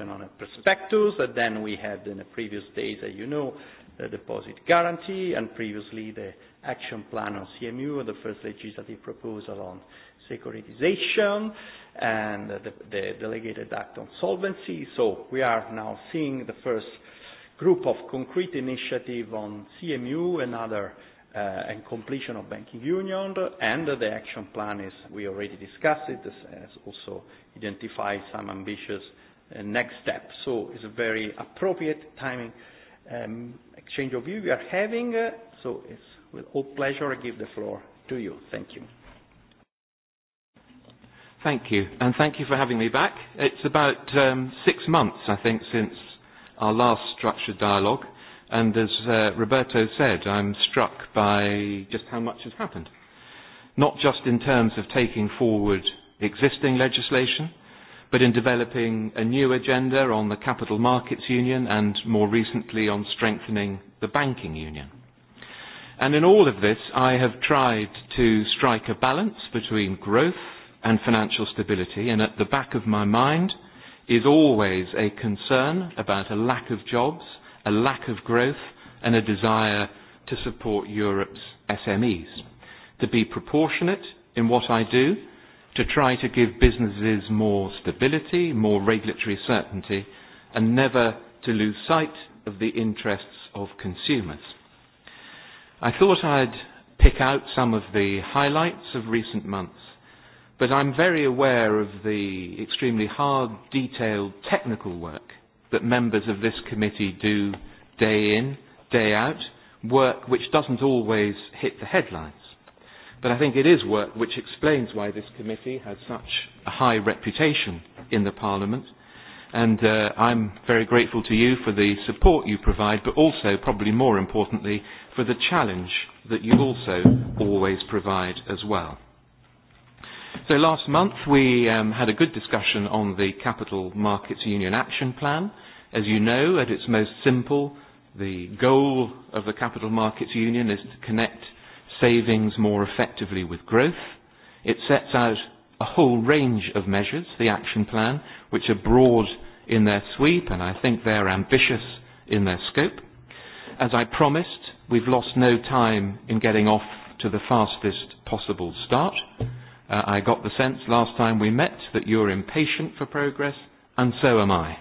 on a prospectus, and then we had in the previous days, as you know, the deposit guarantee, and previously the action plan on CMU and the first legislative proposal on securitization and the, the delegated act on solvency. So we are now seeing the first group of concrete initiative on CMU and other uh, and completion of banking union and the action plan is we already discussed it has also identified some ambitious uh, Uh, next step. So it's a very appropriate timing um, exchange of view we are having. Uh, so it's with all pleasure I give the floor to you. Thank you. Thank you, and thank you for having me back. It's about um, six months, I think, since our last structured dialogue, and as uh, Roberto said, I'm struck by just how much has happened. Not just in terms of taking forward existing legislation, but in developing a new agenda on the Capital Markets Union and more recently on strengthening the Banking Union. And in all of this, I have tried to strike a balance between growth and financial stability, and at the back of my mind is always a concern about a lack of jobs, a lack of growth, and a desire to support Europe's SMEs. To be proportionate in what I do, to try to give businesses more stability, more regulatory certainty, and never to lose sight of the interests of consumers. I thought I'd pick out some of the highlights of recent months, but I'm very aware of the extremely hard, detailed technical work that members of this committee do day in, day out, work which doesn't always hit the headlines. But I think it is work which explains why this committee has such a high reputation in the Parliament. And uh, I'm very grateful to you for the support you provide, but also, probably more importantly, for the challenge that you also always provide as well. So last month we um, had a good discussion on the Capital Markets Union Action Plan. As you know, at its most simple, the goal of the Capital Markets Union is to connect savings more effectively with growth. It sets out a whole range of measures, the action plan, which are broad in their sweep and I think they're ambitious in their scope. As I promised, we've lost no time in getting off to the fastest possible start. Uh, I got the sense last time we met that you're impatient for progress, and so am I.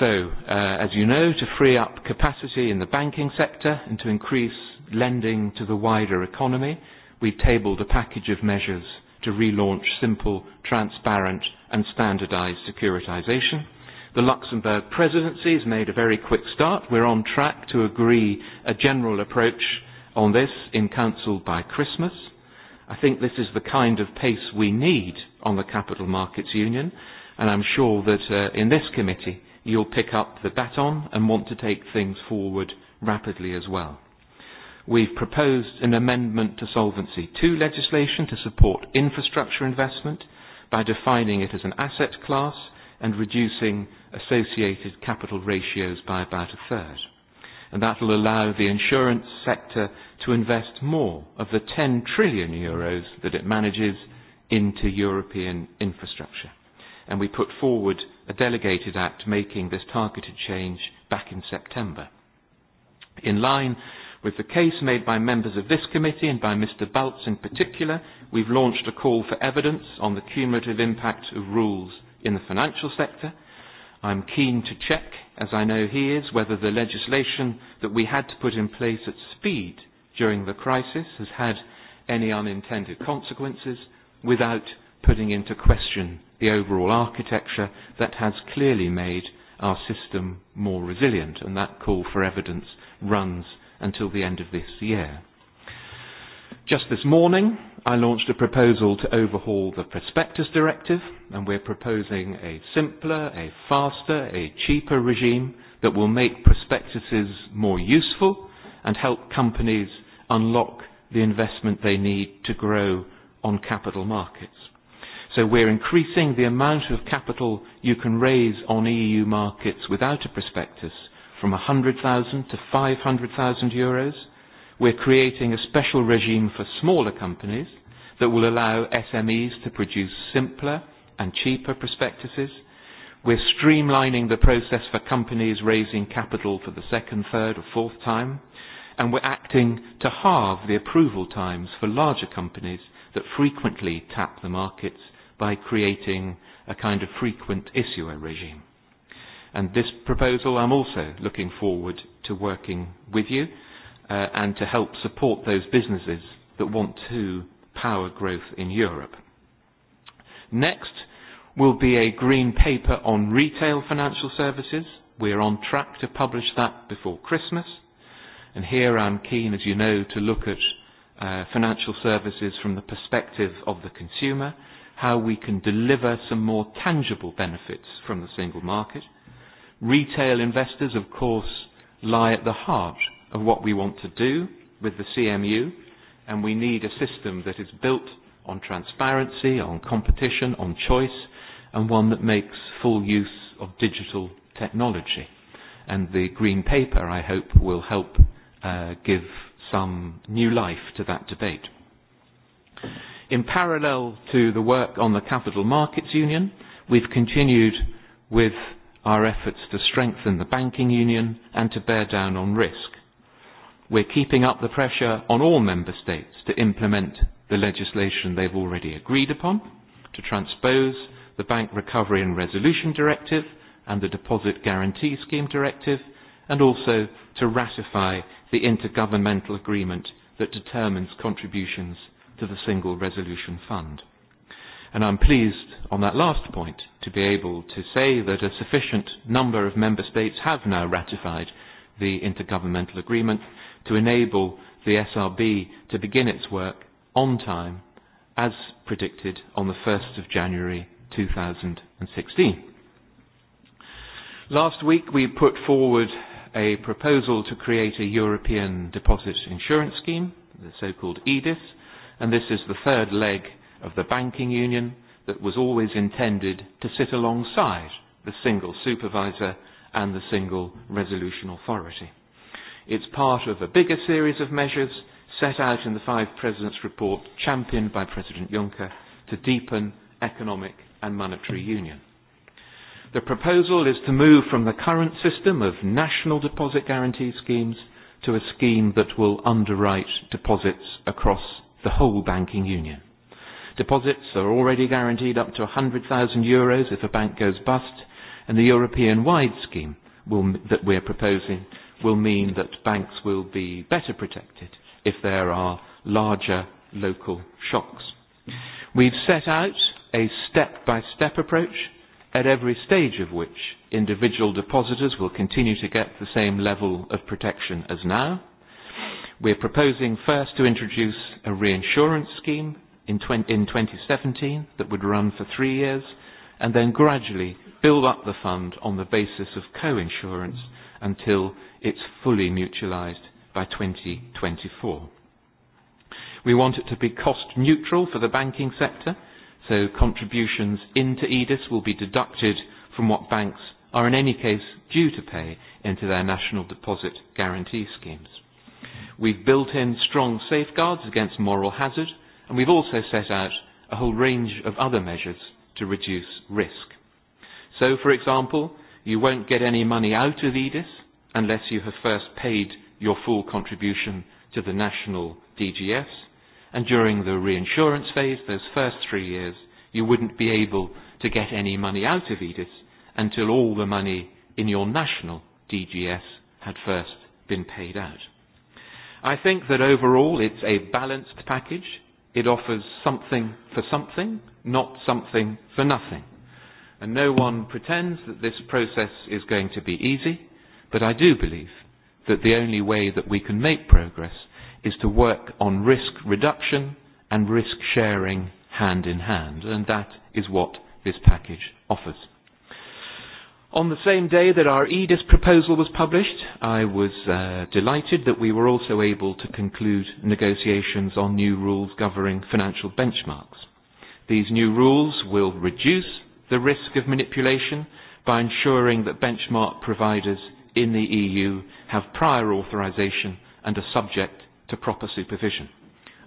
So, uh, as you know, to free up capacity in the banking sector and to increase lending to the wider economy, we tabled a package of measures to relaunch simple, transparent and standardised securitisation. The Luxembourg presidency has made a very quick start. We're on track to agree a general approach on this in Council by Christmas. I think this is the kind of pace we need on the Capital Markets Union, and I'm sure that uh, in this committee you'll pick up the baton and want to take things forward rapidly as well. We've proposed an amendment to Solvency II legislation to support infrastructure investment by defining it as an asset class and reducing associated capital ratios by about a third. And that will allow the insurance sector to invest more of the 10 trillion euros that it manages into European infrastructure. And we put forward a delegated act making this targeted change back in September. In line With the case made by members of this committee and by Mr Baltz in particular, we've launched a call for evidence on the cumulative impact of rules in the financial sector. I'm keen to check, as I know he is, whether the legislation that we had to put in place at speed during the crisis has had any unintended consequences without putting into question the overall architecture that has clearly made our system more resilient, and that call for evidence runs until the end of this year. Just this morning, I launched a proposal to overhaul the Prospectus Directive, and we're proposing a simpler, a faster, a cheaper regime that will make prospectuses more useful and help companies unlock the investment they need to grow on capital markets. So we're increasing the amount of capital you can raise on EU markets without a prospectus from 100,000 to 500,000 euros. We're creating a special regime for smaller companies that will allow SMEs to produce simpler and cheaper prospectuses. We're streamlining the process for companies raising capital for the second, third or fourth time. And we're acting to halve the approval times for larger companies that frequently tap the markets by creating a kind of frequent issuer regime. And this proposal, I'm also looking forward to working with you uh, and to help support those businesses that want to power growth in Europe. Next will be a green paper on retail financial services. We are on track to publish that before Christmas. And here I'm keen, as you know, to look at uh, financial services from the perspective of the consumer, how we can deliver some more tangible benefits from the single market. Retail investors, of course, lie at the heart of what we want to do with the CMU, and we need a system that is built on transparency, on competition, on choice, and one that makes full use of digital technology. And the Green Paper, I hope, will help uh, give some new life to that debate. In parallel to the work on the Capital Markets Union, we've continued with our efforts to strengthen the banking union and to bear down on risk. We're keeping up the pressure on all member states to implement the legislation they've already agreed upon, to transpose the Bank Recovery and Resolution Directive and the Deposit Guarantee Scheme Directive, and also to ratify the intergovernmental agreement that determines contributions to the Single Resolution Fund. And I'm pleased on that last point to be able to say that a sufficient number of member states have now ratified the intergovernmental agreement to enable the SRB to begin its work on time as predicted on the 1st of January 2016. Last week we put forward a proposal to create a European Deposit Insurance Scheme, the so-called EDIS, and this is the third leg of the banking union that was always intended to sit alongside the single supervisor and the single resolution authority. It's part of a bigger series of measures set out in the Five Presidents report championed by President Juncker to deepen economic and monetary union. The proposal is to move from the current system of national deposit guarantee schemes to a scheme that will underwrite deposits across the whole banking union. Deposits are already guaranteed up to 100,000 euros if a bank goes bust, and the European-wide scheme will, that we're proposing will mean that banks will be better protected if there are larger local shocks. We've set out a step-by-step -step approach at every stage of which individual depositors will continue to get the same level of protection as now. We're proposing first to introduce a reinsurance scheme in, 20, in 2017 that would run for three years, and then gradually build up the fund on the basis of co-insurance until it's fully mutualised by 2024. We want it to be cost neutral for the banking sector, so contributions into EDIS will be deducted from what banks are in any case due to pay into their national deposit guarantee schemes. We've built in strong safeguards against moral hazard and we've also set out a whole range of other measures to reduce risk. So, for example, you won't get any money out of EDIS unless you have first paid your full contribution to the national DGS, and during the reinsurance phase, those first three years, you wouldn't be able to get any money out of EDIS until all the money in your national DGS had first been paid out. I think that overall it's a balanced package It offers something for something, not something for nothing. And no one pretends that this process is going to be easy, but I do believe that the only way that we can make progress is to work on risk reduction and risk sharing hand in hand, and that is what this package offers. On the same day that our EDIS proposal was published, I was uh, delighted that we were also able to conclude negotiations on new rules governing financial benchmarks. These new rules will reduce the risk of manipulation by ensuring that benchmark providers in the EU have prior authorisation and are subject to proper supervision.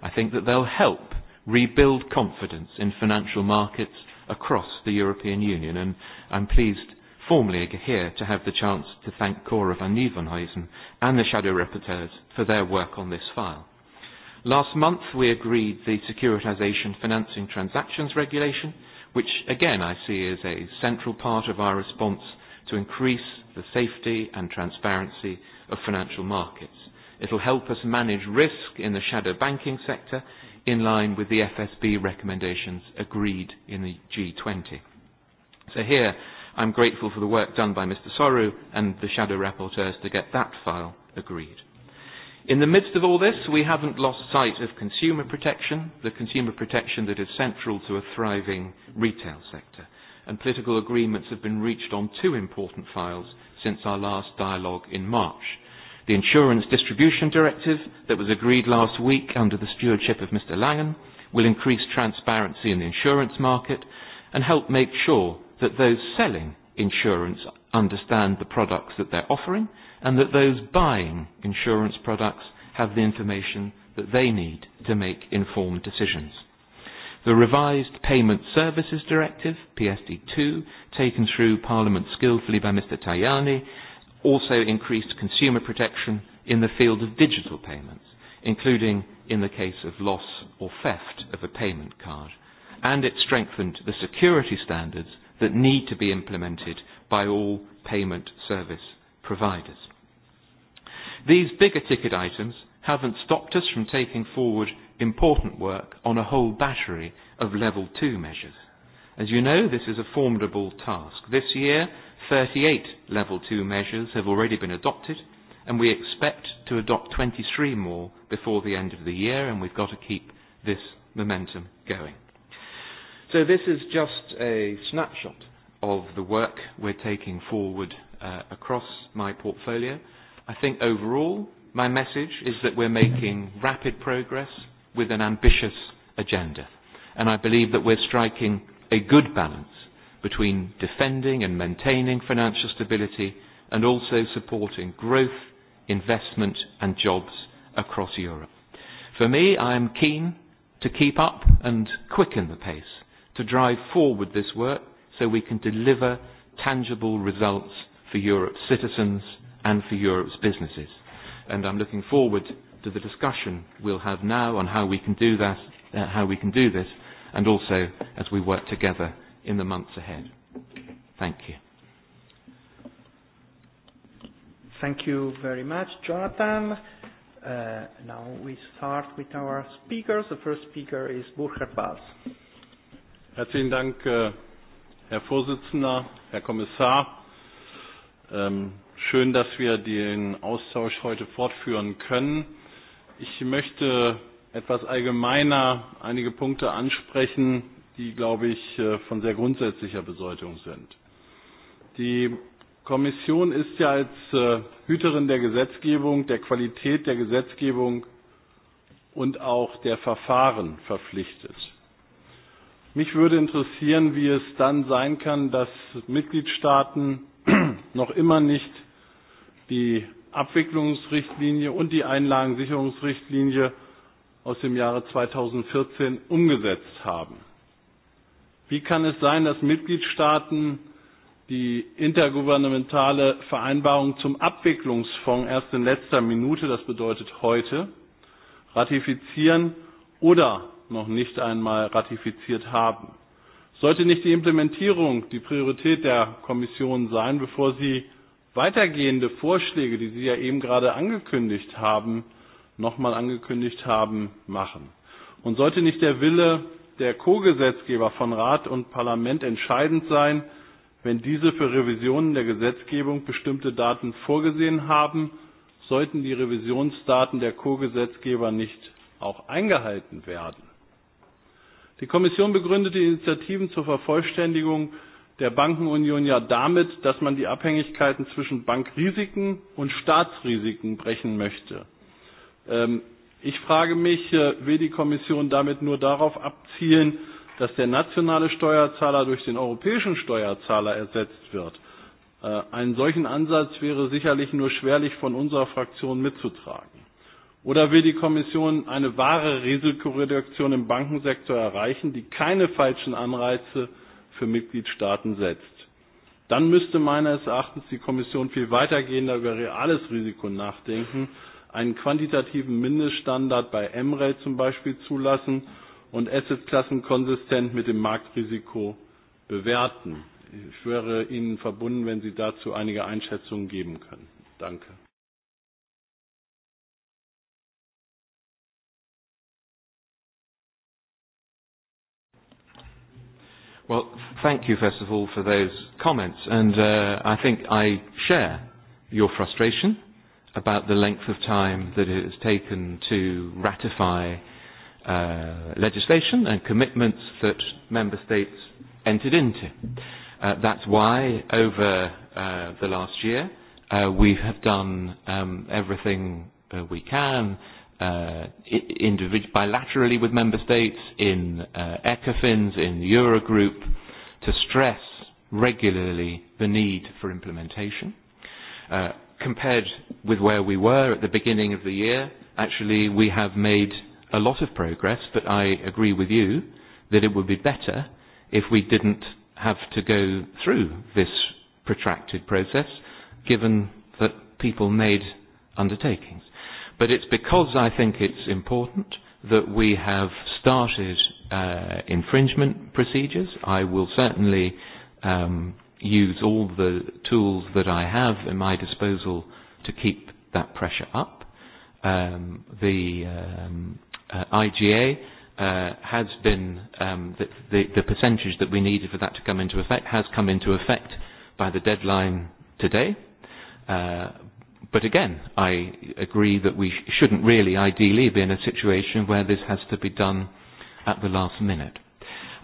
I think that they'll help rebuild confidence in financial markets across the European Union and I'm pleased formally here to have the chance to thank Cora van Nieuwenhuizen and the shadow rapporteurs for their work on this file. Last month, we agreed the Securitisation Financing Transactions Regulation, which again I see as a central part of our response to increase the safety and transparency of financial markets. It will help us manage risk in the shadow banking sector in line with the FSB recommendations agreed in the G20. So here, I'm grateful for the work done by Mr. Soru and the shadow rapporteurs to get that file agreed. In the midst of all this, we haven't lost sight of consumer protection, the consumer protection that is central to a thriving retail sector. And political agreements have been reached on two important files since our last dialogue in March. The Insurance Distribution Directive that was agreed last week under the stewardship of Mr. Langen will increase transparency in the insurance market and help make sure that those selling insurance understand the products that they're offering and that those buying insurance products have the information that they need to make informed decisions. The revised Payment Services Directive, PSD2, taken through Parliament skillfully by Mr Tajani, also increased consumer protection in the field of digital payments, including in the case of loss or theft of a payment card, and it strengthened the security standards that need to be implemented by all payment service providers. These bigger ticket items haven't stopped us from taking forward important work on a whole battery of level 2 measures. As you know, this is a formidable task. This year, 38 level 2 measures have already been adopted, and we expect to adopt 23 more before the end of the year, and we've got to keep this momentum going. So this is just a snapshot of the work we're taking forward uh, across my portfolio. I think overall, my message is that we're making rapid progress with an ambitious agenda. And I believe that we're striking a good balance between defending and maintaining financial stability and also supporting growth, investment and jobs across Europe. For me, I am keen to keep up and quicken the pace to drive forward this work so we can deliver tangible results for Europe's citizens and for Europe's businesses. And I'm looking forward to the discussion we'll have now on how we can do that, uh, how we can do this, and also as we work together in the months ahead. Thank you. Thank you very much, Jonathan. Uh, now we start with our speakers. The first speaker is Burkhard Balz. Herzlichen Dank, äh, Herr Vorsitzender, Herr Kommissar. Ähm, schön, dass wir den Austausch heute fortführen können. Ich möchte etwas allgemeiner einige Punkte ansprechen, die, glaube ich, äh, von sehr grundsätzlicher Bedeutung sind. Die Kommission ist ja als äh, Hüterin der Gesetzgebung, der Qualität der Gesetzgebung und auch der Verfahren verpflichtet. Mich würde interessieren, wie es dann sein kann, dass Mitgliedstaaten noch immer nicht die Abwicklungsrichtlinie und die Einlagensicherungsrichtlinie aus dem Jahre 2014 umgesetzt haben. Wie kann es sein, dass Mitgliedstaaten die intergouvernementale Vereinbarung zum Abwicklungsfonds erst in letzter Minute, das bedeutet heute, ratifizieren oder noch nicht einmal ratifiziert haben. Sollte nicht die Implementierung die Priorität der Kommission sein, bevor sie weitergehende Vorschläge, die Sie ja eben gerade angekündigt haben, nochmal angekündigt haben, machen? Und sollte nicht der Wille der Co-Gesetzgeber von Rat und Parlament entscheidend sein, wenn diese für Revisionen der Gesetzgebung bestimmte Daten vorgesehen haben, sollten die Revisionsdaten der Co-Gesetzgeber nicht auch eingehalten werden. Die Kommission begründet die Initiativen zur Vervollständigung der Bankenunion ja damit, dass man die Abhängigkeiten zwischen Bankrisiken und Staatsrisiken brechen möchte. Ähm, ich frage mich, äh, will die Kommission damit nur darauf abzielen, dass der nationale Steuerzahler durch den europäischen Steuerzahler ersetzt wird? Äh, einen solchen Ansatz wäre sicherlich nur schwerlich von unserer Fraktion mitzutragen. Oder will die Kommission eine wahre Risikoreduktion im Bankensektor erreichen, die keine falschen Anreize für Mitgliedstaaten setzt? Dann müsste meines Erachtens die Kommission viel weitergehender über reales Risiko nachdenken, einen quantitativen Mindeststandard bei MREL zum Beispiel zulassen und Assetklassen konsistent mit dem Marktrisiko bewerten. Ich wäre Ihnen verbunden, wenn Sie dazu einige Einschätzungen geben können. Danke. Well, thank you, first of all, for those comments. And uh, I think I share your frustration about the length of time that it has taken to ratify uh, legislation and commitments that member states entered into. Uh, that's why, over uh, the last year, uh, we have done um, everything uh, we can uh, uh, individ- bilaterally with member states, in uh, ECOFINs, in the Eurogroup, to stress regularly the need for implementation. Uh, compared with where we were at the beginning of the year, actually we have made a lot of progress, but I agree with you that it would be better if we didn't have to go through this protracted process, given that people made undertakings. But it's because I think it's important that we have started uh, infringement procedures. I will certainly um, use all the tools that I have at my disposal to keep that pressure up. Um, the um, uh, IGA uh, has been, um, the, the, the percentage that we needed for that to come into effect has come into effect by the deadline today. Uh, but again, I agree that we sh- shouldn't really, ideally, be in a situation where this has to be done at the last minute.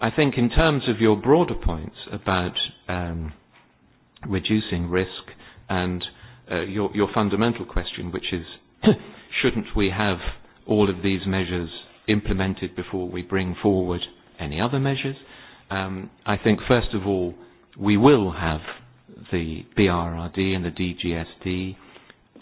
I think in terms of your broader points about um, reducing risk and uh, your, your fundamental question, which is shouldn't we have all of these measures implemented before we bring forward any other measures? Um, I think, first of all, we will have the BRRD and the DGSD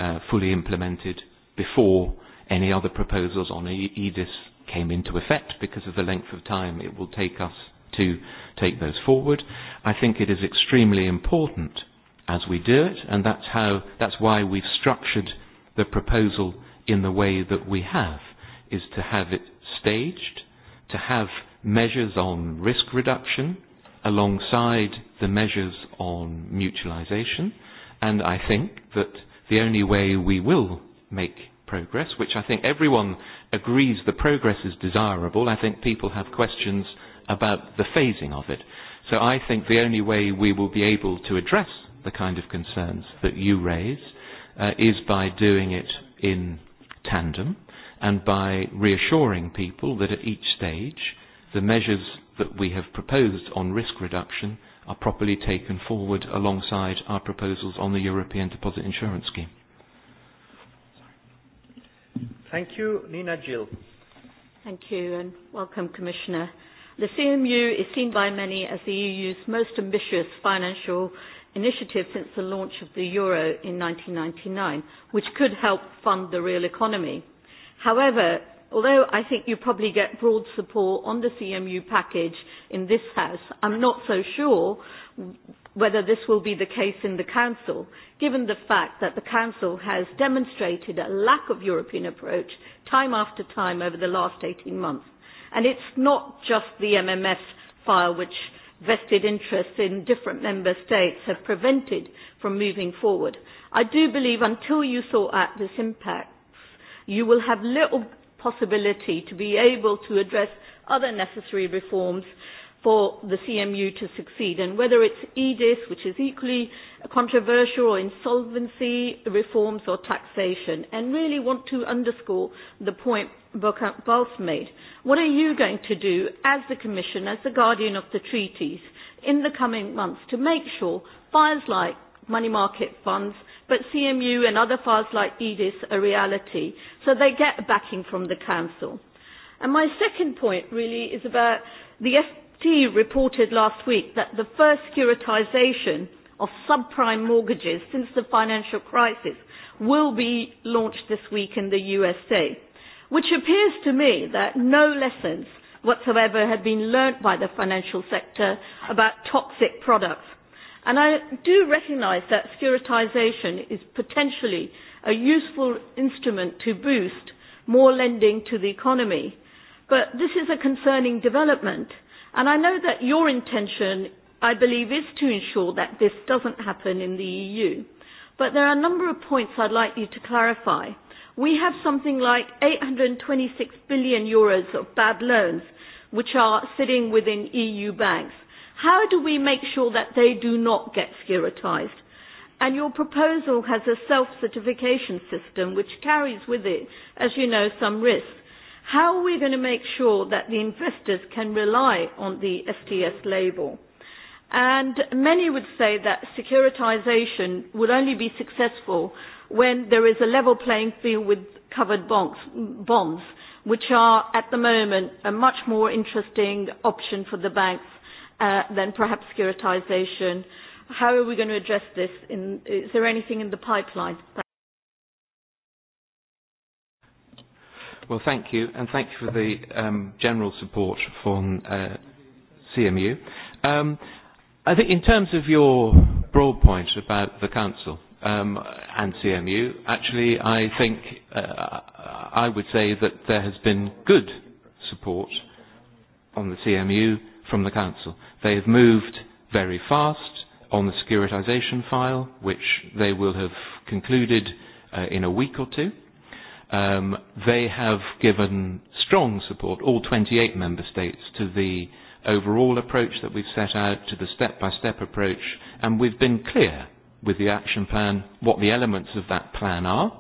uh, fully implemented before any other proposals on e-, EDIS came into effect because of the length of time it will take us to take those forward. I think it is extremely important as we do it, and that's how that's why we've structured the proposal in the way that we have, is to have it staged, to have measures on risk reduction alongside the measures on mutualization, and I think that the only way we will make progress, which I think everyone agrees the progress is desirable. I think people have questions about the phasing of it. So I think the only way we will be able to address the kind of concerns that you raise uh, is by doing it in tandem and by reassuring people that at each stage the measures that we have proposed on risk reduction are properly taken forward alongside our proposals on the European Deposit Insurance Scheme. Thank you, Nina Gill. Thank you and welcome, Commissioner. The CMU is seen by many as the EU's most ambitious financial initiative since the launch of the euro in 1999, which could help fund the real economy. However, although I think you probably get broad support on the CMU package in this House, I'm not so sure whether this will be the case in the Council, given the fact that the Council has demonstrated a lack of European approach time after time over the last 18 months. And it's not just the MMS file which vested interests in different member states have prevented from moving forward. I do believe until you sort out this impact, you will have little possibility to be able to address other necessary reforms for the CMU to succeed. And whether it's EDIS, which is equally controversial, or insolvency reforms or taxation. And really want to underscore the point Balf made. What are you going to do as the Commission, as the guardian of the treaties, in the coming months to make sure files like money market funds, but CMU and other files like EDIS are reality. So they get backing from the Council. And my second point really is about the FT reported last week that the first securitisation of subprime mortgages since the financial crisis will be launched this week in the USA, which appears to me that no lessons whatsoever had been learnt by the financial sector about toxic products And I do recognise that securitisation is potentially a useful instrument to boost more lending to the economy. But this is a concerning development, and I know that your intention, I believe, is to ensure that this doesn't happen in the EU. But there are a number of points I'd like you to clarify. We have something like 826 billion euros of bad loans, which are sitting within EU banks How do we make sure that they do not get securitised? And your proposal has a self-certification system which carries with it, as you know, some risks. How are we going to make sure that the investors can rely on the STS label? And many would say that securitisation would only be successful when there is a level playing field with covered bonds, bonds, which are at the moment a much more interesting option for the banks uh, then perhaps securitization. How are we going to address this? In, is there anything in the pipeline? Well, thank you, and thank you for the um, general support from uh, CMU. Um, I think in terms of your broad point about the council um, and CMU, actually I think uh, I would say that there has been good support on the CMU from the Council. They have moved very fast on the securitisation file, which they will have concluded uh, in a week or two. Um, they have given strong support, all 28 member states, to the overall approach that we've set out, to the step-by-step -step approach, and we've been clear with the action plan what the elements of that plan are,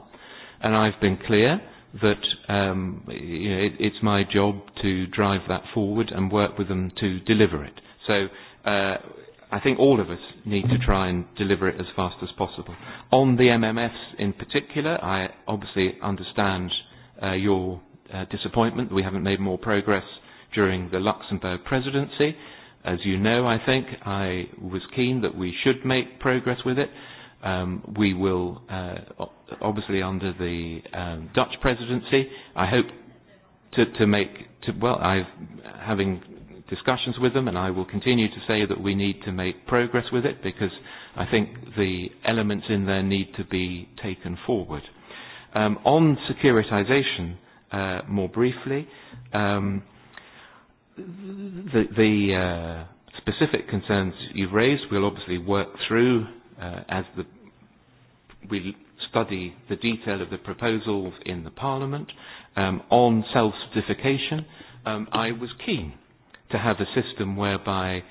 and I've been clear that um, you know, it, it's my job to drive that forward and work with them to deliver it. So uh, I think all of us need to try and deliver it as fast as possible. On the MMFs in particular, I obviously understand uh, your uh, disappointment that we haven't made more progress during the Luxembourg presidency. As you know, I think I was keen that we should make progress with it um, we will, uh, obviously under the um, Dutch presidency, I hope to, to make, to, well, I've having discussions with them and I will continue to say that we need to make progress with it because I think the elements in there need to be taken forward. Um, on securitization, uh, more briefly, um, the, the uh, specific concerns you've raised, we'll obviously work through uh, as the, we study the detail of the proposals in the Parliament um, on self-certification, um, I was keen to have a system whereby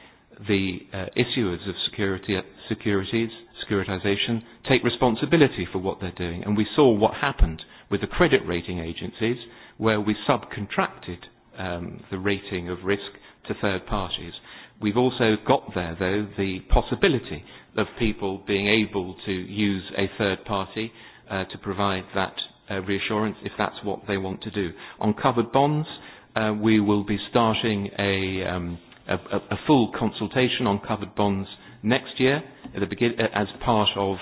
the uh, issuers of security, securities, securitization, take responsibility for what they're doing. And we saw what happened with the credit rating agencies, where we subcontracted um, the rating of risk to third parties. We've also got there, though, the possibility of people being able to use a third party uh, to provide that uh, reassurance if that's what they want to do. On covered bonds, uh, we will be starting a, um, a, a full consultation on covered bonds next year at the begin uh, as part of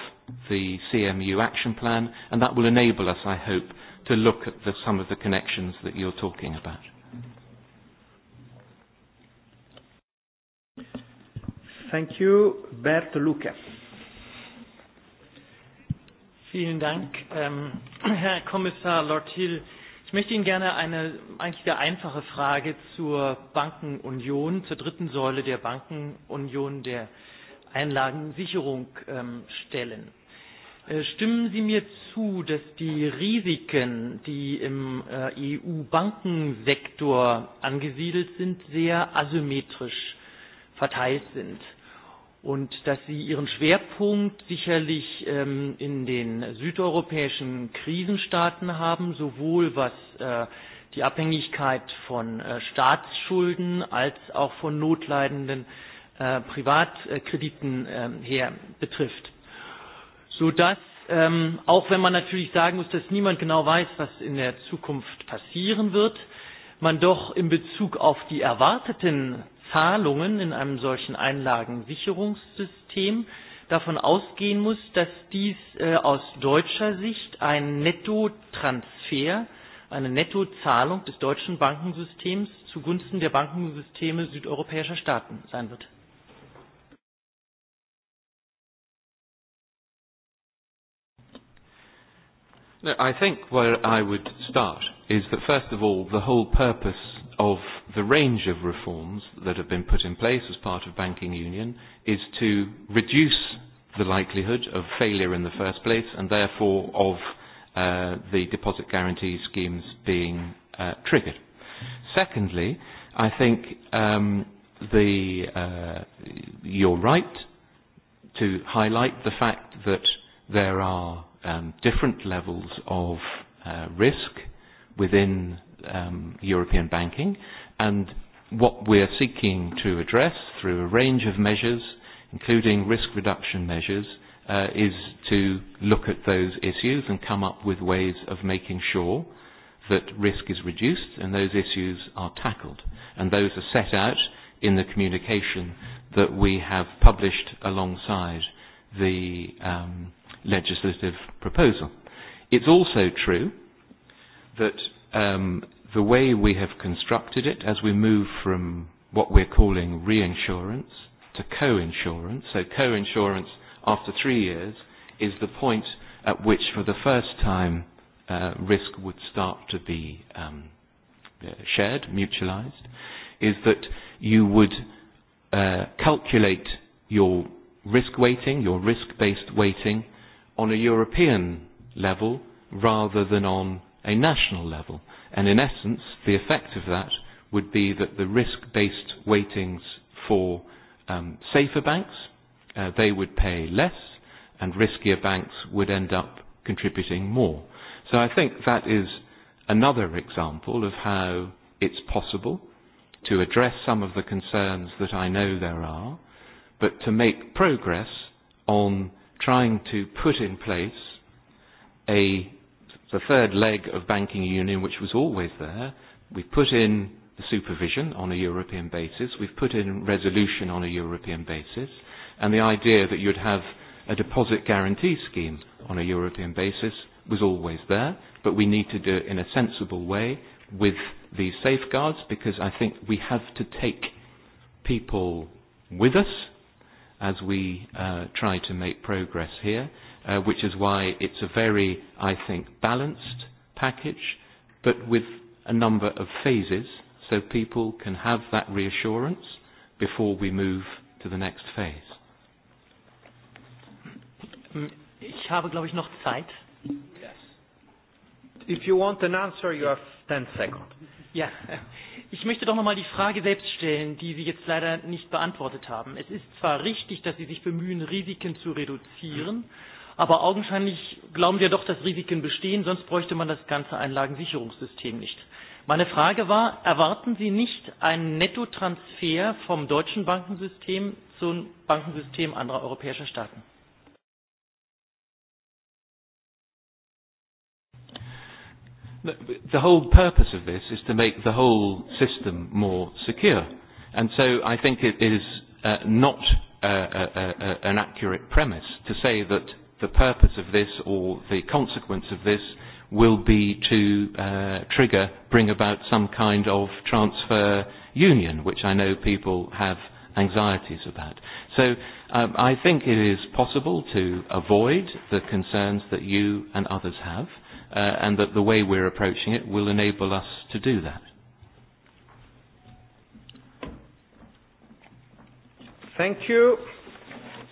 the CMU action plan, and that will enable us, I hope, to look at the, some of the connections that you're talking about. Thank you, Bert Lucke. Vielen Dank, ähm, Herr Kommissar Lord Hill. Ich möchte Ihnen gerne eine eigentlich sehr einfache Frage zur Bankenunion, zur dritten Säule der Bankenunion der Einlagensicherung ähm, stellen. Äh, stimmen Sie mir zu, dass die Risiken, die im äh, EU-Bankensektor angesiedelt sind, sehr asymmetrisch verteilt sind? und dass sie ihren Schwerpunkt sicherlich ähm, in den südeuropäischen Krisenstaaten haben, sowohl was äh, die Abhängigkeit von äh, Staatsschulden als auch von notleidenden äh, Privatkrediten äh, her betrifft. Sodass, ähm, auch wenn man natürlich sagen muss, dass niemand genau weiß, was in der Zukunft passieren wird, man doch in Bezug auf die erwarteten Zahlungen in einem solchen Einlagensicherungssystem davon ausgehen muss, dass dies äh, aus deutscher Sicht ein Nettotransfer, eine Nettozahlung des deutschen Bankensystems zugunsten der Bankensysteme südeuropäischer Staaten sein wird. I think where I would start is that first of all, the whole purpose of the range of reforms that have been put in place as part of banking union is to reduce the likelihood of failure in the first place and therefore of uh, the deposit guarantee schemes being uh, triggered. Secondly, I think um, the, uh, you're right to highlight the fact that there are um, different levels of uh, risk within um, European banking. And what we're seeking to address through a range of measures, including risk reduction measures, uh, is to look at those issues and come up with ways of making sure that risk is reduced and those issues are tackled. And those are set out in the communication that we have published alongside the um, legislative proposal. It's also true that um, the way we have constructed it, as we move from what we're calling reinsurance to co-insurance, so co-insurance after three years is the point at which, for the first time, uh, risk would start to be um, uh, shared, mutualized, is that you would uh, calculate your risk weighting, your risk-based weighting, on a European level rather than on a national level. And in essence, the effect of that would be that the risk-based weightings for um, safer banks, uh, they would pay less, and riskier banks would end up contributing more. So I think that is another example of how it's possible to address some of the concerns that I know there are, but to make progress on trying to put in place a the third leg of banking union, which was always there. We've put in the supervision on a European basis. We've put in resolution on a European basis. And the idea that you'd have a deposit guarantee scheme on a European basis was always there, but we need to do it in a sensible way with these safeguards because I think we have to take people with us as we uh, try to make progress here uh, which is why it's a very, I think, balanced package, but with a number of phases, so people can have that reassurance before we move to the next phase. Ich habe, glaube ich, noch Zeit. Yes. If you want an answer, you have 10 seconds. Ja, ich möchte doch nochmal die Frage selbst stellen, die Sie jetzt leider nicht beantwortet haben. Es ist zwar richtig, dass Sie sich bemühen, Risiken zu reduzieren. Mhm Aber augenscheinlich glauben wir doch, dass Risiken bestehen, sonst bräuchte man das ganze Einlagensicherungssystem nicht. Meine Frage war, erwarten Sie nicht einen Nettotransfer vom deutschen Bankensystem zum Bankensystem anderer europäischer Staaten? The whole purpose of this is to make the whole system more secure. And so I think it is uh, not uh, uh, uh, uh an accurate premise to say that the purpose of this or the consequence of this will be to uh, trigger, bring about some kind of transfer union, which I know people have anxieties about. So um, I think it is possible to avoid the concerns that you and others have, uh, and that the way we're approaching it will enable us to do that. Thank you.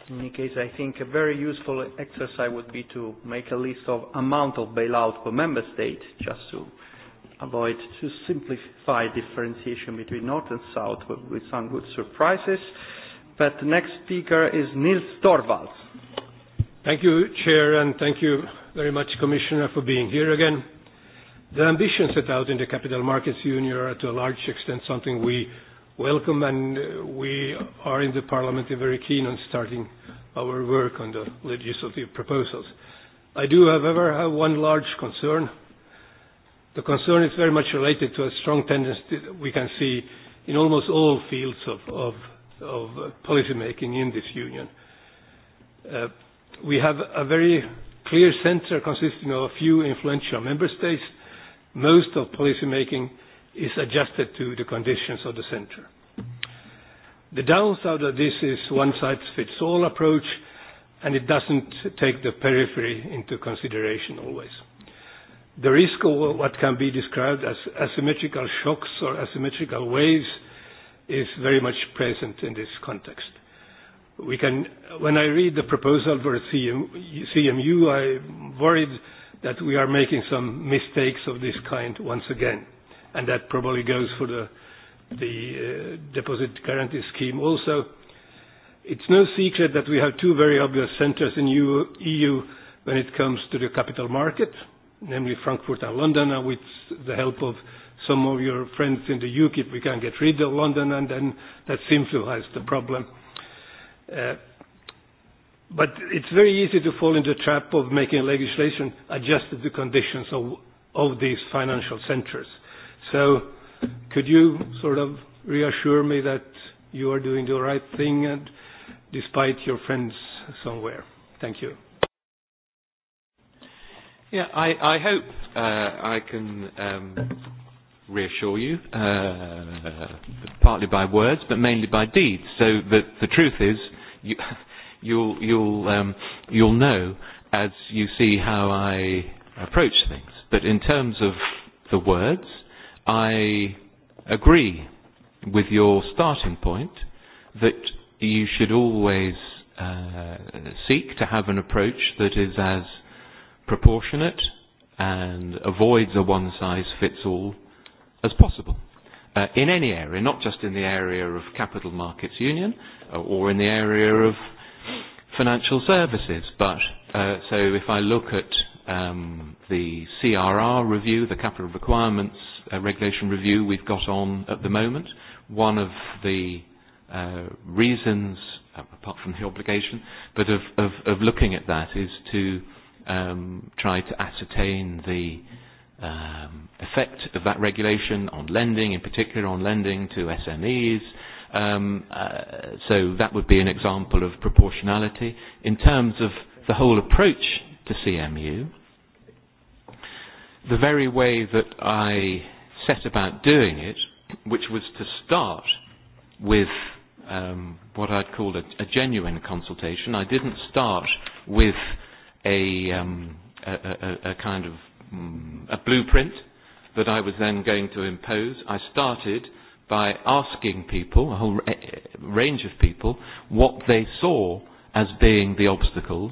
In any case, I think a very useful exercise would be to make a list of amount of bailout per member state, just to avoid to simplify differentiation between north and south with some good surprises. But the next speaker is Nils Torvalds. Thank you, Chair, and thank you very much, Commissioner, for being here again. The ambitions set out in the Capital Markets Union are to a large extent something we welcome, and uh, we are in the Parliament very keen on starting our work on the legislative proposals. I do, however, have one large concern. The concern is very much related to a strong tendency we can see in almost all fields of, of, of policymaking in this union. Uh, we have a very clear centre consisting of a few influential member states. Most of policymaking making is adjusted to the conditions of the center. The downside of this is one size fits all approach, and it doesn't take the periphery into consideration always. The risk of what can be described as asymmetrical shocks or asymmetrical waves is very much present in this context. We can, when I read the proposal for CM, CMU, I'm worried that we are making some mistakes of this kind once again and that probably goes for the, the uh, deposit guarantee scheme also. It's no secret that we have two very obvious centers in EU, EU when it comes to the capital market, namely Frankfurt and London, and with the help of some of your friends in the UKIP, we can get rid of London, and then that simplifies the problem. Uh, but it's very easy to fall into the trap of making legislation adjusted to conditions of, of these financial centers. So could you sort of reassure me that you are doing the right thing and despite your friends somewhere? Thank you. Yeah, I, I hope uh, I can um, reassure you, uh, partly by words, but mainly by deeds. So the, the truth is, you, you'll, you'll, um, you'll know as you see how I approach things. But in terms of the words, I agree with your starting point that you should always uh, seek to have an approach that is as proportionate and avoids a one-size-fits-all as possible. Uh, in any area, not just in the area of capital markets union uh, or in the area of financial services, but uh, so if I look at um, the CRR review, the capital requirements uh, regulation review we've got on at the moment. One of the uh, reasons, uh, apart from the obligation, but of, of, of looking at that is to um, try to ascertain the um, effect of that regulation on lending, in particular on lending to SMEs. Um, uh, so that would be an example of proportionality. In terms of the whole approach to CMU. The very way that I set about doing it, which was to start with um, what I'd call a, a genuine consultation. I didn't start with a, um, a, a, a kind of um, a blueprint that I was then going to impose. I started by asking people, a whole eh, eh, range of people, what they saw as being the obstacles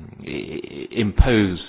impose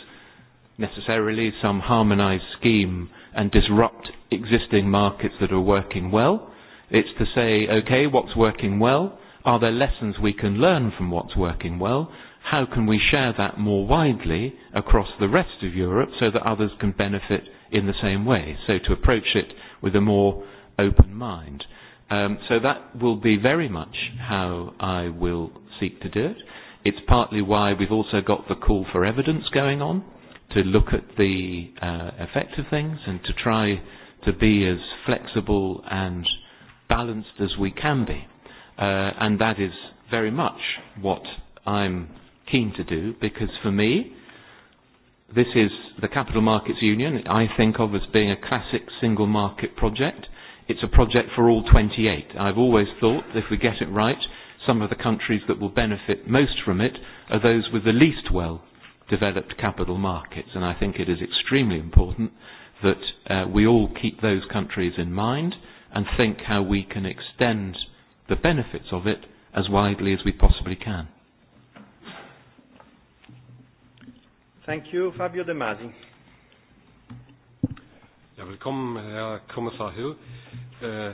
necessarily some harmonized scheme and disrupt existing markets that are working well. It's to say, okay, what's working well? Are there lessons we can learn from what's working well? How can we share that more widely across the rest of Europe so that others can benefit in the same way? So to approach it with a more open mind. Um, so that will be very much how I will seek to do it. It's partly why we've also got the call for evidence going on to look at the uh, effect of things and to try to be as flexible and balanced as we can be. Uh, and that is very much what I'm keen to do because for me, this is the Capital Markets Union I think of as being a classic single market project. It's a project for all 28. I've always thought that if we get it right, some of the countries that will benefit most from it are those with the least well developed capital markets. And I think it is extremely important that uh, we all keep those countries in mind and think how we can extend the benefits of it as widely as we possibly can. Thank you, Fabio De Masi. Ja, velkommen, herr Kommissar Hill. Uh,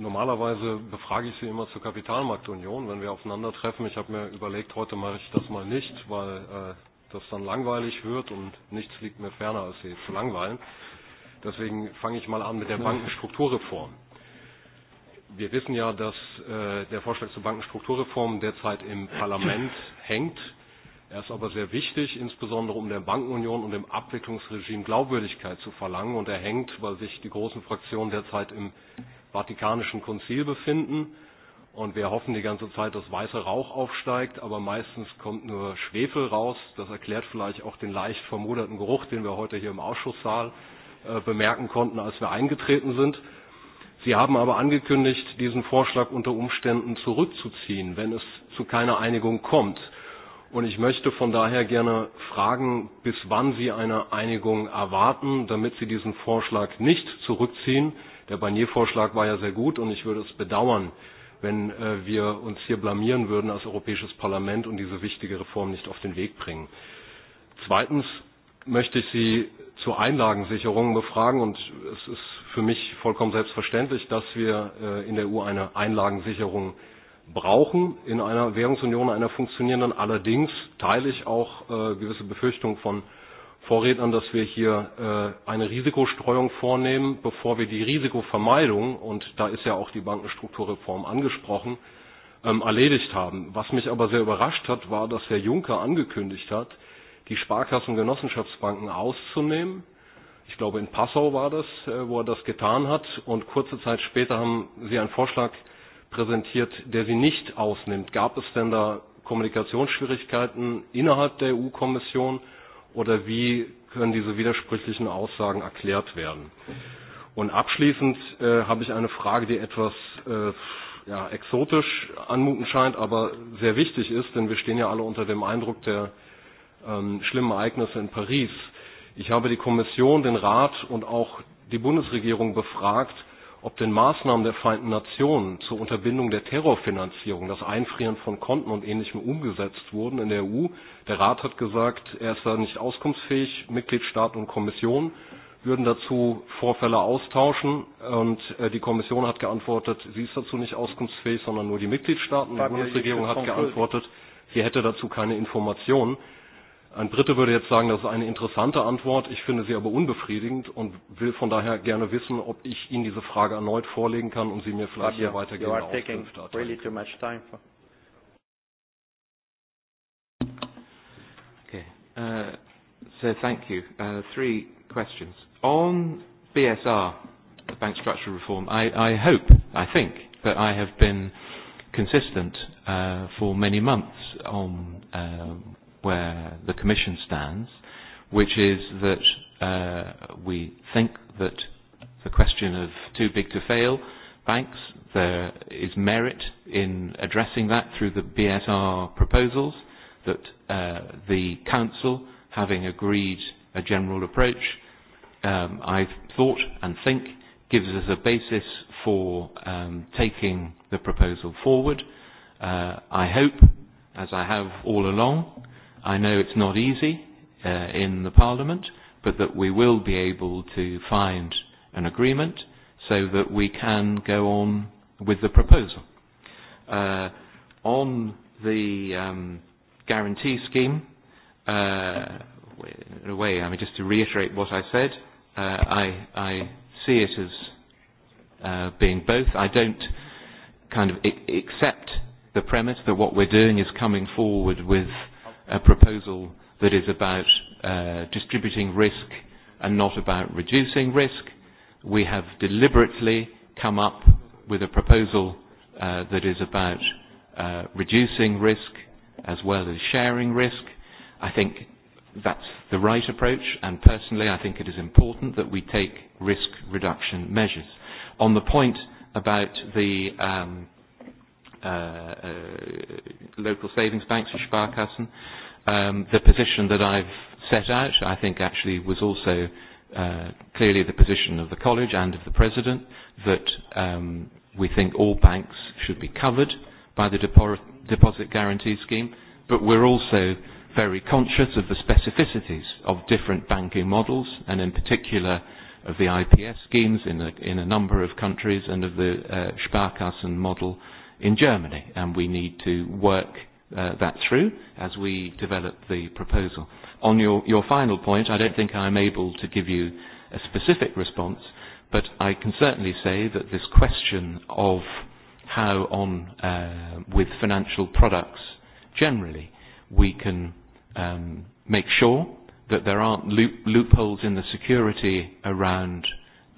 Normalerweise befrage ich Sie immer zur Kapitalmarktunion, wenn wir aufeinandertreffen. Ich habe mir überlegt, heute mache ich das mal nicht, weil äh, das dann langweilig wird und nichts liegt mir ferner, als Sie zu langweilen. Deswegen fange ich mal an mit der Bankenstrukturreform. Wir wissen ja, dass äh, der Vorschlag zur Bankenstrukturreform derzeit im Parlament hängt. Er ist aber sehr wichtig, insbesondere um der Bankenunion und dem Abwicklungsregime Glaubwürdigkeit zu verlangen. Und er hängt, weil sich die großen Fraktionen derzeit im Vatikanischen Konzil befinden. Und wir hoffen die ganze Zeit, dass weißer Rauch aufsteigt, aber meistens kommt nur Schwefel raus. Das erklärt vielleicht auch den leicht vermoderten Geruch, den wir heute hier im Ausschusssaal äh, bemerken konnten, als wir eingetreten sind. Sie haben aber angekündigt, diesen Vorschlag unter Umständen zurückzuziehen, wenn es zu keiner Einigung kommt. Und ich möchte von daher gerne fragen, bis wann Sie eine Einigung erwarten, damit Sie diesen Vorschlag nicht zurückziehen. Der Barnier-Vorschlag war ja sehr gut und ich würde es bedauern, wenn äh, wir uns hier blamieren würden als Europäisches Parlament und diese wichtige Reform nicht auf den Weg bringen. Zweitens möchte ich Sie zur Einlagensicherung befragen und es ist für mich vollkommen selbstverständlich, dass wir äh, in der EU eine Einlagensicherung brauchen in einer Währungsunion, einer funktionierenden. Allerdings teile ich auch äh, gewisse Befürchtungen von Vorrednern, dass wir hier äh, eine Risikostreuung vornehmen, bevor wir die Risikovermeidung, und da ist ja auch die Bankenstrukturreform angesprochen, ähm, erledigt haben. Was mich aber sehr überrascht hat, war, dass Herr Juncker angekündigt hat, die Sparkassen- und Genossenschaftsbanken auszunehmen. Ich glaube, in Passau war das, äh, wo er das getan hat. Und kurze Zeit später haben Sie einen Vorschlag präsentiert, der sie nicht ausnimmt. Gab es denn da Kommunikationsschwierigkeiten innerhalb der EU-Kommission? oder wie können diese widersprüchlichen Aussagen erklärt werden? Und abschließend äh, habe ich eine Frage, die etwas äh, ja, exotisch anmuten scheint, aber sehr wichtig ist, denn wir stehen ja alle unter dem Eindruck der ähm, schlimmen Ereignisse in Paris. Ich habe die Kommission, den Rat und auch die Bundesregierung befragt, ob den Maßnahmen der Vereinten Nationen zur Unterbindung der Terrorfinanzierung, das Einfrieren von Konten und Ähnlichem umgesetzt wurden in der EU. Der Rat hat gesagt, er ist da nicht auskunftsfähig. Mitgliedstaaten und Kommission würden dazu Vorfälle austauschen und äh, die Kommission hat geantwortet, sie ist dazu nicht auskunftsfähig, sondern nur die Mitgliedstaaten. Die Bundesregierung hat geantwortet, sie hätte dazu keine Informationen. Ein Brite würde jetzt sagen, das ist eine interessante Antwort. Ich finde sie aber unbefriedigend und will von daher gerne wissen, ob ich Ihnen diese Frage erneut vorlegen kann und Sie mir vielleicht hier weitergehende Really okay. Uh, so thank you. Uh, three questions. On BSR, the bank structural reform, I, I hope, I think, that I have been consistent uh, for many months on um, where the Commission stands, which is that uh, we think that the question of too big to fail banks, there is merit in addressing that through the BSR proposals that uh, the Council, having agreed a general approach, um, I thought and think gives us a basis for um, taking the proposal forward. Uh, I hope, as I have all along, uh, I know it's not easy uh, in the Parliament, but that we will be able to find an agreement so that we can go on with the proposal. Uh, on the um, guarantee scheme, uh, in a way, I mean, just to reiterate what I said, uh, I, I see it as uh, being both. I don't kind of I- e-, accept the premise that what we're doing is coming forward with a proposal that is about uh, distributing risk and not about reducing risk. We have deliberately come up with a proposal uh, that is about uh, reducing risk as well as sharing risk. I think that's the right approach, and personally, I think it is important that we take risk reduction measures. On the point about the um, uh, uh, local savings banks, or Sparkassen. Um, the position that I've set out, I think actually was also uh, clearly the position of the college and of the president that um, we think all banks should be covered by the depo deposit guarantee scheme, but we're also very conscious of the specificities of different banking models and in particular of the IPS schemes in a, in a number of countries and of the uh, Sparkassen model uh, in Germany, and we need to work uh, that through as we develop the proposal. On your, your final point, I don't think I'm able to give you a specific response, but I can certainly say that this question of how on uh, with financial products generally we can um, make sure that there aren't loop loopholes in the security around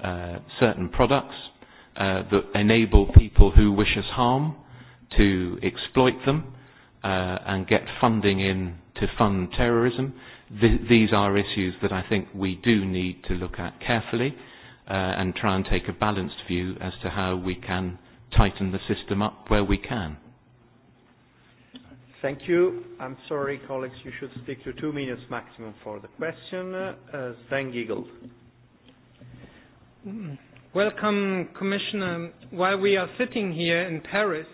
uh, certain products uh, that enable people who wish us harm to exploit them uh, and get funding in to fund terrorism. Th- these are issues that I think we do need to look at carefully uh, and try and take a balanced view as to how we can tighten the system up where we can. Thank you. I'm sorry, colleagues, you should stick to two minutes maximum for the question. Uh, Sven Giegel. Mm. Welcome, Commissioner. While we are sitting here in Paris,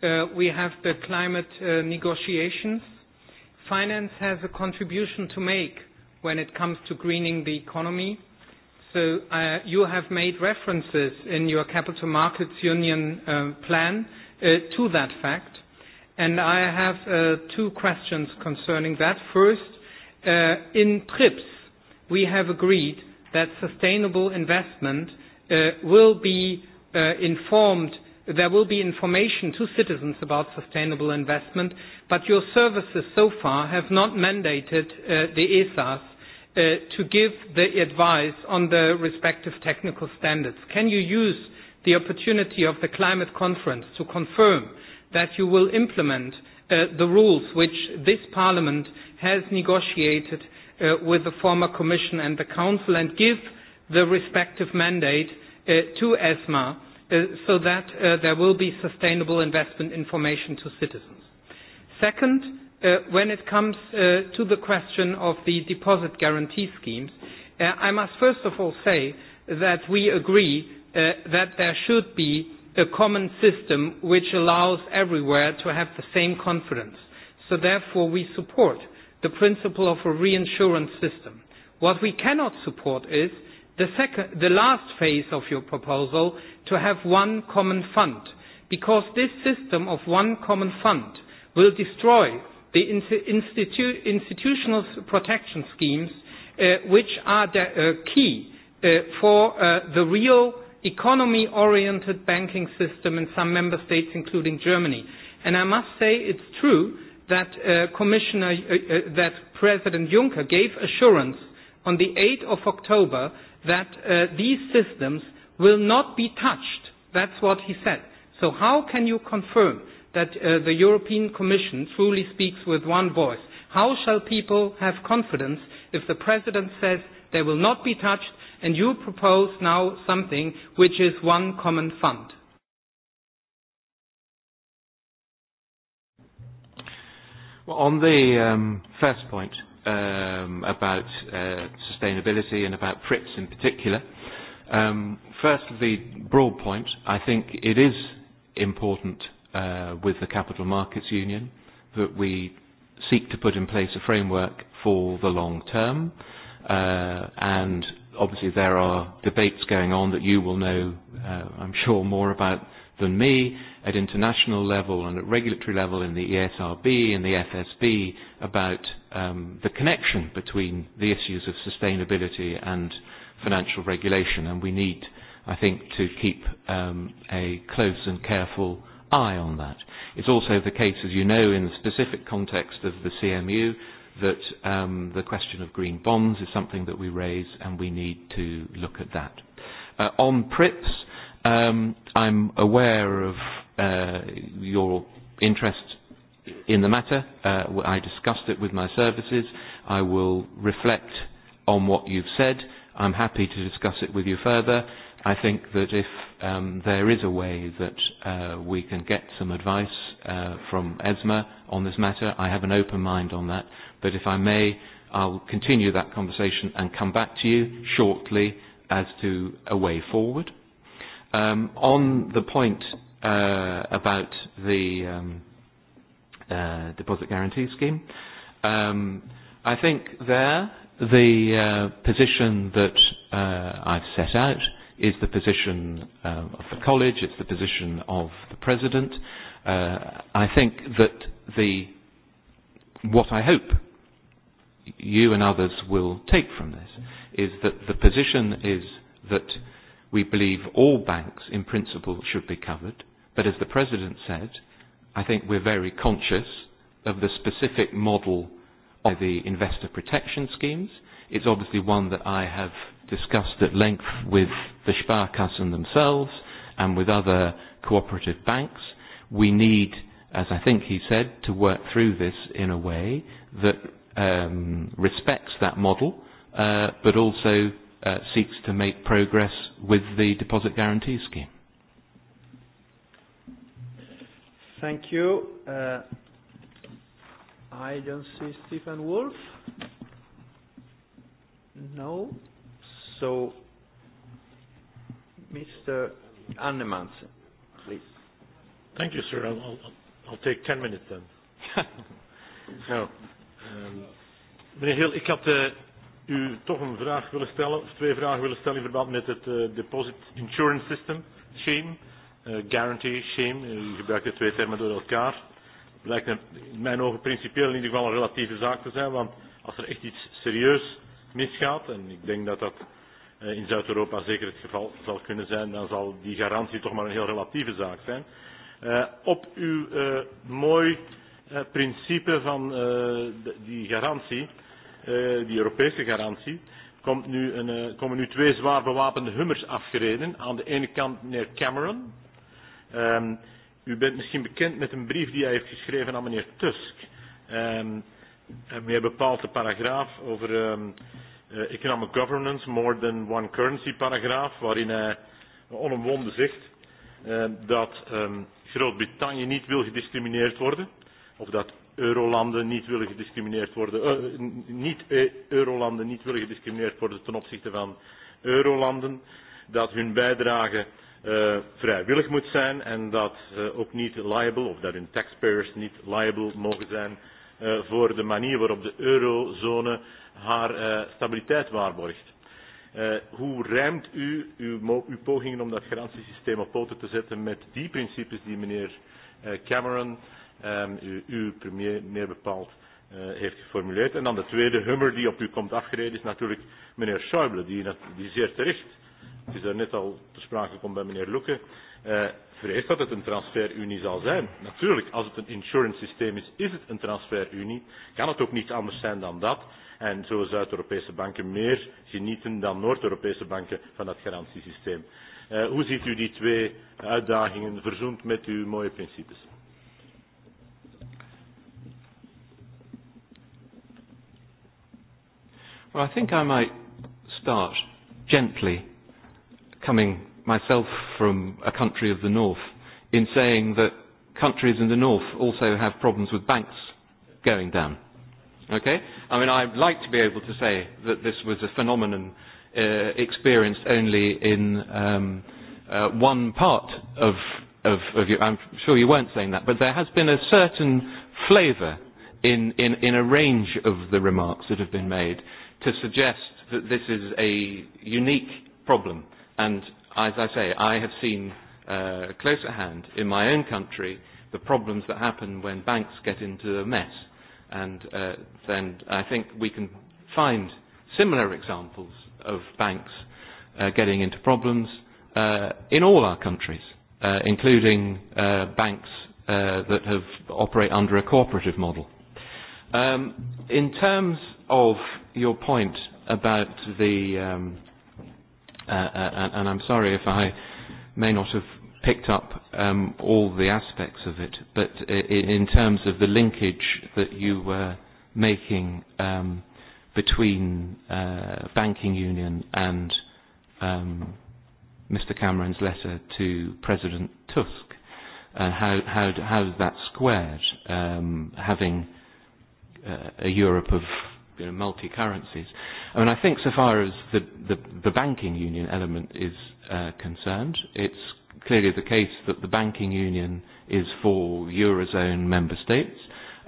uh, we have the climate uh, negotiations. Finance has a contribution to make when it comes to greening the economy. So uh, you have made references in your Capital Markets Union uh, plan uh, to that fact. And I have uh, two questions concerning that. First, uh, in TRIPS, we have agreed that sustainable investment – uh, will be uh, informed, there will be information to citizens about sustainable investment, but your services so far have not mandated uh, the ESAs uh, to give the advice on the respective technical standards. Can you use the opportunity of the climate conference to confirm that you will implement uh, the rules which this parliament has negotiated uh, with the former commission and the council and give the respective mandate uh, to ESMA uh, so that uh, there will be sustainable investment information to citizens. Second, uh, when it comes uh, to the question of the deposit guarantee schemes, uh, I must first of all say that we agree uh, that there should be a common system which allows everywhere to have the same confidence. So therefore we support the principle of a reinsurance system. What we cannot support is uh, The, second, the last phase of your proposal to have one common fund, because this system of one common fund will destroy the institu- institutional protection schemes uh, which are the, uh, key uh, for uh, the real economy oriented banking system in some member states, including Germany. And I must say it's true that, uh, Commissioner, uh, uh, that President Juncker gave assurance on the 8th of October that uh, these systems will not be touched. That's what he said. So how can you confirm that uh, the European Commission truly speaks with one voice? How shall people have confidence if the President says they will not be touched and you propose now something which is one common fund? Well, on the um, first point, um, about uh, sustainability and about PRIPS in particular. Um, first, the broad point, I think it is important uh, with the Capital Markets Union that we seek to put in place a framework for the long term. Uh, and obviously there are debates going on that you will know, uh, I'm sure, more about than me at international level and at regulatory level in the ESRB and the FSB about um, the connection between the issues of sustainability and financial regulation. And we need, I think, to keep um, a close and careful eye on that. It's also the case, as you know, in the specific context of the CMU, that um, the question of green bonds is something that we raise and we need to look at that. Uh, on PRIPS, um, I'm aware of uh, your interest in the matter. Uh, I discussed it with my services. I will reflect on what you've said. I'm happy to discuss it with you further. I think that if um, there is a way that uh, we can get some advice uh, from ESMA on this matter, I have an open mind on that. But if I may, I'll continue that conversation and come back to you shortly as to a way forward. Um, on the point uh, about the um, uh, deposit guarantee scheme. Um, I think there the uh, position that uh, I've set out is the position uh, of the college, it's the position of the president. Uh, I think that the what I hope you and others will take from this is that the position is that we believe all banks in principle should be covered. But as the President said, I think we're very conscious of the specific model of the investor protection schemes. It's obviously one that I have discussed at length with the Sparkassen themselves and with other cooperative banks. We need, as I think he said, to work through this in a way that um, respects that model, uh, but also uh, seeks to make progress with the deposit guarantee scheme. Thank you. Uh, I don't see Stephen Wolf. No. So, Mr. Annemans, please. Thank you, sir. I'll, I'll, I'll take 10 minutes then. No. um, meneer Hill, ik had uh, u toch een vraag willen stellen, of twee vragen willen stellen in verband met het uh, Deposit Insurance System, scheme. Eh, guarantee scheme. U eh, gebruikt de twee termen door elkaar. Het lijkt in mijn ogen principieel in ieder geval een relatieve zaak te zijn, want als er echt iets serieus misgaat, en ik denk dat dat eh, in Zuid-Europa zeker het geval zal kunnen zijn, dan zal die garantie toch maar een heel relatieve zaak zijn. Uh, op uw uh, mooi uh, principe van uh, de, die garantie, uh, die Europese garantie, komt nu een, uh, komen nu twee zwaar bewapende hummers afgereden. Aan de ene kant meneer Cameron, Um, u bent misschien bekend met een brief die hij heeft geschreven aan meneer Tusk. Um, en meer bepaald de paragraaf over um, uh, economic governance, more than one currency paragraaf, waarin hij onomwonden zegt uh, dat um, Groot-Brittannië niet wil gediscrimineerd worden, of dat eurolanden niet willen gediscrimineerd worden, uh, niet eh, eurolanden niet willen gediscrimineerd worden ten opzichte van eurolanden, dat hun bijdrage Eh, vrijwillig moet zijn en dat uh, ook niet liable, of dat hun taxpayers niet liable mogen zijn uh, voor de manier waarop de eurozone haar uh, stabiliteit waarborgt. Uh, hoe ruimt u uw, uw pogingen om dat garantiesysteem op poten te zetten met die principes die meneer Cameron, um, ehm, uw, uw premier meer bepaald, uh, heeft geformuleerd? En dan de tweede hummer die op u komt afgereden is natuurlijk meneer Schäuble, die, die zeer terecht het is daarnet er al te sprake gekomen bij meneer Loeken, eh, vreest dat het een transferunie zal zijn. Natuurlijk, als het een insurance systeem is, is het een transferunie. Kan het ook niet anders zijn dan dat. En zo Zuid-Europese banken meer genieten dan Noord-Europese banken van dat garantiesysteem. Eh, hoe ziet u die twee uitdagingen verzoend met uw mooie principes? Well, I think I might start gently coming myself from a country of the north, in saying that countries in the north also have problems with banks going down. Okay? I mean, I'd like to be able to say that this was a phenomenon uh, experienced only in um, uh, one part of, of, of your. I'm sure you weren't saying that, but there has been a certain flavour in, in, in a range of the remarks that have been made to suggest that this is a unique problem And as I say, I have seen uh, close at hand in my own country the problems that happen when banks get into a mess. And uh, then I think we can find similar examples of banks uh, getting into problems uh, in all our countries, uh, including uh, banks uh, that have operate under a cooperative model. Um, in terms of your point about the um, uh, uh and I'm sorry if I may not have picked up um, all the aspects of it, but in terms of the linkage that you were making um, between uh, banking union and um, Mr. Cameron's letter to President Tusk, uh, how, how, how that squared, um, having uh, a Europe of you know, multi-currencies. I mean, I think so far as the, the, the banking union element is uh, concerned, it's clearly the case that the banking union is for Eurozone member states,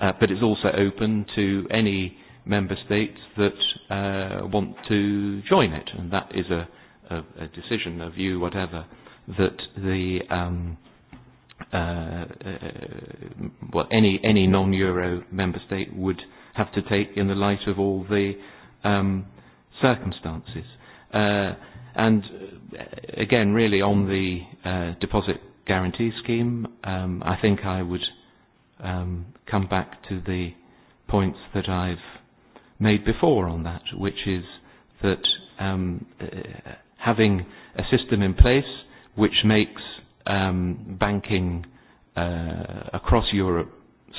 uh, but it's also open to any member states that uh, want to join it, and that is a, a, a decision, a view, whatever, that the um, uh, uh, well, any any non-euro member state would uh, have to take in the light of all the um, circumstances. Uh, and uh, again, really on the uh, deposit guarantee scheme, um, I think I would um, come back to the points that I've made before on that, which is that um, uh, having a system in place which makes um, banking uh, across Europe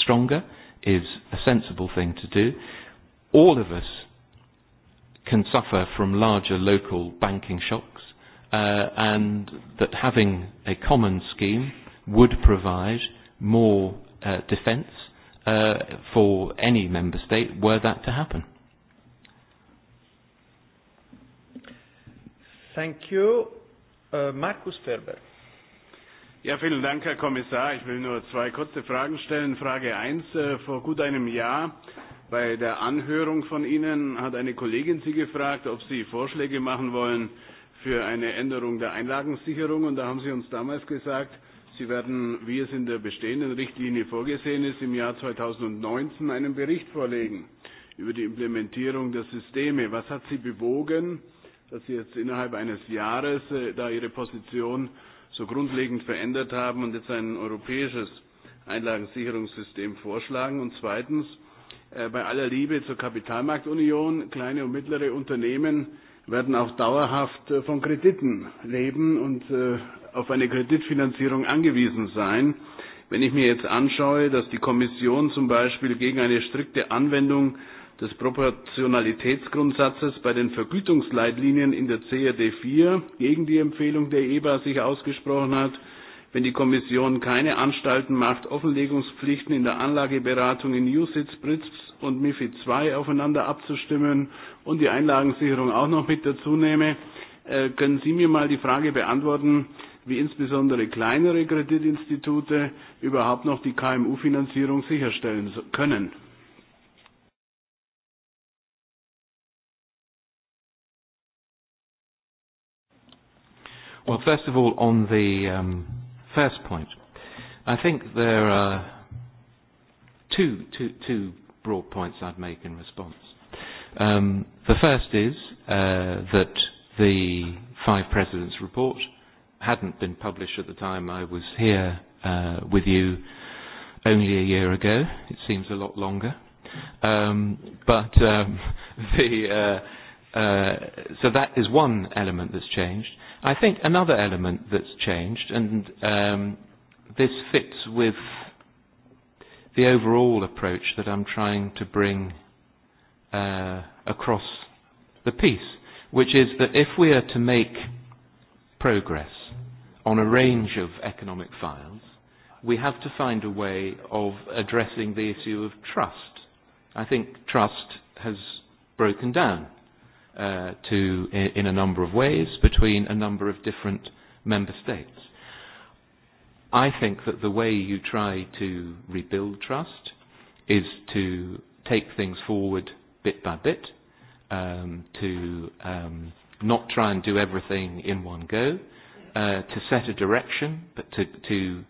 stronger is a sensible thing to do. All of us can suffer from larger local banking shocks, uh, and that having a common scheme would provide more uh, defence uh, for any member state were that to happen. Thank you. Uh, Markus Ferber. Ja, vielen Dank, Herr Kommissar. Ich will nur zwei kurze Fragen stellen. Frage 1. Äh, vor gut einem Jahr bei der Anhörung von Ihnen hat eine Kollegin Sie gefragt, ob Sie Vorschläge machen wollen für eine Änderung der Einlagensicherung. Und da haben Sie uns damals gesagt, Sie werden, wie es in der bestehenden Richtlinie vorgesehen ist, im Jahr 2019 einen Bericht vorlegen über die Implementierung der Systeme. Was hat Sie bewogen, dass Sie jetzt innerhalb eines Jahres äh, da Ihre Position so grundlegend verändert haben und jetzt ein europäisches Einlagensicherungssystem vorschlagen. Und zweitens, äh, bei aller Liebe zur Kapitalmarktunion, kleine und mittlere Unternehmen werden auch dauerhaft äh, von Krediten leben und äh, auf eine Kreditfinanzierung angewiesen sein. Wenn ich mir jetzt anschaue, dass die Kommission zum Beispiel gegen eine strikte Anwendung des Proportionalitätsgrundsatzes bei den Vergütungsleitlinien in der CRD IV gegen die Empfehlung der EBA sich ausgesprochen hat, wenn die Kommission keine Anstalten macht, Offenlegungspflichten in der Anlageberatung in USITS, BRITS und MIFID II aufeinander abzustimmen und die Einlagensicherung auch noch mit dazu nehme, äh, können Sie mir mal die Frage beantworten, wie insbesondere kleinere Kreditinstitute überhaupt noch die KMU-Finanzierung sicherstellen können? Well, first of all, on the um, first point, I think there are two, two, two broad points I'd make in response. Um, the first is uh, that the Five Presidents report hadn't been published at the time I was here uh, with you only a year ago. It seems a lot longer. Um, but um, the, uh, uh, so that is one element that's changed. I think another element that's changed, and um, this fits with the overall approach that I'm trying to bring uh, across the piece, which is that if we are to make progress on a range of economic files, we have to find a way of addressing the issue of trust. I think trust has broken down uh, to in a number of ways between a number of different member states. I think that the way you try to rebuild trust is to take things forward bit by bit, um, to um, not try and do everything in one go, uh, to set a direction, but to, to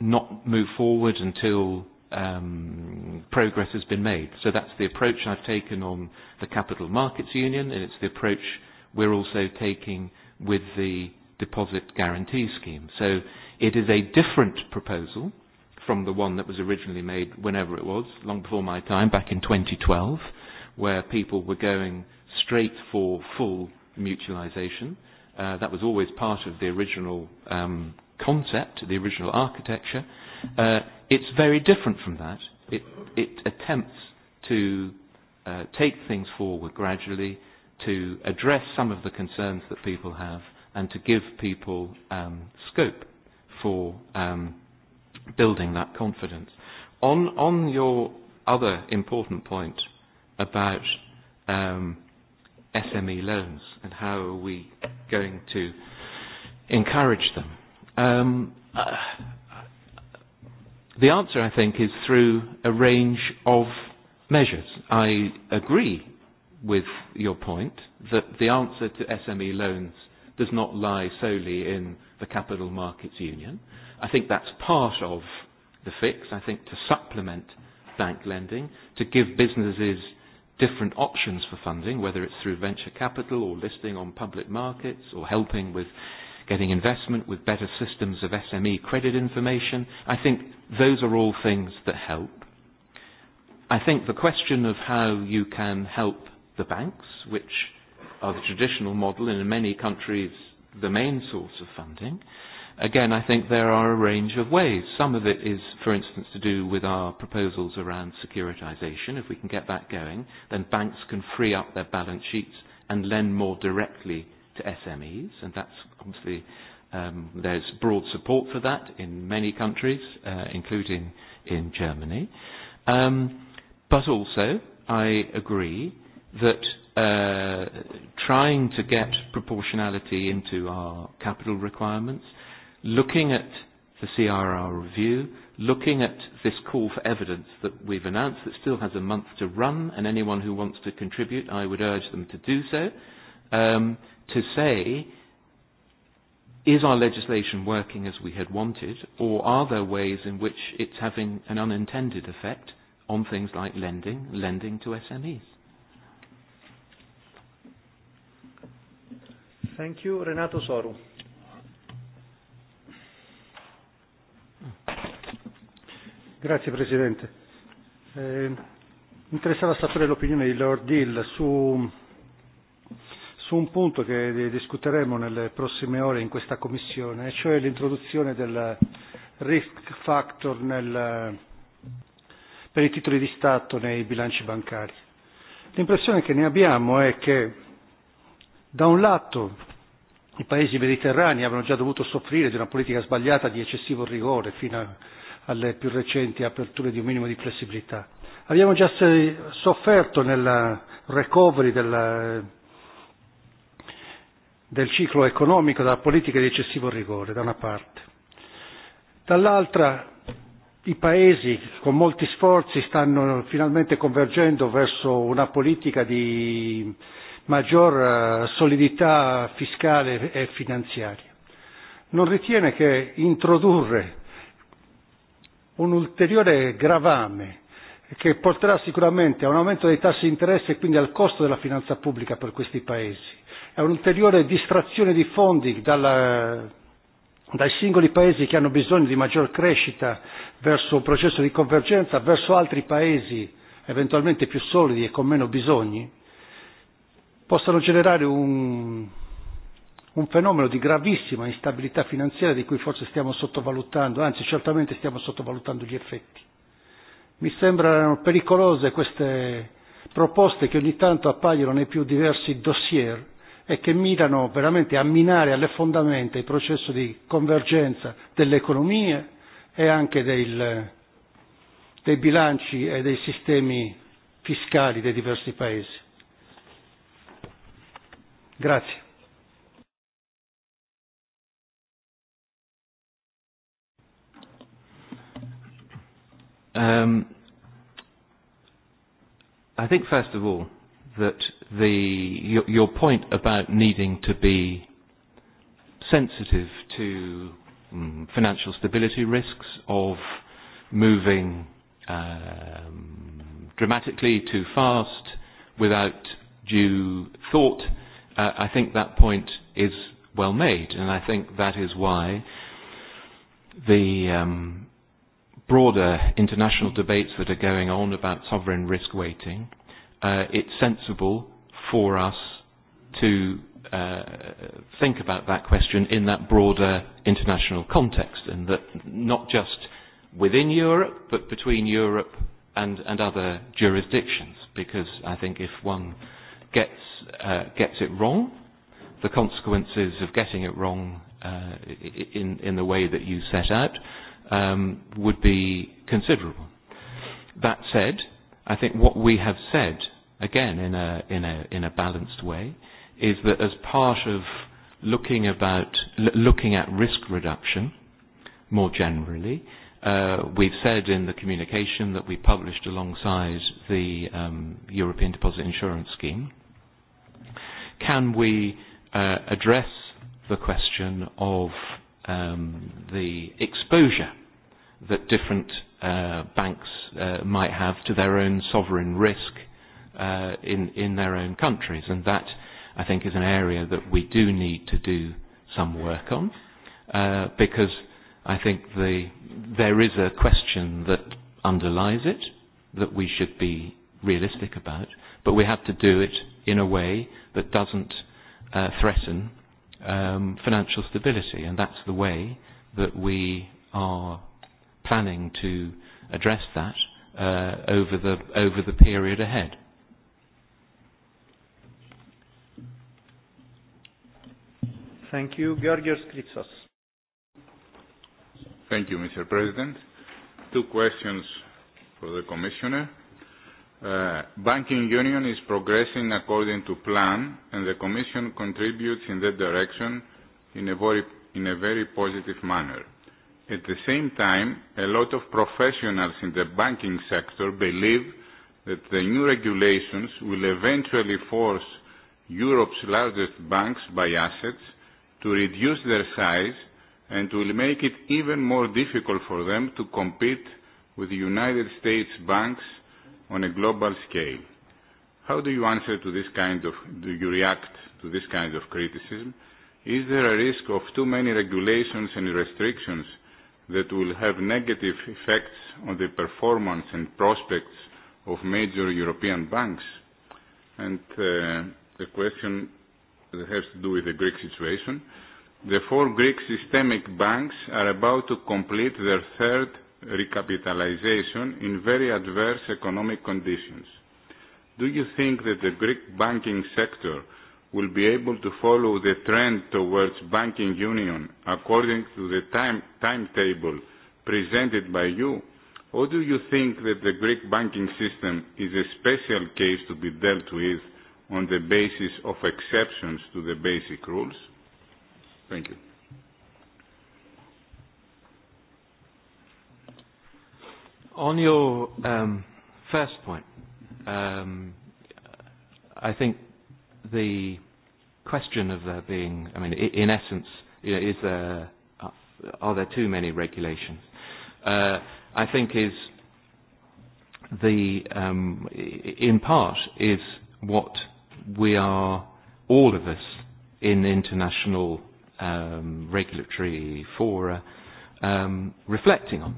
not move forward until um, progress has been made. So that's the approach I've taken on the Capital Markets Union, and it's the approach we're also taking with the Deposit Guarantee Scheme. So it is a different proposal from the one that was originally made whenever it was, long before my time, back in 2012, where people were going straight for full mutualization. Uh, that was always part of the original um, concept, the original architecture Uh, it's very different from that. It, it attempts to uh, take things forward gradually, to address some of the concerns that people have, and to give people um, scope for um, building that confidence. On, on your other important point about um, SME loans and how are we going to encourage them, um, uh, The answer, I think, is through a range of measures. I agree with your point that the answer to SME loans does not lie solely in the Capital Markets Union. I think that's part of the fix. I think to supplement bank lending, to give businesses different options for funding, whether it's through venture capital or listing on public markets or helping with getting investment with better systems of SME credit information. I think those are all things that help. I think the question of how you can help the banks, which are the traditional model and in many countries the main source of funding, again, I think there are a range of ways. Some of it is, for instance, to do with our proposals around securitization. If we can get that going, then banks can free up their balance sheets and lend more directly to SMEs, and that's obviously um, there's broad support for that in many countries, uh, including in Germany. Um, but also, I agree that uh, trying to get proportionality into our capital requirements, looking at the CRR review, looking at this call for evidence that we've announced that still has a month to run, and anyone who wants to contribute, I would urge them to do so um, to say, is our legislation working as we had wanted, or are there ways in which it's having an unintended effect on things like lending, lending to SMEs? Thank you. Renato Soru. Grazie Presidente. Eh, interessava sapere l'opinione di Lord Dill su su un punto che discuteremo nelle prossime ore in questa Commissione, e cioè l'introduzione del risk factor nel, per i titoli di Stato nei bilanci bancari. L'impressione che ne abbiamo è che da un lato i paesi mediterranei avevano già dovuto soffrire di una politica sbagliata di eccessivo rigore fino a, alle più recenti aperture di un minimo di flessibilità. Abbiamo già sofferto nel recovery della del ciclo economico, dalla politica di eccessivo rigore, da una parte. Dall'altra i paesi con molti sforzi stanno finalmente convergendo verso una politica di maggior eh, solidità fiscale e finanziaria. Non ritiene che introdurre un ulteriore gravame che porterà sicuramente a un aumento dei tassi di interesse e quindi al costo della finanza pubblica per questi paesi è un'ulteriore distrazione di fondi dalla, dai singoli paesi che hanno bisogno di maggior crescita verso un processo di convergenza, verso altri paesi eventualmente più solidi e con meno bisogni, possano generare un, un fenomeno di gravissima instabilità finanziaria di cui forse stiamo sottovalutando, anzi certamente stiamo sottovalutando gli effetti. Mi sembrano pericolose queste proposte che ogni tanto appaiono nei più diversi dossier eh, e che mirano veramente a minare alle fondamenta il processo di convergenza delle economie e anche del, dei bilanci e dei sistemi fiscali dei diversi paesi. Grazie. Um, I think first of all that the, your, your point about needing to be sensitive to um, financial stability risks of moving um, dramatically too fast without due thought, uh, I think that point is well made, and I think that is why the um, broader international debates that are going on about sovereign risk weighting, uh, it's sensible for us to uh, think about that question in that broader international context, and that not just within Europe, but between Europe and, and other jurisdictions, because I think if one gets, uh, gets it wrong, the consequences of getting it wrong uh, in, in the way that you set out um, would be considerable. That said, I think what we have said again in a in a in a balanced way, is that as part of looking about l- looking at risk reduction more generally, uh, we've said in the communication that we published alongside the um, European Deposit Insurance Scheme, can we uh, address the question of um, the exposure that different uh, banks uh, might have to their own sovereign risk uh, in, in their own countries. And that, I think, is an area that we do need to do some work on, uh, because I think the, there is a question that underlies it that we should be realistic about, but we have to do it in a way that doesn't uh, threaten um, financial stability, and that's the way that we are planning to address that uh, over the over the period ahead. Thank you. Georgios Kritsos. Thank you, Mr. President. Two questions for the Commissioner. Uh, banking union is progressing according to plan, and the Commission contributes in that direction in a very, in a very positive manner. At the same time, a lot of professionals in the banking sector believe that the new regulations will eventually force Europe's largest banks by assets to reduce their size and will make it even more difficult for them to compete with the United States banks on a global scale. How do you answer to this kind of, do you react to this kind of criticism? Is there a risk of too many regulations and restrictions that will have negative effects on the performance and prospects of major European banks? And uh, the question that has to do with the Greek situation. The four Greek systemic banks are about to complete their third recapitalization in very adverse economic conditions. Do you think that the Greek banking sector will be able to follow the trend towards banking union according to the time, timetable presented by you? Or do you think that the Greek banking system is a special case to be dealt with on the basis of exceptions to the basic rules? Thank you. On your um, first point, um, I think the question of there being, I mean, in essence, you know, is there, uh, are there too many regulations? Uh, I think is the, um, in part, is what we are, all of us, in international um, regulatory fora um, reflecting on.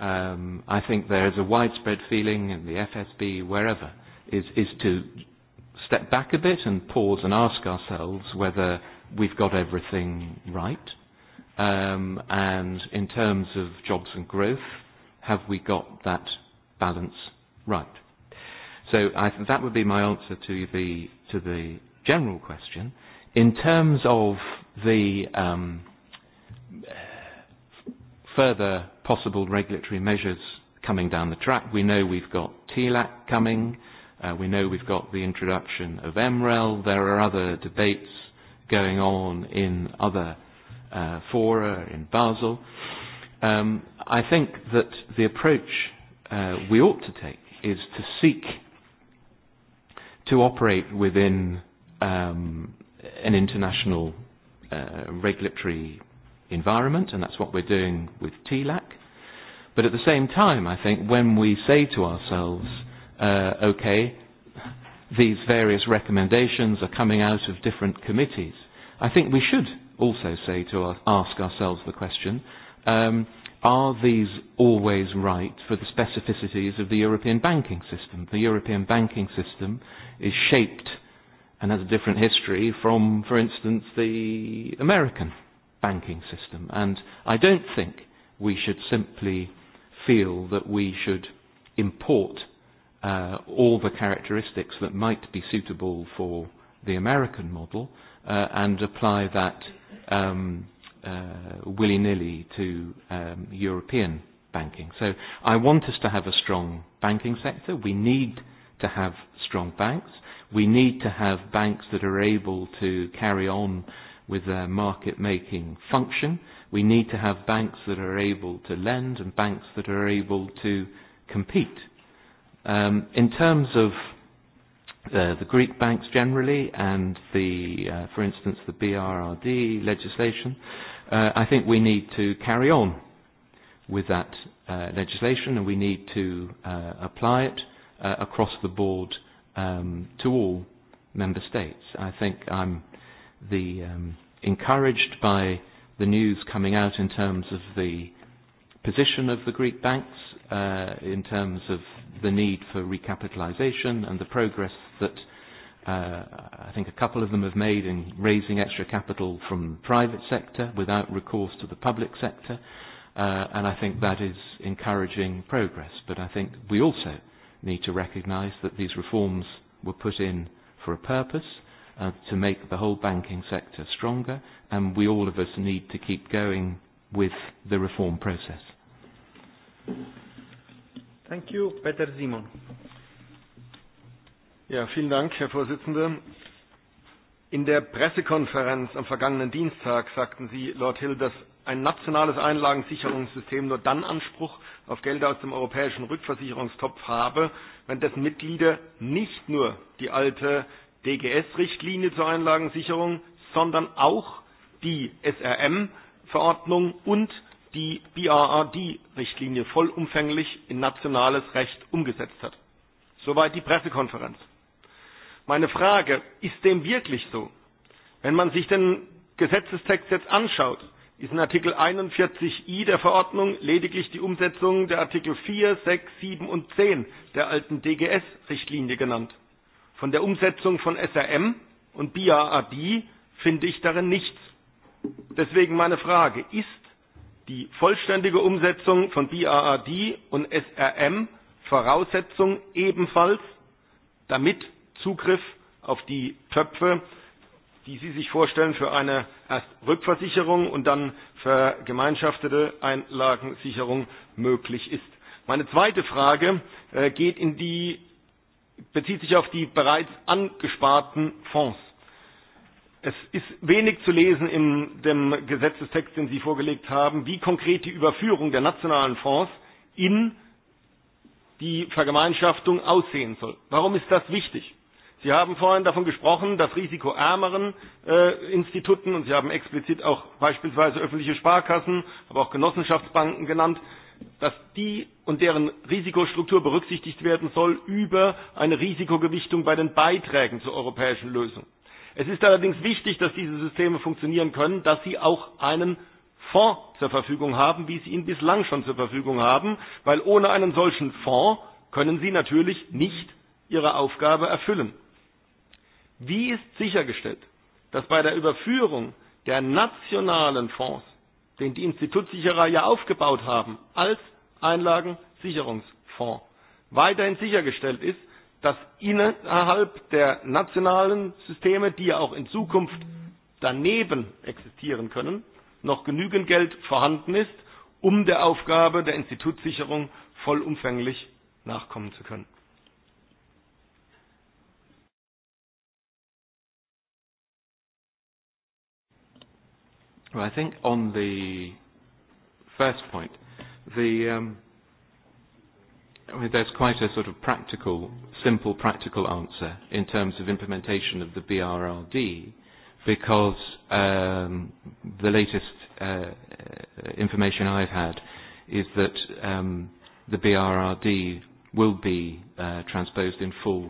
Um, I think there is a widespread feeling in the FSB, wherever, is, is to step back a bit and pause and ask ourselves whether we've got everything right. Um, and in terms of jobs and growth, have we got that balance right? So I think that would be my answer to the to the general question. In terms of the um, further possible regulatory measures coming down the track, we know we've got TLAC coming. Uh, we know we've got the introduction of MREL. There are other debates going on in other uh, fora in Basel. Um, I think that the approach uh, we ought to take is to seek to operate within um, an international uh, regulatory environment, and that's what we're doing with TLAC. But at the same time, I think when we say to ourselves, uh, okay, these various recommendations are coming out of different committees, I think we should also say to our, ask ourselves the question, um, are these always right for the specificities of the European banking system? The European banking system is shaped and has a different history from, for instance, the American banking system. And I don't think we should simply feel that we should import uh, all the characteristics that might be suitable for the American model uh, and apply that um, uh, willy-nilly to um, European banking. So I want us to have a strong banking sector. We need to have strong banks. We need to have banks that are able to carry on with their market-making function. We need to have banks that are able to lend and banks that are able to compete. Um, in terms of uh, the Greek banks generally and the, uh, for instance, the BRRD legislation, uh, I think we need to carry on with that uh, legislation and we need to uh, apply it uh, across the board um, to all member states. I think I'm the, um, encouraged by the news coming out in terms of the position of the Greek banks, uh, in terms of the need for recapitalisation and the progress that uh, I think a couple of them have made in raising extra capital from the private sector without recourse to the public sector. Uh, and I think that is encouraging progress. But I think we also need to recognise that these reforms were put in for a purpose, uh, to make the whole banking sector stronger, and we all of us need to keep going with the reform process. Thank you, Peter Simon. Ja, vielen Dank, Herr Vorsitzender. In der Pressekonferenz am vergangenen Dienstag sagten Sie, Lord Hill, dass ein nationales Einlagensicherungssystem nur dann Anspruch auf Gelder aus dem europäischen Rückversicherungstopf habe, wenn dessen Mitglieder nicht nur die alte DGS-Richtlinie zur Einlagensicherung, sondern auch die SRM-Verordnung und die BRRD-Richtlinie vollumfänglich in nationales Recht umgesetzt hat. Soweit die Pressekonferenz. Meine Frage, ist dem wirklich so? Wenn man sich den Gesetzestext jetzt anschaut, ist in Artikel 41i der Verordnung lediglich die Umsetzung der Artikel 4, 6, 7 und 10 der alten DGS-Richtlinie genannt. Von der Umsetzung von SRM und BRRD finde ich darin nichts. Deswegen meine Frage, ist die vollständige Umsetzung von BRRD und SRM Voraussetzung ebenfalls, damit Zugriff auf die Töpfe, die Sie sich vorstellen für eine erst Rückversicherung und dann vergemeinschaftete Einlagensicherung möglich ist. Meine zweite Frage äh, geht in die, bezieht sich auf die bereits angesparten Fonds. Es ist wenig zu lesen in dem Gesetzestext, den Sie vorgelegt haben, wie konkret die Überführung der nationalen Fonds in die Vergemeinschaftung aussehen soll. Warum ist das wichtig? Sie haben vorhin davon gesprochen, dass risikoärmeren äh, Instituten, und Sie haben explizit auch beispielsweise öffentliche Sparkassen, aber auch Genossenschaftsbanken genannt, dass die und deren Risikostruktur berücksichtigt werden soll über eine Risikogewichtung bei den Beiträgen zur europäischen Lösung. Es ist allerdings wichtig, dass diese Systeme funktionieren können, dass sie auch einen Fonds zur Verfügung haben, wie sie ihn bislang schon zur Verfügung haben, weil ohne einen solchen Fonds können sie natürlich nicht ihre Aufgabe erfüllen. Wie ist sichergestellt, dass bei der Überführung der nationalen Fonds, den die Institutssicherer ja aufgebaut haben, als Einlagensicherungsfonds, weiterhin sichergestellt ist, dass innerhalb der nationalen Systeme, die ja auch in Zukunft daneben existieren können, noch genügend Geld vorhanden ist, um der Aufgabe der Institutssicherung vollumfänglich nachkommen zu können. Well, I think on the first point, the um, I mean, there's quite a sort of practical, simple practical answer in terms of implementation of the BRRD because um, the latest uh, information I've had is that um, the BRRD will be uh, transposed in full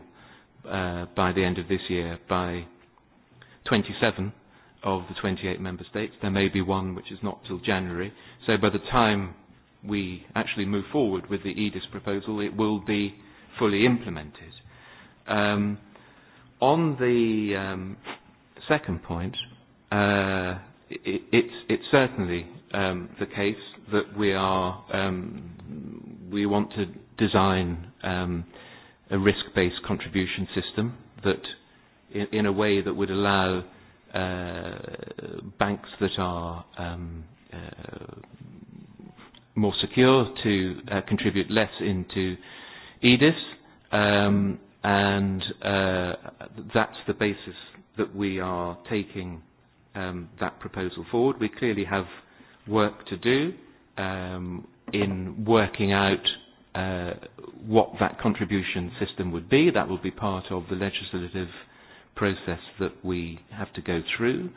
uh, by the end of this year by 27 of the 28 member states. There may be one which is not till January. So by the time we actually move forward with the EDIS proposal, it will be fully implemented. Um, on the um, second point, uh, it, it's, it's certainly um, the case that we are um, we want to design um, a risk-based contribution system that, in, in a way that would allow uh, banks that are um, uh, more secure to uh, contribute less into EDIS, um, and uh, that's the basis that we are taking um, that proposal forward. We clearly have work to do um, in working out uh, what that contribution system would be. That will be part of the legislative uh, process that we have to go through.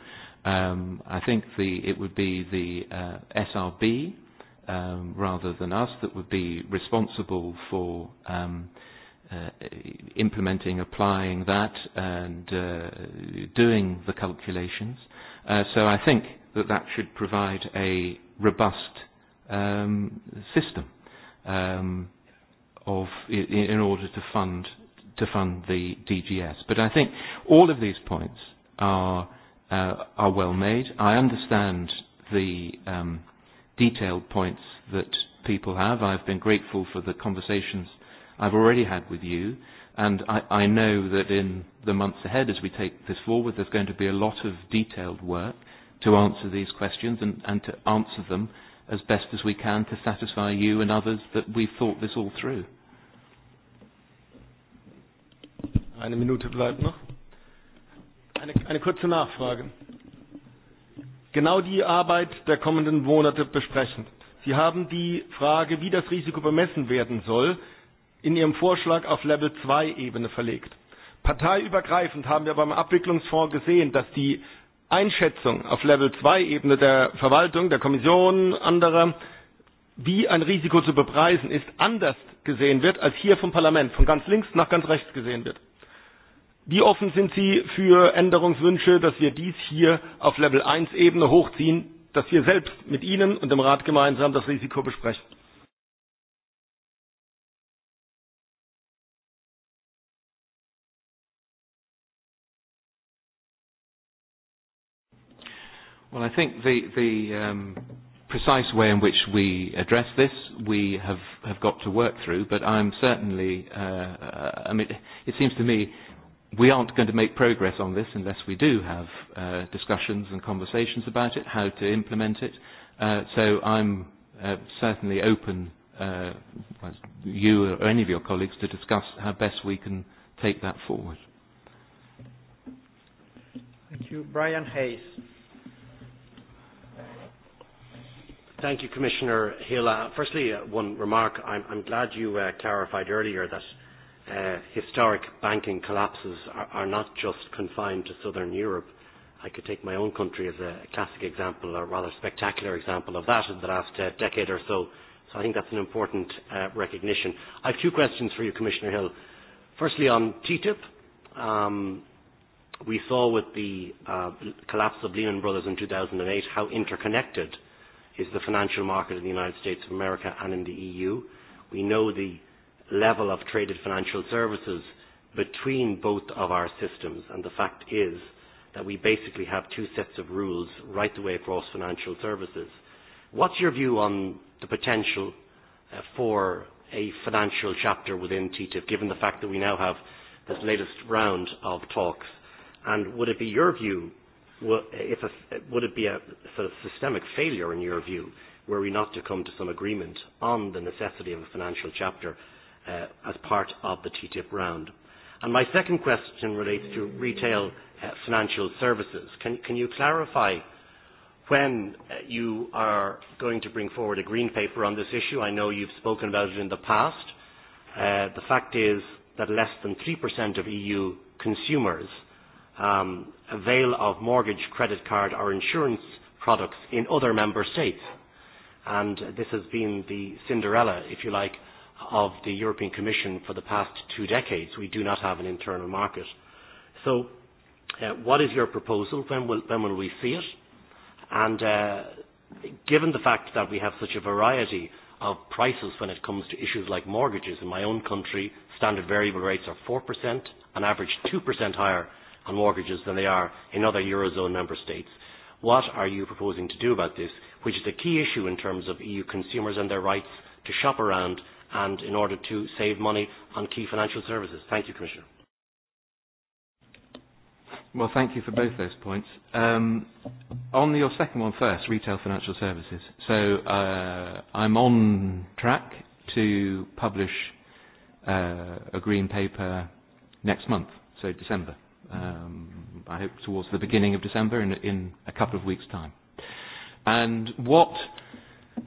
Um, I think the, it would be the uh, SRB um, rather than us that would be responsible for um, uh, implementing, applying that, and uh, doing the calculations. Uh, so I think that that should provide a robust um, system um, of in, in order to fund to fund the DGS. But I think all of these points are, uh, are well made. I understand the um, detailed points that people have. I've been grateful for the conversations I've already had with you. And I, I know that in the months ahead, as we take this forward, there's going to be a lot of detailed work to answer these questions and, and to answer them as best as we can to satisfy you and others that we've thought this all through. Eine Minute bleibt noch. Eine, eine kurze Nachfrage. Genau die Arbeit der kommenden Monate besprechen. Sie haben die Frage, wie das Risiko bemessen werden soll, in Ihrem Vorschlag auf Level 2 Ebene verlegt. Parteiübergreifend haben wir beim Abwicklungsfonds gesehen, dass die Einschätzung auf Level 2 Ebene der Verwaltung, der Kommission, anderer, wie ein Risiko zu bepreisen ist, anders gesehen wird, als hier vom Parlament von ganz links nach ganz rechts gesehen wird. Wie offen sind Sie für Änderungswünsche, dass wir dies hier auf Level 1 Ebene hochziehen, dass wir selbst mit Ihnen und dem Rat gemeinsam das Risiko besprechen? Well, I think the, the um, precise way in which we address this, we have, have got to work through, but I'm certainly, uh, uh I mean, it seems to me we aren't going to make progress on this unless we do have uh, discussions and conversations about it, how to implement it. Uh, so I'm uh, certainly open, uh, you or any of your colleagues, to discuss how best we can take that forward. Thank you. Brian Hayes. Thank you, Commissioner Hill. Uh, firstly, uh, one remark. I'm, I'm glad you uh, clarified earlier that Uh, historic banking collapses are, are not just confined to southern Europe. I could take my own country as a classic example, or rather spectacular example of that in the last uh, decade or so. So I think that's an important uh, recognition. I have two questions for you, Commissioner Hill. Firstly, on TTIP, um, we saw with the uh, collapse of Lehman Brothers in 2008 how interconnected is the financial market in the United States of America and in the EU. We know the level of traded financial services between both of our systems. And the fact is that we basically have two sets of rules right the way across financial services. What's your view on the potential uh, for a financial chapter within TTIP, given the fact that we now have this latest round of talks? And would it be your view, if a, would it be a sort of systemic failure in your view, were we not to come to some agreement on the necessity of a financial chapter uh, as part of the TTIP round? And my second question relates to retail uh, financial services. Can, can you clarify when uh, you are going to bring forward a green paper on this issue? I know you've spoken about it in the past. Uh, the fact is that less than 3% of EU consumers um, avail of mortgage, credit card or insurance products in other member states. And this has been the Cinderella, if you like, of the European Commission for the past two decades. We do not have an internal market. So uh, what is your proposal? When will, when will we see it? And uh, given the fact that we have such a variety of prices when it comes to issues like mortgages, in my own country, standard variable rates are 4%, an average 2% higher on mortgages than they are in other Eurozone member states. What are you proposing to do about this, which is a key issue in terms of EU consumers and their rights to shop around and in order to save money on key financial services. Thank you, Commissioner. Well, thank you for both those points. Um, on your second one first, retail financial services. So uh, I'm on track to publish uh, a green paper next month, so December. Um, I hope towards the beginning of December in, in a couple of weeks' time. And what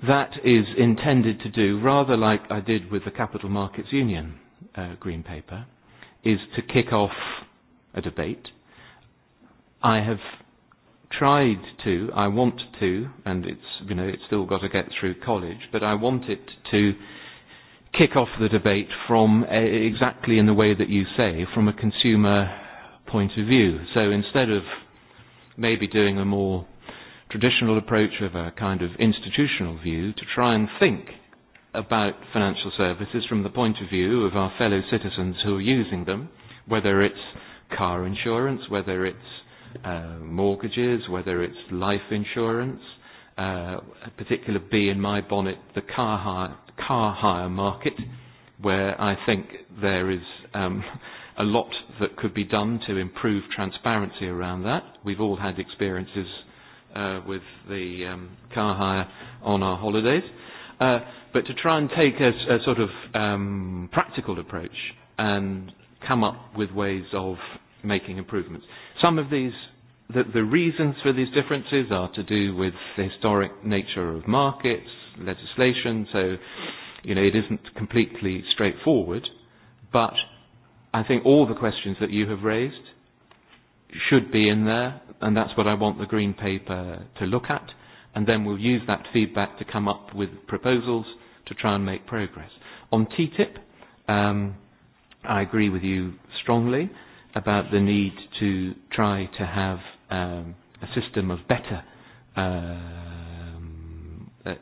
that is intended to do, rather like I did with the Capital Markets Union uh, Green Paper, is to kick off a debate. I have tried to, I want to, and it's, you know, it's still got to get through college, but I want it to kick off the debate from a, uh, exactly in the way that you say, from a consumer point of view. So instead of maybe doing a more traditional approach of a kind of institutional view to try and think about financial services from the point of view of our fellow citizens who are using them, whether it's car insurance, whether it's uh, mortgages, whether it's life insurance, uh, a particular bee in my bonnet, the car hire, car hire market, where I think there is um, a lot that could be done to improve transparency around that. We've all had experiences uh, with the um, car hire on our holidays, uh, but to try and take a, a sort of um, practical approach and come up with ways of making improvements. Some of these, the, the reasons for these differences are to do with the historic nature of markets, legislation, so you know, it isn't completely straightforward, but I think all the questions that you have raised should be in there and that's what I want the Green Paper to look at, and then we'll use that feedback to come up with proposals to try and make progress. On TTIP, um, I agree with you strongly about the need to try to have um, a system of better um, a, uh, uh,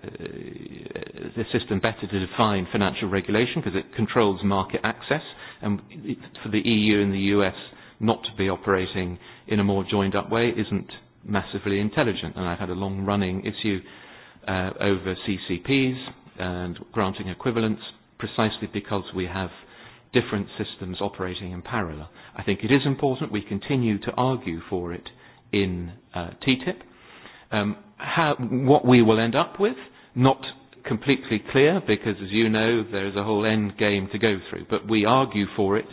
a system better to define financial regulation because it controls market access and for the EU and the US not to be operating in a more joined up way isn't massively intelligent. And I've had a long running issue uh, over CCPs and granting equivalence precisely because we have different systems operating in parallel. I think it is important we continue to argue for it in uh, TTIP. Um, how, what we will end up with, not completely clear because as you know there is a whole end game to go through, but we argue for it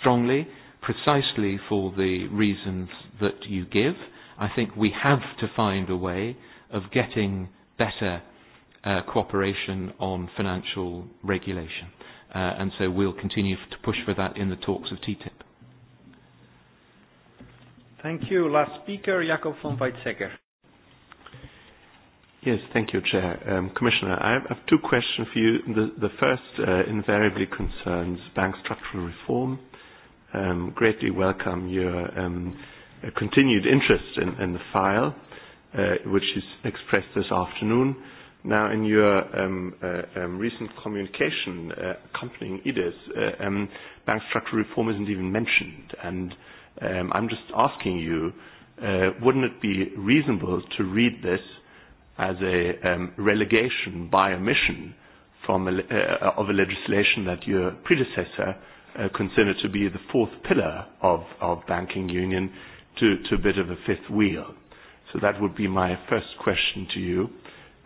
strongly precisely for the reasons that you give. I think we have to find a way of getting better uh, cooperation on financial regulation. Uh, and so we'll continue to push for that in the talks of TTIP. Thank you. Last speaker, Jakob von Weizsäcker. Yes, thank you, Chair. Um, Commissioner, I have two questions for you. The, the first uh, invariably concerns bank structural reform um, greatly welcome your um, continued interest in, in the file, uh, which is expressed this afternoon. Now, in your um, uh, um, recent communication uh, accompanying IDIS, uh, um, bank structural reform isn't even mentioned. And um, I'm just asking you, uh, wouldn't it be reasonable to read this as a um, relegation by omission from a, uh, of a legislation that your predecessor uh, consider to be the fourth pillar of, of banking union to, to a bit of a fifth wheel. So that would be my first question to you,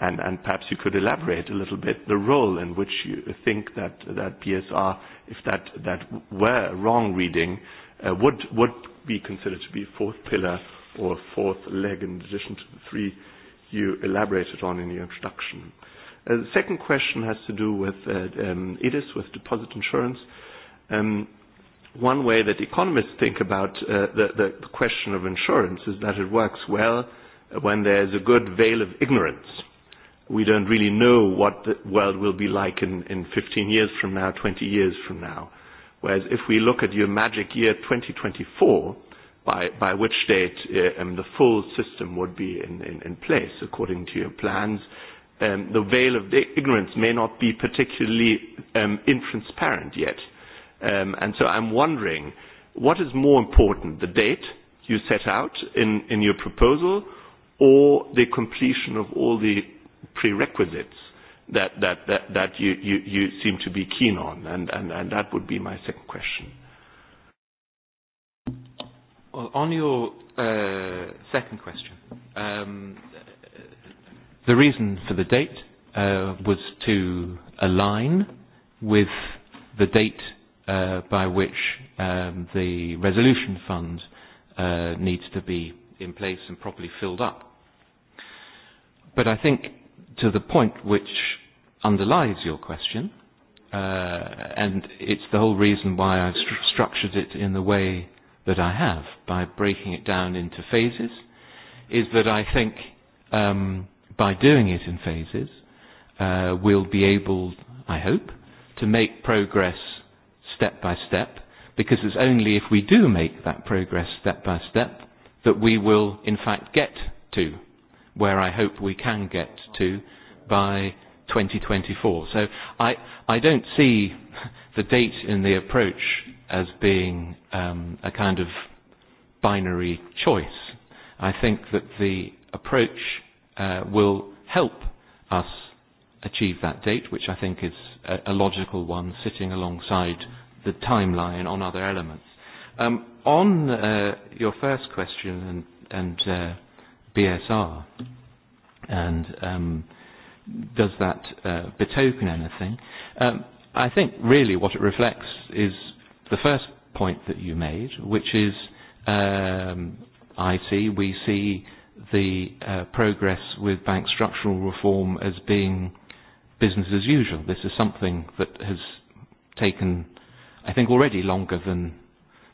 and, and perhaps you could elaborate a little bit the role in which you think that, that PSR, if that, that were a wrong reading, uh, would, would be considered to be a fourth pillar or a fourth leg in addition to the three you elaborated on in your introduction. Uh, the second question has to do with uh, um, IDIS, with deposit insurance. Uh, Um, one way that economists think about uh, the, the question of insurance is that it works well when there is a good veil of ignorance. We don't really know what the world will be like in, in 15 years from now, 20 years from now. Whereas if we look at your magic year 2024, by, by which date uh, um, the full system would be in, in, in place according to your plans, um, the veil of ignorance may not be particularly um, intransparent yet Um, and so I'm wondering, what is more important, the date you set out in, in your proposal or the completion of all the prerequisites that, that, that, that you, you, you seem to be keen on? And, and, and that would be my second question. Well, on your uh, second question, um, the reason for the date uh, was to align with the date uh, by which um, the resolution fund uh, needs to be in place and properly filled up. But I think to the point which underlies your question, uh, and it's the whole reason why I've st- structured it in the way that I have, by breaking it down into phases, is that I think um, by doing it in phases, uh, we'll be able, I hope, to make progress step by step, because it's only if we do make that progress step by step that we will in fact get to where I hope we can get to by 2024. So I, I don't see the date in the approach as being um, a kind of binary choice. I think that the approach uh, will help us achieve that date, which I think is a, a logical one, sitting alongside the timeline on other elements. Um, on uh, your first question and, and uh, BSR, and um, does that uh, betoken anything? Um, I think really what it reflects is the first point that you made, which is um, I see, we see the uh, progress with bank structural reform as being business as usual. This is something that has taken I think already longer than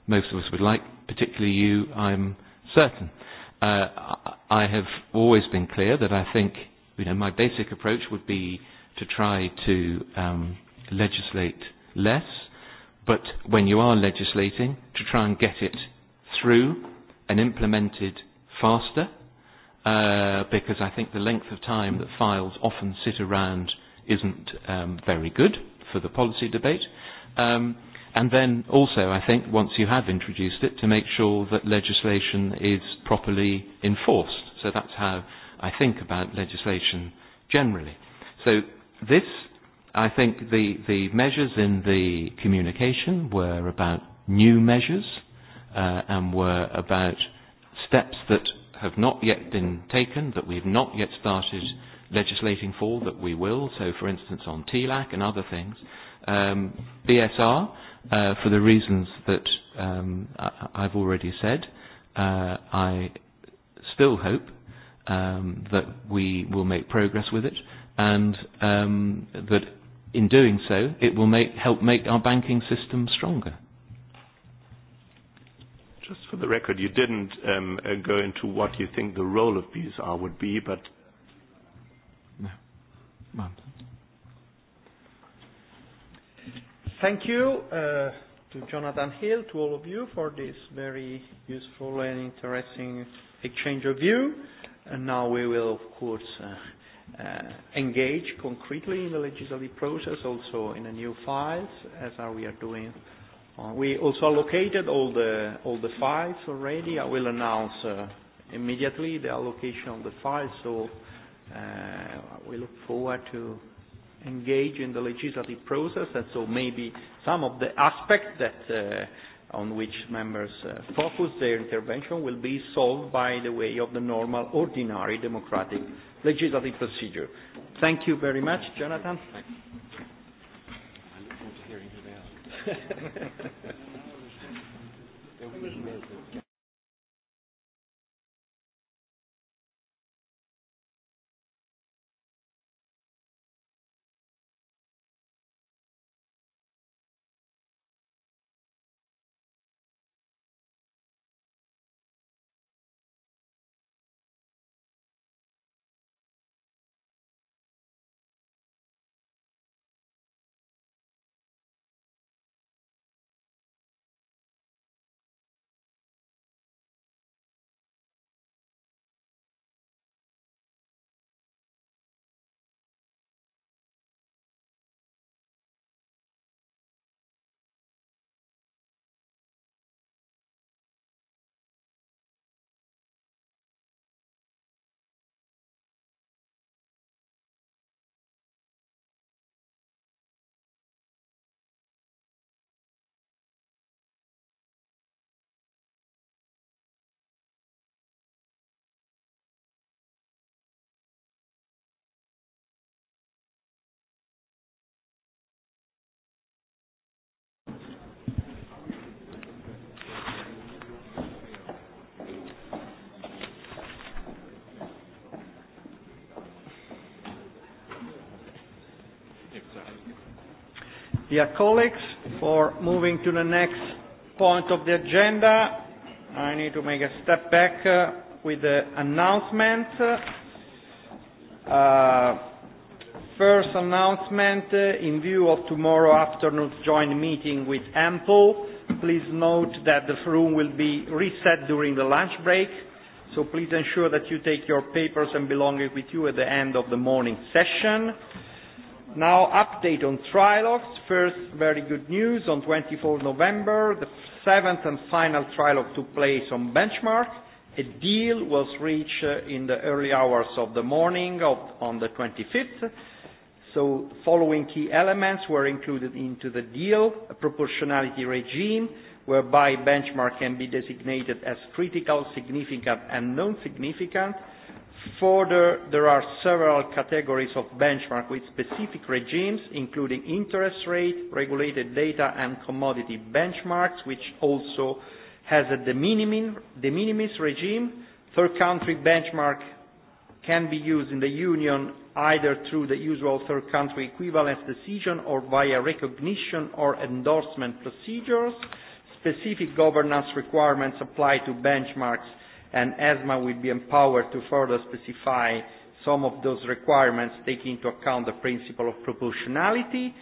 most of us would like, particularly you, I'm certain. Uh, I have always been clear that I think, you know, my basic approach would be to try to um, legislate less, but when you are legislating, to try and get it through and implemented faster, uh, because I think the length of time that files often sit around isn't um, very good for the policy debate. Um, And then also, I think, once you have introduced it, to make sure that legislation is properly enforced. So that's how I think about legislation generally. So this, I think the, the measures in the communication were about new measures uh, and were about steps that have not yet been taken, that we've not yet started legislating for, that we will. So, for instance, on TLAC and other things. Um, BSR, uh, for the reasons that um, I, I've already said. Uh, I still hope um, that we will make progress with it and um, that in doing so it will make, help make our banking system stronger. Just for the record, you didn't um, uh, go into what you think the role of BSR would be, but. No. Well, Thank you uh, to Jonathan Hill, to all of you, for this very useful and interesting exchange of view. And now we will, of course, uh, uh, engage concretely in the legislative process, also in the new files, as are we are doing. Uh, we also allocated all the all the files already. I will announce uh, immediately the allocation of the files. So uh, we look forward to engage in the legislative process, and so maybe some of the aspects that uh, on which members uh, focus their intervention will be solved by the way of the normal, ordinary democratic legislative procedure. Thank you very much, Jonathan. Dear colleagues, for moving to the next point of the agenda, I need to make a step back uh, with the announcement. Uh, first announcement, uh, in view of tomorrow afternoon's joint meeting with Ample, please note that the room will be reset during the lunch break, so please ensure that you take your papers and belongings with you at the end of the morning session. Now, update on trilogues. First, very good news. On 24 November, the seventh and final trilogue took place on benchmark. A deal was reached uh, in the early hours of the morning of, on the 25th. So following key elements were included into the deal, a proportionality regime whereby benchmark can be designated as critical, significant and non-significant, Further, there are several categories of benchmark with specific regimes, including interest rate, regulated data, and commodity benchmarks, which also has a de minimis, de minimis regime. Third country benchmark can be used in the Union either through the usual third country equivalence decision or via recognition or endorsement procedures. Specific governance requirements apply to benchmarks and ESMA will be empowered to further specify some of those requirements, taking into account the principle of proportionality.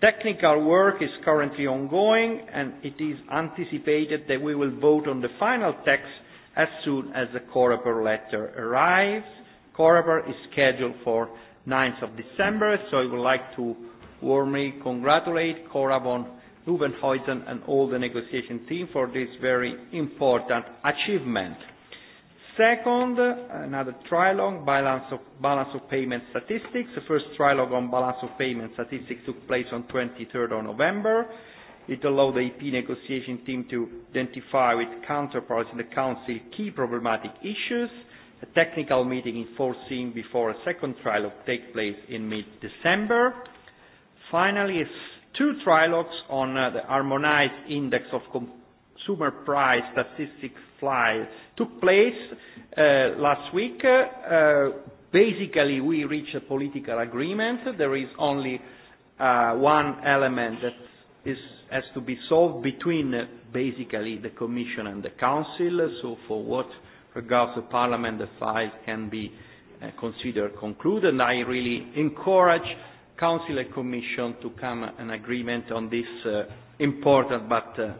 Technical work is currently ongoing, and it is anticipated that we will vote on the final text as soon as the Coreper letter arrives. Coreper is scheduled for 9th of December, so I would like to warmly congratulate Cora von Rubenhuizen and all the negotiation team for this very important achievement. Second, another trilogue, balance of, balance of payment statistics. The first trilogue on balance of payment statistics took place on 23rd of November. It allowed the EP negotiation team to identify with counterparts in the Council key problematic issues. A technical meeting is foreseen before a second trilogue takes place in mid-December. Finally, two trilogues on uh, the harmonized index of consumer price statistics fly took place uh, last week. Uh, basically, we reached a political agreement. There is only uh, one element that is, has to be solved between uh, basically the Commission and the Council. So for what regards the Parliament, the file can be uh, considered concluded. And I really encourage Council and Commission to come an agreement on this uh, important but uh,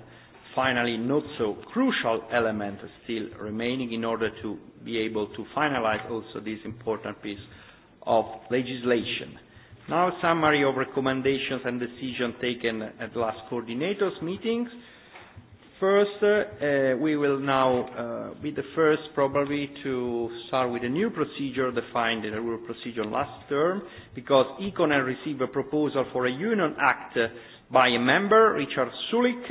finally not so crucial element still remaining in order to be able to finalize also this important piece of legislation. Now a summary of recommendations and decisions taken at last coordinators meetings. First, uh, we will now uh, be the first probably to start with a new procedure defined in a rule procedure last term because Econ received a proposal for a union act by a member, Richard Sulik,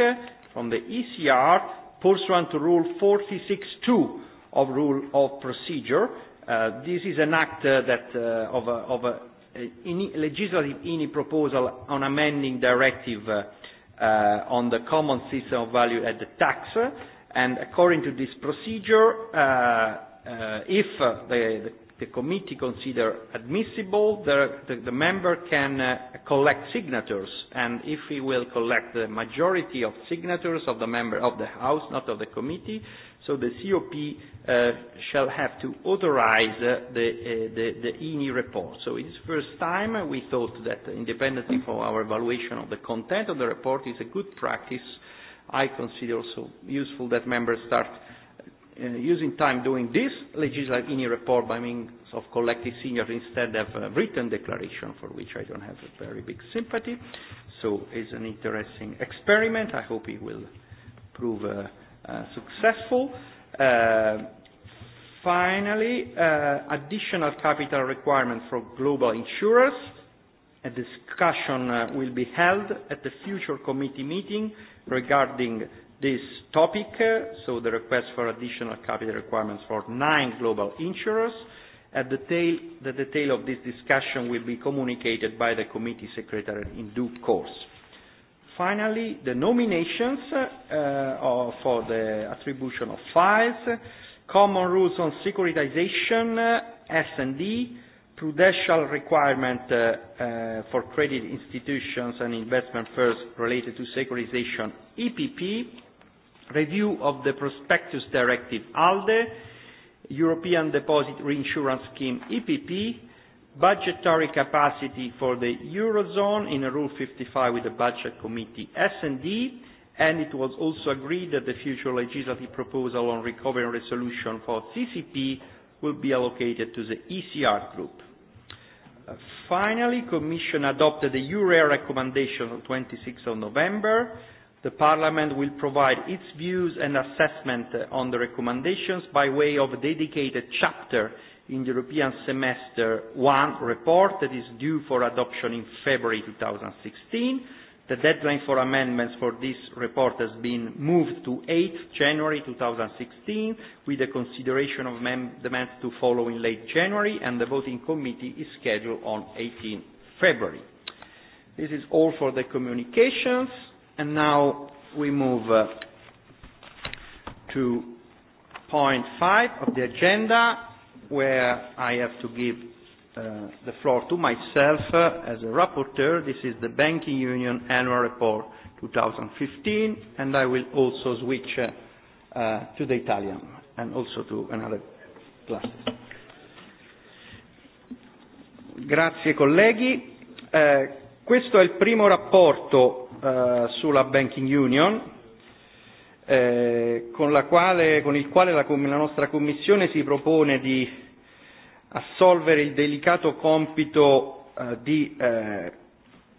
from the ECR pursuant to Rule 46.2 of Rule of Procedure. Uh, this is an act uh, that, uh, of a, of a uh, INI, legislative INI proposal on amending directive uh, uh, on the common system of value at the tax. And according to this procedure, uh, uh, if uh, the, the the committee consider admissible, the, the, the member can uh, collect signatures, and if he will collect the majority of signatures of the member of the House, not of the committee, so the COP uh, shall have to authorize uh, the, uh, the, the INI report. So it is first time we thought that independently from our evaluation of the content of the report is a good practice. I consider also useful that members start uh, uh, using time doing this, legislative in a report by means of collective senior instead of a written declaration for which I don't have a very big sympathy. So it's an interesting experiment. I hope it will prove uh, uh, successful. Uh, finally, uh, additional capital requirement for global insurers. A discussion uh, will be held at the future committee meeting regarding this topic, uh, so the request for additional capital requirements for nine global insurers. At the, tail, the detail of this discussion will be communicated by the committee secretary in due course. Finally, the nominations uh, uh for the attribution of files, common rules on securitization, uh, S&D, prudential requirement uh, uh, for credit institutions and investment firms related to securitization, EPP, Review of the Prospectus Directive ALDE, European Deposit Reinsurance Scheme EPP, budgetary capacity for the Eurozone in a Rule 55 with the Budget Committee S&D, and it was also agreed that the future legislative proposal on recovery and resolution for CCP will be allocated to the ECR group. Uh, finally, Commission adopted the URA recommendation on 26 of November, the Parliament will provide its views and assessment on the recommendations by way of a dedicated chapter in the European Semester 1 report that is due for adoption in February 2016. The deadline for amendments for this report has been moved to 8 January 2016 with the consideration of amendments to follow in late January and the voting committee is scheduled on 18 February. This is all for the communications. And now we move uh, to point five of the agenda, where I have to give uh, the floor to myself uh, as a rapporteur. This is the Banking Union Annual Report 2015, and I will also switch uh, uh, to the Italian and also to another class. Grazie colleghi. Eh, questo è il primo rapporto Eh, sulla Banking Union, eh, con, la quale, con il quale la, la nostra Commissione si propone di assolvere il delicato compito eh, di eh,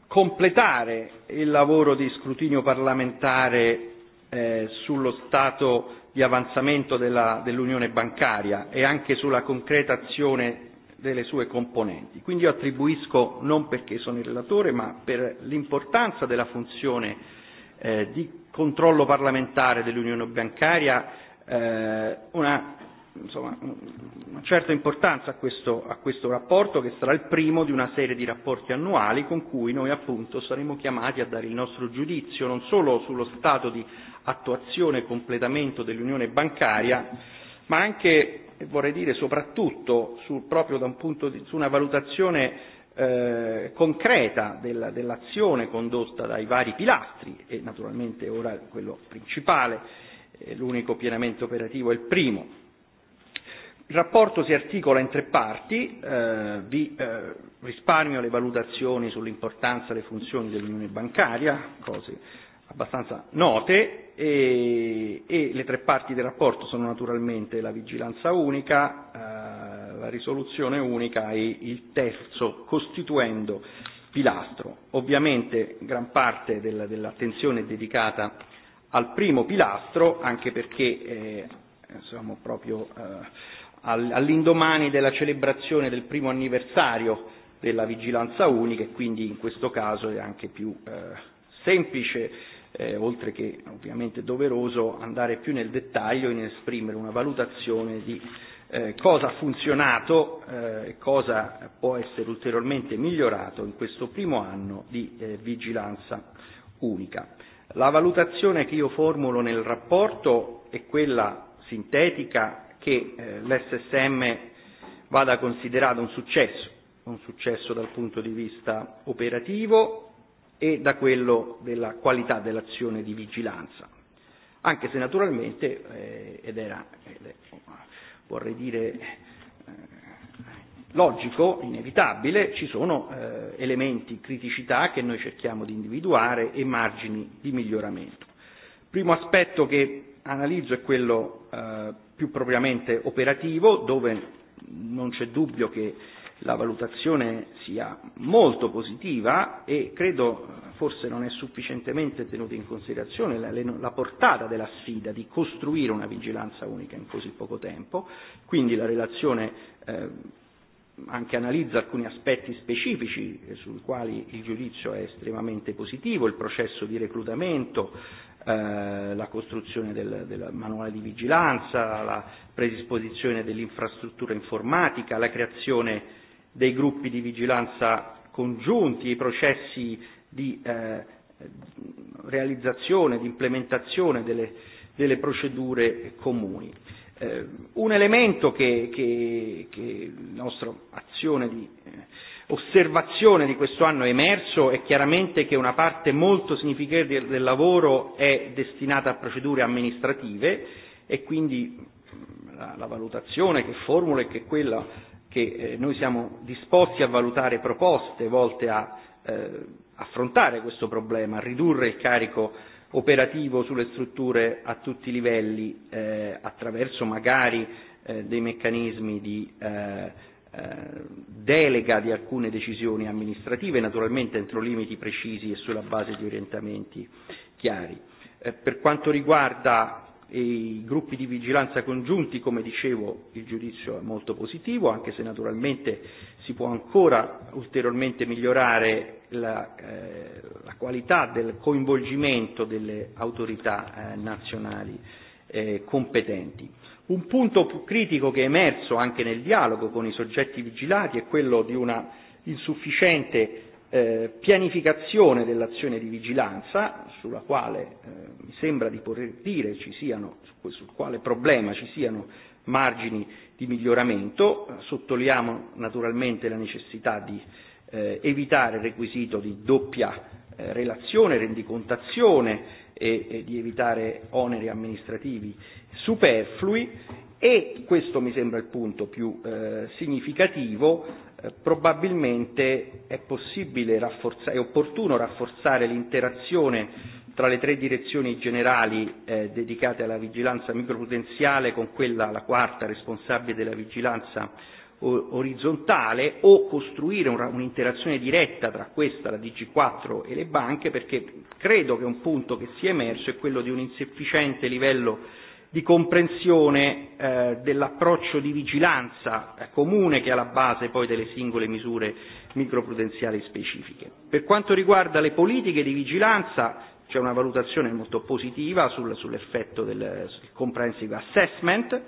completare il lavoro di scrutinio parlamentare eh, sullo stato di avanzamento della, dell'unione bancaria e anche sulla concreta azione delle sue componenti. Quindi io attribuisco, non perché sono il relatore, ma per l'importanza della funzione eh, di controllo parlamentare dell'Unione bancaria, eh, una, insomma, una certa importanza a questo, a questo rapporto che sarà il primo di una serie di rapporti annuali con cui noi appunto saremo chiamati a dare il nostro giudizio non solo sullo stato di attuazione e completamento dell'Unione bancaria, ma anche vorrei dire soprattutto su, proprio da un punto di, su una valutazione eh, concreta della, dell'azione condotta dai vari pilastri e naturalmente ora quello principale, eh, l'unico pienamente operativo è il primo. Il rapporto si articola in tre parti, eh, vi eh, risparmio le valutazioni sull'importanza delle funzioni dell'unione bancaria, cose abbastanza note, e, e le tre parti del rapporto sono naturalmente la vigilanza unica, eh, la risoluzione unica e il terzo costituendo pilastro. Ovviamente gran parte del, dell'attenzione è dedicata al primo pilastro anche perché eh, siamo proprio eh, all'indomani della celebrazione del primo anniversario della vigilanza unica e quindi in questo caso è anche più eh, semplice eh, eh, oltre che ovviamente doveroso, andare più nel dettaglio in e esprimere una valutazione di eh, cosa ha funzionato e eh, cosa può essere ulteriormente migliorato in questo primo anno di eh, vigilanza unica. La valutazione che io formulo nel rapporto è quella sintetica che eh, l'SSM vada considerato un successo, un successo dal punto di vista operativo, e da quello della qualità dell'azione di vigilanza. Anche se naturalmente, eh, ed era, ed eh, è, vorrei dire, eh, logico, inevitabile, ci sono eh, elementi, criticità che noi cerchiamo di individuare e margini di miglioramento. Il primo aspetto che analizzo è quello eh, più propriamente operativo, dove non c'è dubbio che eh, la valutazione sia molto positiva e credo forse non è sufficientemente tenuta in considerazione la, la portata della sfida di costruire una vigilanza unica in così poco tempo, quindi la relazione eh, anche analizza alcuni aspetti specifici sui quali il giudizio è estremamente positivo, il processo di reclutamento, eh, la costruzione del, del manuale di vigilanza, la predisposizione dell'infrastruttura informatica, la creazione eh, dei gruppi di vigilanza congiunti, i processi di eh, realizzazione, di implementazione delle, delle procedure comuni. Eh, un elemento che, che, che la nostra azione di eh, osservazione di questo anno è emerso è chiaramente che una parte molto significativa del del lavoro è destinata a procedure amministrative e quindi mm, la, la valutazione che formula è e che quella che eh, noi siamo disposti a valutare proposte volte a eh, affrontare questo problema, a ridurre il carico operativo sulle strutture a tutti i livelli eh, attraverso magari eh, dei meccanismi di eh, eh, delega di alcune decisioni amministrative, naturalmente entro limiti precisi e sulla base di orientamenti chiari. Eh, per quanto riguarda e i gruppi di vigilanza congiunti, come dicevo, il giudizio è molto positivo, anche se naturalmente si può ancora ulteriormente migliorare la, eh, la qualità del coinvolgimento delle autorità eh, nazionali eh, competenti. Un punto più critico che è emerso anche nel dialogo con i soggetti vigilati è quello di una insufficiente eh, pianificazione dell'azione di vigilanza, sulla quale eh, mi sembra di poter dire ci siano, sul quale problema ci siano margini di miglioramento, sottolineiamo naturalmente la necessità di eh, evitare il requisito di doppia eh, relazione, rendicontazione e, e di evitare oneri amministrativi superflui e questo mi sembra il punto più eh, significativo probabilmente è possibile rafforzare, è opportuno rafforzare l'interazione tra le tre direzioni generali eh, dedicate alla vigilanza microprudenziale con quella, la quarta, responsabile della vigilanza orizzontale o costruire un'interazione diretta tra questa, la DG4 e le banche perché credo che un punto che sia emerso è quello di un insufficiente livello di comprensione eh, dell'approccio di vigilanza eh, comune che è alla base poi delle singole misure microprudenziali specifiche. Per quanto riguarda le politiche di vigilanza c'è una valutazione molto positiva sul, sull'effetto del sul comprehensive assessment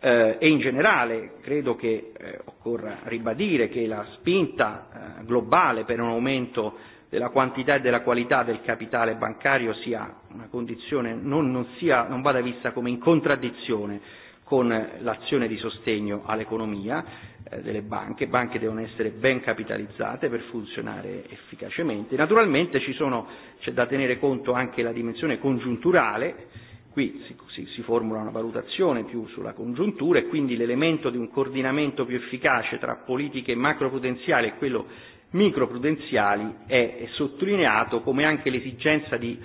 eh, e in generale credo che eh, occorra ribadire che la spinta eh, globale per un aumento della quantità e della qualità del capitale bancario sia una condizione, non, non, sia, non vada vista come in contraddizione con eh, l'azione di sostegno all'economia eh, delle banche. Le banche devono essere ben capitalizzate per funzionare efficacemente. Naturalmente ci sono, c'è da tenere conto anche la dimensione congiunturale, qui si, si, si formula una valutazione più sulla congiuntura e quindi l'elemento di un coordinamento più efficace tra politiche macroprudenziali e quello microprudenziali è sottolineato come anche l'esigenza di,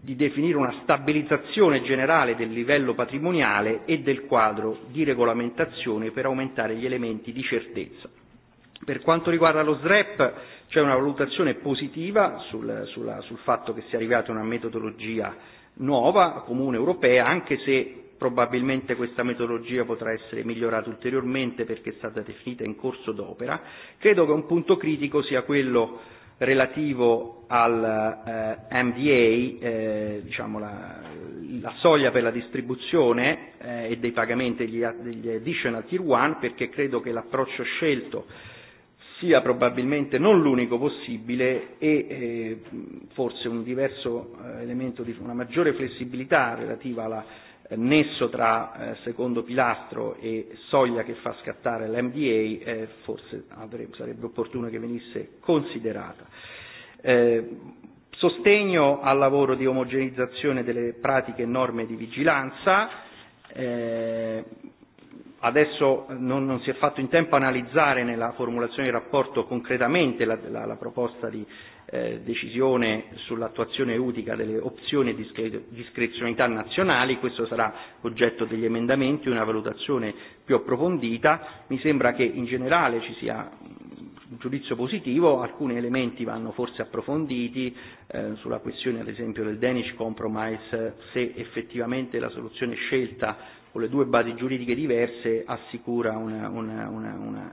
di definire una stabilizzazione generale del livello patrimoniale e del quadro di regolamentazione per aumentare gli elementi di certezza. Per quanto riguarda lo SREP c'è una valutazione positiva sul, sulla, sul fatto che sia arrivata una metodologia nuova, comune europea, anche se Probabilmente questa metodologia potrà essere migliorata ulteriormente perché è stata definita in corso d'opera. Credo che un punto critico sia quello relativo al eh, MDA, eh, diciamo la, la soglia per la distribuzione eh, e dei pagamenti degli, degli additional tier 1, perché credo che l'approccio scelto sia probabilmente non l'unico possibile e eh, forse un diverso eh, elemento di una maggiore flessibilità relativa alla nesso tra eh, secondo pilastro e soglia che fa scattare l'MDA eh, forse avrebbe, sarebbe opportuno che venisse considerata. Eh, sostegno al lavoro di omogenizzazione delle pratiche e norme di vigilanza. Eh, adesso non, non si è fatto in tempo a analizzare nella formulazione del rapporto concretamente la, la, la proposta di eh, eh, decisione sull'attuazione utica delle opzioni di discrezionalità nazionali, questo sarà oggetto degli emendamenti, una valutazione più approfondita. Mi sembra che in generale ci sia mm, un giudizio positivo, alcuni elementi vanno forse approfonditi eh, sulla questione ad esempio del Danish Compromise, se effettivamente la soluzione scelta con le due basi giuridiche diverse assicura una, una, una, una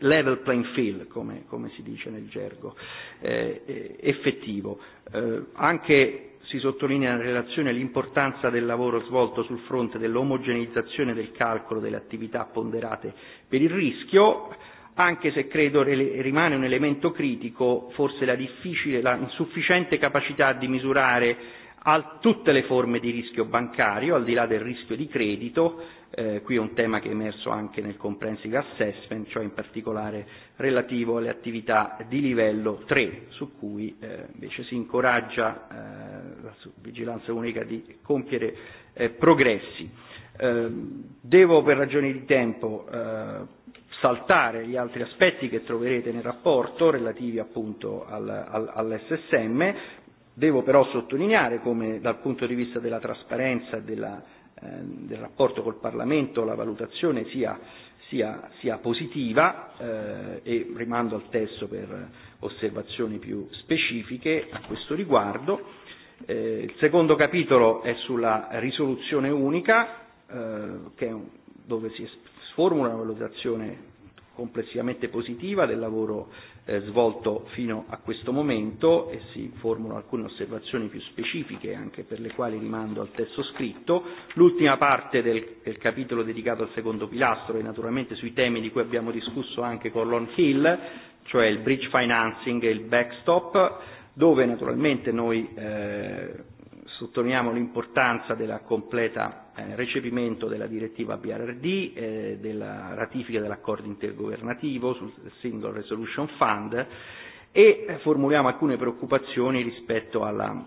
level playing field, come, come si dice nel gergo, eh, effettivo. Eh, anche si sottolinea nella relazione l'importanza del lavoro svolto sul fronte dell'omogeneizzazione del calcolo delle attività ponderate per il rischio, anche se credo rimane un elemento critico forse la, difficile, la insufficiente capacità di misurare a tutte le forme di rischio bancario, al di là del rischio di credito, eh, qui è un tema che è emerso anche nel comprehensive assessment, cioè in particolare relativo alle attività di livello 3, su cui eh, invece si incoraggia eh, la vigilanza unica di compiere eh, progressi. Eh, devo per ragioni di tempo eh, saltare gli altri aspetti che troverete nel rapporto relativi appunto al, al, all'SSM, Devo però sottolineare come dal punto di vista della trasparenza e della, eh, del rapporto col Parlamento la valutazione sia, sia, sia positiva eh, e rimando al testo per osservazioni più specifiche a questo riguardo. Eh, il secondo capitolo è sulla risoluzione unica, eh, che è un, dove si sformula una valutazione complessivamente positiva del lavoro Eh, svolto fino a questo momento e si formulano alcune osservazioni più specifiche anche per le quali rimando al testo scritto. L'ultima parte del, del capitolo dedicato al secondo pilastro è naturalmente sui temi di cui abbiamo discusso anche con Lon Hill, cioè il bridge financing e il backstop, dove naturalmente noi eh, Sottolineiamo l'importanza del completa eh, recepimento della direttiva BRD, eh, della ratifica dell'accordo intergovernativo sul Single Resolution Fund e eh, formuliamo alcune preoccupazioni rispetto alla,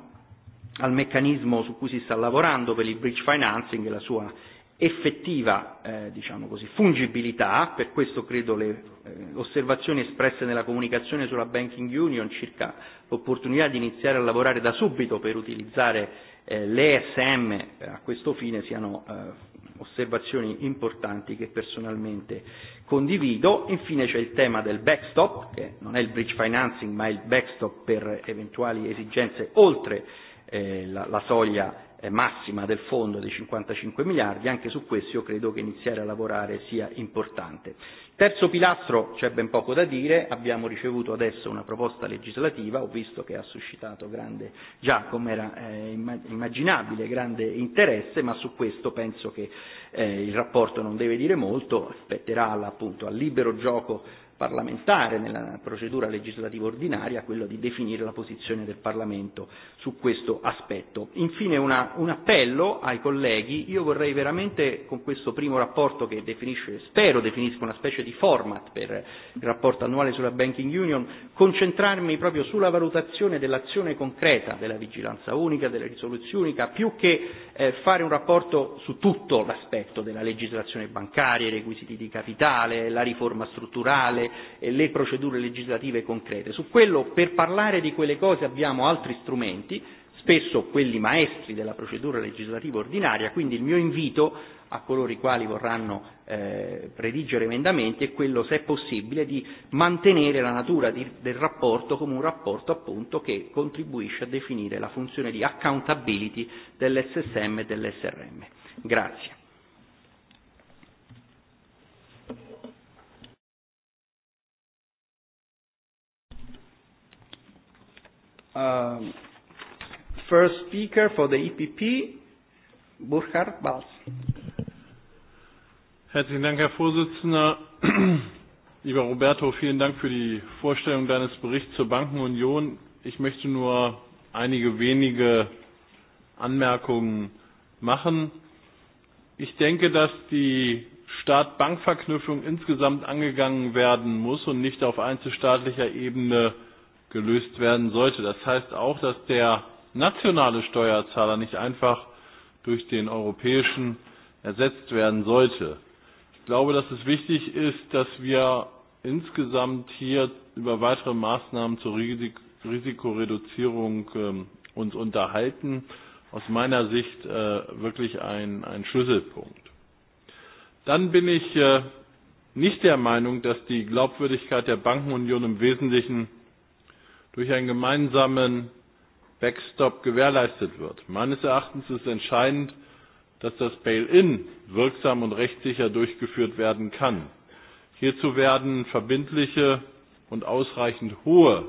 al meccanismo su cui si sta lavorando per il bridge financing e la sua effettiva eh, diciamo così, fungibilità, per questo credo le eh, osservazioni espresse nella comunicazione sulla Banking Union circa l'opportunità di iniziare a lavorare da subito per utilizzare eh, l'ESM e eh, a questo fine siano eh, osservazioni importanti che personalmente condivido. Infine c'è il tema del backstop, che non è il bridge financing ma è il backstop per eventuali esigenze oltre eh, la, la soglia Eh, massima del fondo dei 55 miliardi, anche su questo io credo che iniziare a lavorare sia importante. Terzo pilastro c'è ben poco da dire, abbiamo ricevuto adesso una proposta legislativa, ho visto che ha suscitato grande, già come era eh, immaginabile, grande interesse, ma su questo penso che eh, il rapporto non deve dire molto, spetterà appunto al libero gioco parlamentare nella procedura legislativa ordinaria, quello di definire la posizione del Parlamento su questo aspetto. Infine una, un appello ai colleghi, io vorrei veramente con questo primo rapporto che definisce, spero definisca una specie di format per il rapporto annuale sulla Banking Union, concentrarmi proprio sulla valutazione dell'azione concreta della vigilanza unica, della risoluzione unica, più che eh, fare un rapporto su tutto l'aspetto della legislazione bancaria, i requisiti di capitale, la riforma strutturale, applicare le procedure legislative concrete. Su quello, per parlare di quelle cose abbiamo altri strumenti, spesso quelli maestri della procedura legislativa ordinaria, quindi il mio invito a coloro i quali vorranno eh, redigere emendamenti è quello, se è possibile, di mantenere la natura di, del rapporto come un rapporto appunto che contribuisce a definire la funzione di accountability dell'SSM e dell'SRM. Grazie. Um, first speaker for the EPP, Burkhard Balz. Herzlichen Dank, Herr Vorsitzender. Lieber Roberto, vielen Dank für die Vorstellung deines Berichts zur Bankenunion. Ich möchte nur einige wenige Anmerkungen machen. Ich denke, dass die Staat-Bank-Verknüpfung insgesamt angegangen werden muss und nicht auf einzelstaatlicher Ebene gelöst werden sollte. Das heißt auch, dass der nationale Steuerzahler nicht einfach durch den europäischen ersetzt werden sollte. Ich glaube, dass es wichtig ist, dass wir insgesamt hier über weitere Maßnahmen zur Risikoreduzierung ähm, uns unterhalten. Aus meiner Sicht äh, wirklich ein, ein Schlüsselpunkt. Dann bin ich äh, nicht der Meinung, dass die Glaubwürdigkeit der Bankenunion im Wesentlichen durch einen gemeinsamen Backstop gewährleistet wird. Meines Erachtens ist entscheidend, dass das Bail-in wirksam und rechtssicher durchgeführt werden kann. Hierzu werden verbindliche und ausreichend hohe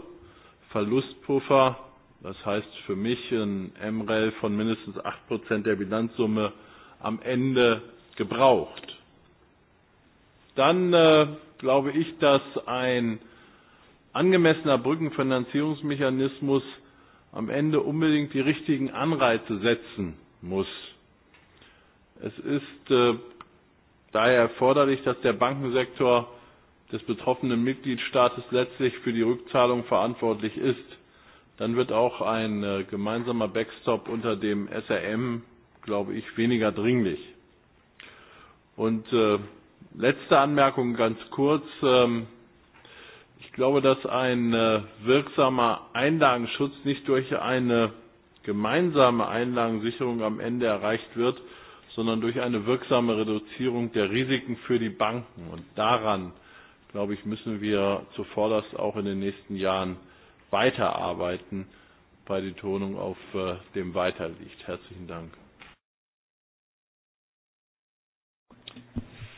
Verlustpuffer, das heißt für mich ein MREL von mindestens 8% der Bilanzsumme am Ende gebraucht. Dann äh, glaube ich, dass ein angemessener Brückenfinanzierungsmechanismus am Ende unbedingt die richtigen Anreize setzen muss. Es ist äh, daher erforderlich, dass der Bankensektor des betroffenen Mitgliedstaates letztlich für die Rückzahlung verantwortlich ist. Dann wird auch ein äh, gemeinsamer Backstop unter dem SRM, glaube ich, weniger dringlich. Und äh, letzte Anmerkung ganz kurz. Ähm, glaube, dass ein äh, wirksamer Einlagenschutz nicht durch eine gemeinsame Einlagensicherung am Ende erreicht wird, sondern durch eine wirksame Reduzierung der Risiken für die Banken. Und daran, glaube ich, müssen wir zuvorderst auch in den nächsten Jahren weiterarbeiten, bei die Tonung auf äh, dem weiter liegt. Herzlichen Dank.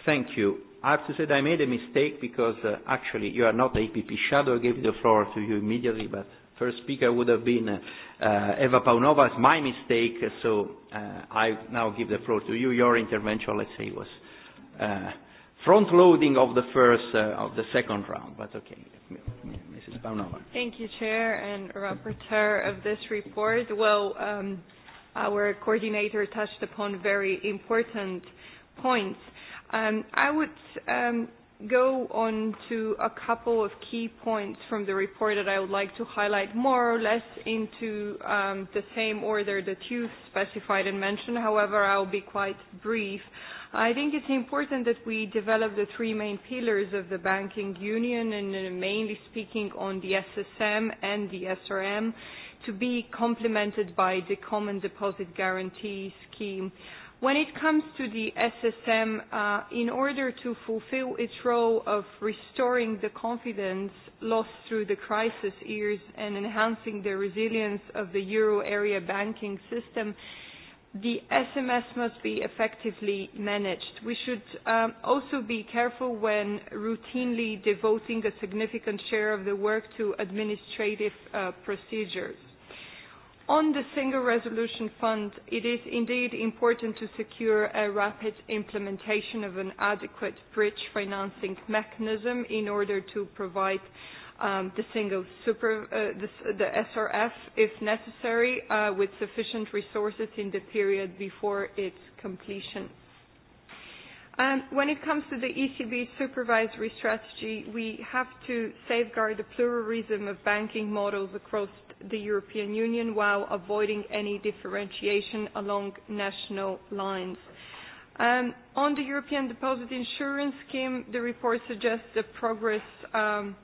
Thank you. I have to say that I made a mistake because uh, actually you are not the EPP shadow. I gave the floor to you immediately, but first speaker would have been uh, Eva Paunova. It's my mistake, so uh, I now give the floor to you. Your intervention, let's say, was uh, front-loading of the first uh, of the second round, but okay. Mrs. Paunova. Thank you, Chair and Rapporteur of this report. Well, um, our coordinator touched upon very important points. Um, I would um, go on to a couple of key points from the report that I would like to highlight more or less into um, the same order that you specified and mentioned. However, I will be quite brief. I think it's important that we develop the three main pillars of the banking union and uh, mainly speaking on the SSM and the SRM to be complemented by the common deposit guarantee scheme. When it comes to the SSM, uh, in order to fulfill its role of restoring the confidence lost through the crisis years and enhancing the resilience of the euro area banking system, the SMS must be effectively managed. We should um, also be careful when routinely devoting a significant share of the work to administrative uh, procedures On the Single Resolution Fund, it is indeed important to secure a rapid implementation of an adequate bridge financing mechanism in order to provide um, the single super, uh, the, the SRF, if necessary, uh, with sufficient resources in the period before its completion. Um, when it comes to the ECB supervisory strategy, we have to safeguard the pluralism of banking models across the European Union while avoiding any differentiation along national lines. Um, on the European Deposit Insurance Scheme, the report suggests that progress um,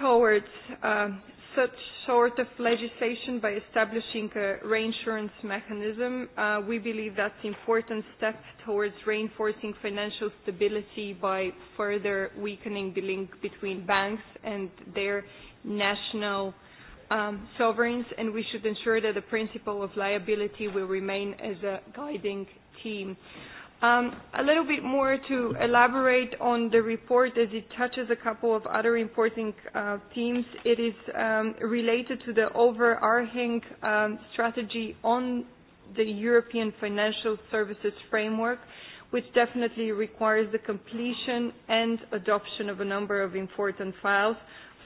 towards uh, such sort of legislation by establishing a reinsurance mechanism. Uh, we believe that's an important step towards reinforcing financial stability by further weakening the link between banks and their national Um, sovereigns, and we should ensure that the principle of liability will remain as a guiding team. Um, a little bit more to elaborate on the report as it touches a couple of other important uh, themes. It is um, related to the overarching um, strategy on the European Financial Services Framework, which definitely requires the completion and adoption of a number of important files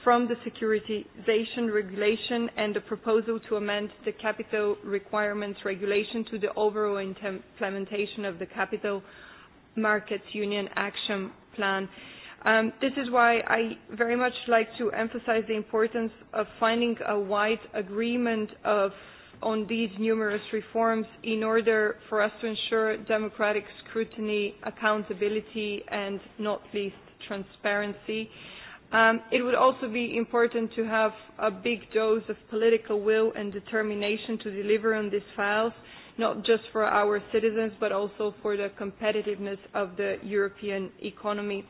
from the securitization regulation and the proposal to amend the capital requirements regulation to the overall implementation of the capital markets union action plan. Um, this is why I very much like to emphasize the importance of finding a wide agreement of, on these numerous reforms in order for us to ensure democratic scrutiny, accountability, and not least transparency. Um, it would also be important to have a big dose of political will and determination to deliver on these files, not just for our citizens, but also for the competitiveness of the European economy.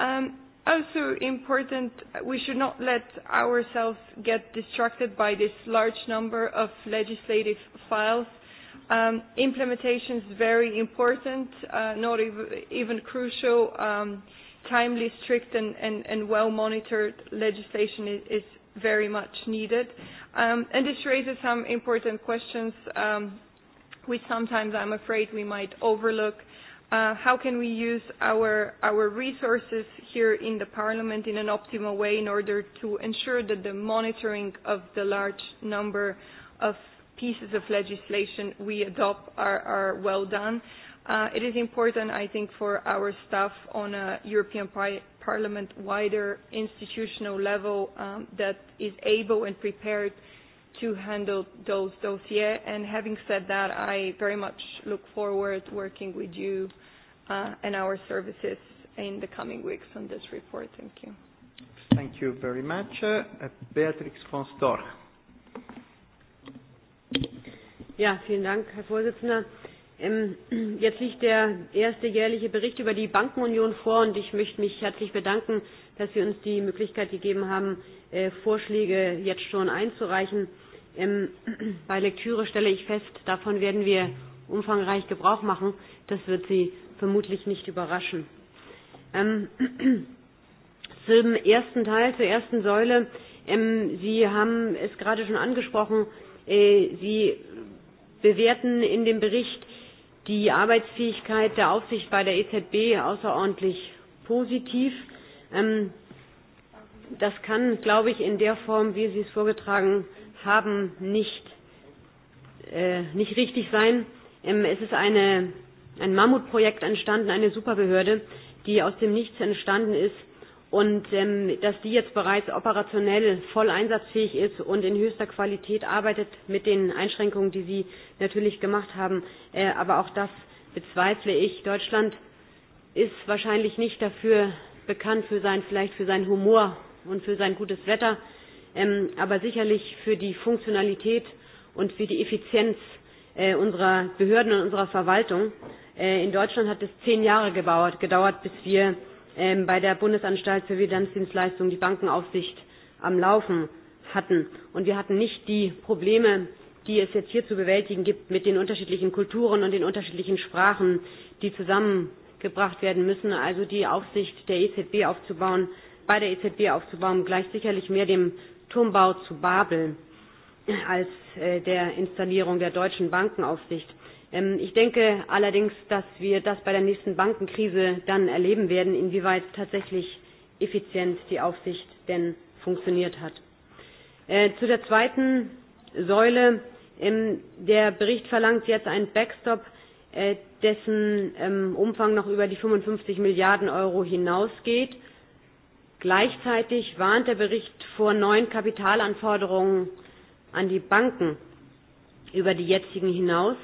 Um, also important, we should not let ourselves get distracted by this large number of legislative files. Um, implementation is very important, uh, not ev even crucial. Um, timely, strict and, and, and well-monitored legislation is, is very much needed. Um, and this raises some important questions um, which sometimes I'm afraid we might overlook. Uh, how can we use our, our resources here in the Parliament in an optimal way in order to ensure that the monitoring of the large number of pieces of legislation we adopt are, are well done? Uh, it is important, I think, for our staff on a European par Parliament wider institutional level um, that is able and prepared to handle those dossiers. And having said that, I very much look forward working with you uh, and our services in the coming weeks on this report. Thank you. Thank you very much. Uh, Beatrix von Storch. Ja, vielen Dank, Herr Vorsitzender. Ähm, jetzt liegt der erste jährliche Bericht über die Bankenunion vor und ich möchte mich herzlich bedanken, dass Sie uns die Möglichkeit gegeben haben, äh, Vorschläge jetzt schon einzureichen. Ähm, bei Lektüre stelle ich fest, davon werden wir umfangreich Gebrauch machen. Das wird Sie vermutlich nicht überraschen. Ähm, zum ersten Teil, zur ersten Säule. Sie haben es gerade schon angesprochen. Äh, Sie bewerten in dem Bericht die Arbeitsfähigkeit der Aufsicht bei der EZB außerordentlich positiv. Ähm, das kann, glaube ich, in der Form, wie Sie es vorgetragen haben, nicht, äh, nicht richtig sein. Ähm, Es ist eine, ein Mammutprojekt entstanden, eine Superbehörde, die aus dem Nichts entstanden ist und ähm, dass die jetzt bereits operationell voll einsatzfähig ist und in höchster Qualität arbeitet mit den Einschränkungen, die Sie natürlich gemacht haben. Äh, aber auch das bezweifle ich. Deutschland ist wahrscheinlich nicht dafür bekannt, für sein, vielleicht für seinen Humor und für sein gutes Wetter, ähm, aber sicherlich für die Funktionalität und für die Effizienz äh, unserer Behörden und unserer Verwaltung. Äh, in Deutschland hat es zehn Jahre gebaut, gedauert, bis wir Ähm, bei der Bundesanstalt für Finanzdienstleistungen die Bankenaufsicht am Laufen hatten. Und wir hatten nicht die Probleme, die es jetzt hier zu bewältigen gibt mit den unterschiedlichen Kulturen und den unterschiedlichen Sprachen, die zusammengebracht werden müssen. Also die Aufsicht der EZB aufzubauen, bei der EZB aufzubauen, gleicht sicherlich mehr dem Turmbau zu Babel als äh, der Installierung der deutschen Bankenaufsicht. Ähm, ich denke allerdings, dass wir das bei der nächsten Bankenkrise dann erleben werden, inwieweit tatsächlich effizient die Aufsicht denn funktioniert hat. Äh, zu der zweiten Säule. Ähm, der Bericht verlangt jetzt einen Backstop, äh, dessen ähm, Umfang noch über die 55 Milliarden Euro hinausgeht. Gleichzeitig warnt der Bericht vor neuen Kapitalanforderungen an die Banken über die jetzigen hinaus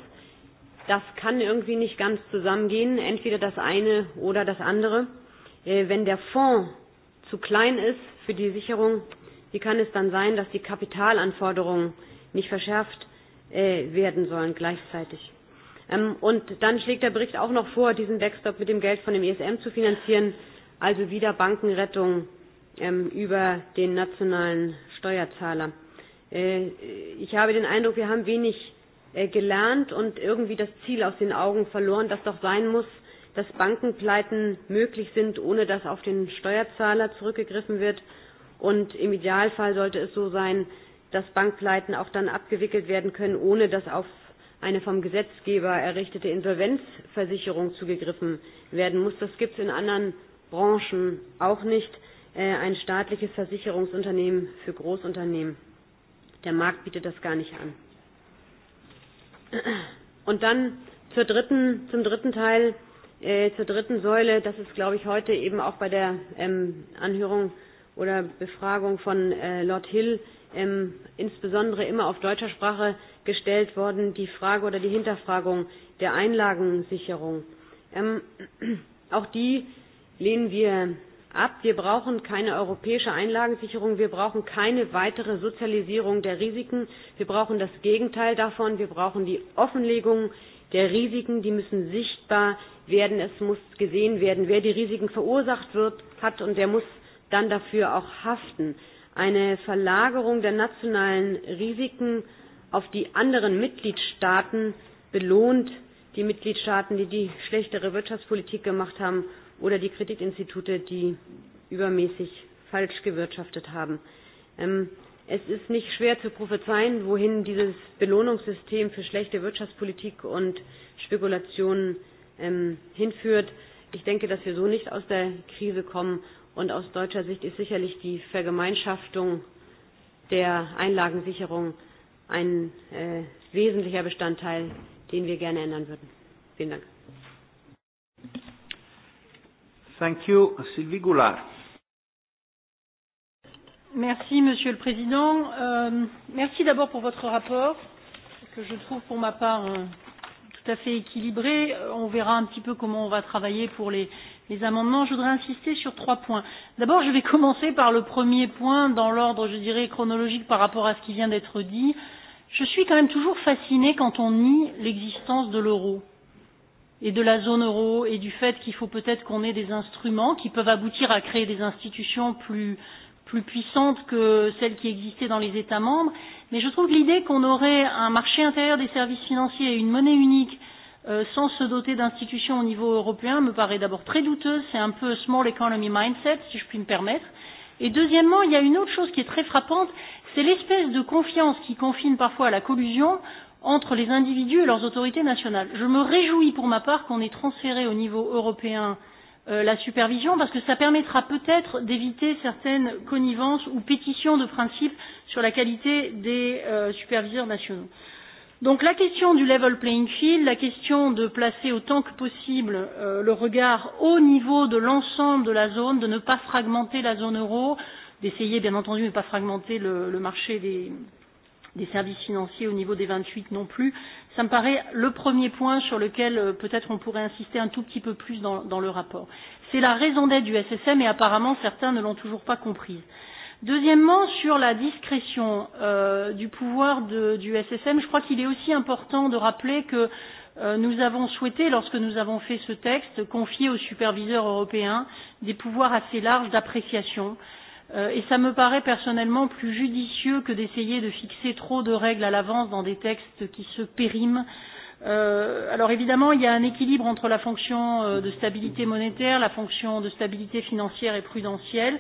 das kann irgendwie nicht ganz zusammengehen, entweder das eine oder das andere. Äh, wenn der Fonds zu klein ist für die Sicherung, wie kann es dann sein, dass die Kapitalanforderungen nicht verschärft äh, werden sollen gleichzeitig? Ähm, und dann schlägt der Bericht auch noch vor, diesen Backstop mit dem Geld von dem ESM zu finanzieren, also wieder Bankenrettung ähm, über den nationalen Steuerzahler. Äh, ich habe den Eindruck, wir haben wenig Äh, gelernt und irgendwie das Ziel aus den Augen verloren, das doch sein muss, dass Bankenpleiten möglich sind, ohne dass auf den Steuerzahler zurückgegriffen wird. Und im Idealfall sollte es so sein, dass Bankpleiten auch dann abgewickelt werden können, ohne dass auf eine vom Gesetzgeber errichtete Insolvenzversicherung zugegriffen werden muss. Das gibt es in anderen Branchen auch nicht. Äh, ein staatliches Versicherungsunternehmen für Großunternehmen. Der Markt bietet das gar nicht an. Und dann zur dritten, zum dritten Teil, äh, zur dritten Säule, das ist, glaube ich, heute eben auch bei der ähm, Anhörung oder Befragung von äh, Lord Hill ähm, insbesondere immer auf deutscher Sprache gestellt worden, die Frage oder die Hinterfragung der Einlagensicherung. Ähm, auch die lehnen wir ab. Wir brauchen keine europäische Einlagensicherung. Wir brauchen keine weitere Sozialisierung der Risiken. Wir brauchen das Gegenteil davon. Wir brauchen die Offenlegung der Risiken. Die müssen sichtbar werden. Es muss gesehen werden, wer die Risiken verursacht wird, hat und wer muss dann dafür auch haften. Eine Verlagerung der nationalen Risiken auf die anderen Mitgliedstaaten belohnt die Mitgliedstaaten, die die schlechtere Wirtschaftspolitik gemacht haben oder die Kreditinstitute, die übermäßig falsch gewirtschaftet haben. Ähm, es ist nicht schwer zu prophezeien, wohin dieses Belohnungssystem für schlechte Wirtschaftspolitik und Spekulationen ähm, hinführt. Ich denke, dass wir so nicht aus der Krise kommen. Und aus deutscher Sicht ist sicherlich die Vergemeinschaftung der Einlagensicherung ein äh, wesentlicher Bestandteil, den wir gerne ändern würden. Vielen Dank. Thank you, Sylvie Goulard. Merci, Monsieur le Président. Euh, merci d'abord pour votre rapport, que je trouve pour ma part euh, tout à fait équilibré. Euh, on verra un petit peu comment on va travailler pour les, les amendements. Je voudrais insister sur trois points. D'abord, je vais commencer par le premier point, dans l'ordre, je dirais, chronologique par rapport à ce qui vient d'être dit. Je suis quand même toujours fascinée quand on nie l'existence de l'euro. Euh, et de la zone euro et du fait qu'il faut peut-être qu'on ait des instruments qui peuvent aboutir à créer des institutions plus, plus puissantes que celles qui existaient dans les États membres. Mais je trouve que l'idée qu'on aurait un marché intérieur des services financiers et une monnaie unique euh, sans se doter d'institutions au niveau européen me paraît d'abord très douteuse. C'est un peu small economy mindset, si je puis me permettre. Et deuxièmement, il y a une autre chose qui est très frappante, c'est l'espèce de confiance qui confine parfois à la collusion entre les individus et leurs autorités nationales. Je me réjouis pour ma part qu'on ait transféré au niveau européen euh, la supervision parce que ça permettra peut-être d'éviter certaines connivences ou pétitions de principe sur la qualité des euh, superviseurs nationaux. Donc la question du level playing field, la question de placer autant que possible euh, le regard au niveau de l'ensemble de la zone, de ne pas fragmenter la zone euro, d'essayer bien entendu de ne pas fragmenter le, le marché des, des services financiers au niveau des 28 non plus. Ça me paraît le premier point sur lequel euh, peut-être on pourrait insister un tout petit peu plus dans, dans le rapport. C'est la raison d'être du SSM et apparemment certains ne l'ont toujours pas comprise. Deuxièmement, sur la discrétion euh, du pouvoir de, du SSM, je crois qu'il est aussi important de rappeler que euh, nous avons souhaité, lorsque nous avons fait ce texte, confier aux superviseurs européens des pouvoirs assez larges d'appréciation euh, Euh, et ça me paraît personnellement plus judicieux que d'essayer de fixer trop de règles à l'avance dans des textes qui se périment. Euh, alors évidemment, il y a un équilibre entre la fonction euh, de stabilité monétaire, la fonction de stabilité financière et prudentielle,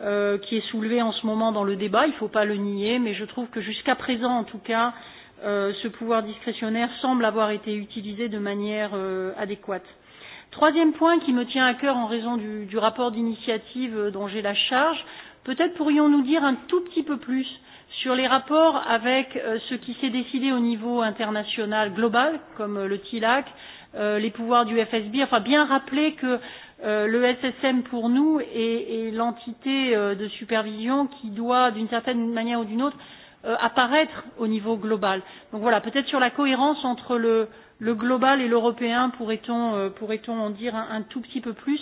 euh, qui est soulevée en ce moment dans le débat, il ne faut pas le nier, mais je trouve que jusqu'à présent, en tout cas, euh, ce pouvoir discrétionnaire semble avoir été utilisé de manière euh, adéquate. Troisième point qui me tient à cœur en raison du, du rapport d'initiative euh, dont j'ai la charge, euh, Peut-être pourrions-nous dire un tout petit peu plus sur les rapports avec euh, ce qui s'est décidé au niveau international global, comme euh, le TILAC, euh, les pouvoirs du FSB, enfin bien rappeler que le SSM pour nous est, est l'entité de supervision qui doit, d'une certaine manière ou d'une autre, apparaître au niveau global. Donc voilà, peut-être sur la cohérence entre le, le global et l'européen, pourrait-on pourrait, pourrait en dire un, un tout petit peu plus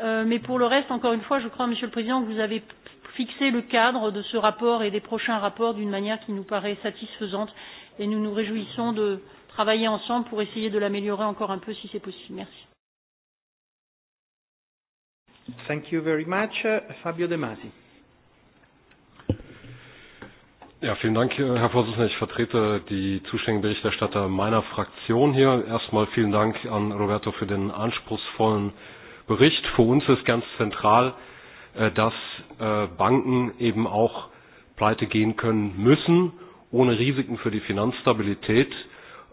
euh, mais pour le reste, encore une fois, je crois, Monsieur le Président, que vous avez fixer le cadre de ce rapport et des prochains rapports d'une manière qui nous paraît satisfaisante et nous nous réjouissons de travailler ensemble pour essayer de l'améliorer encore un peu si c'est possible. Merci. Thank you very much. Fabio De Masi. Ja, vielen Dank, äh, Herr Vorsitzender. Ich vertrete die zuständigen Berichterstatter meiner Fraktion hier. Erstmal vielen Dank an Roberto für den anspruchsvollen Bericht. Für uns ist ganz zentral, Äh, dass äh, Banken eben auch pleite gehen können müssen, ohne Risiken für die Finanzstabilität,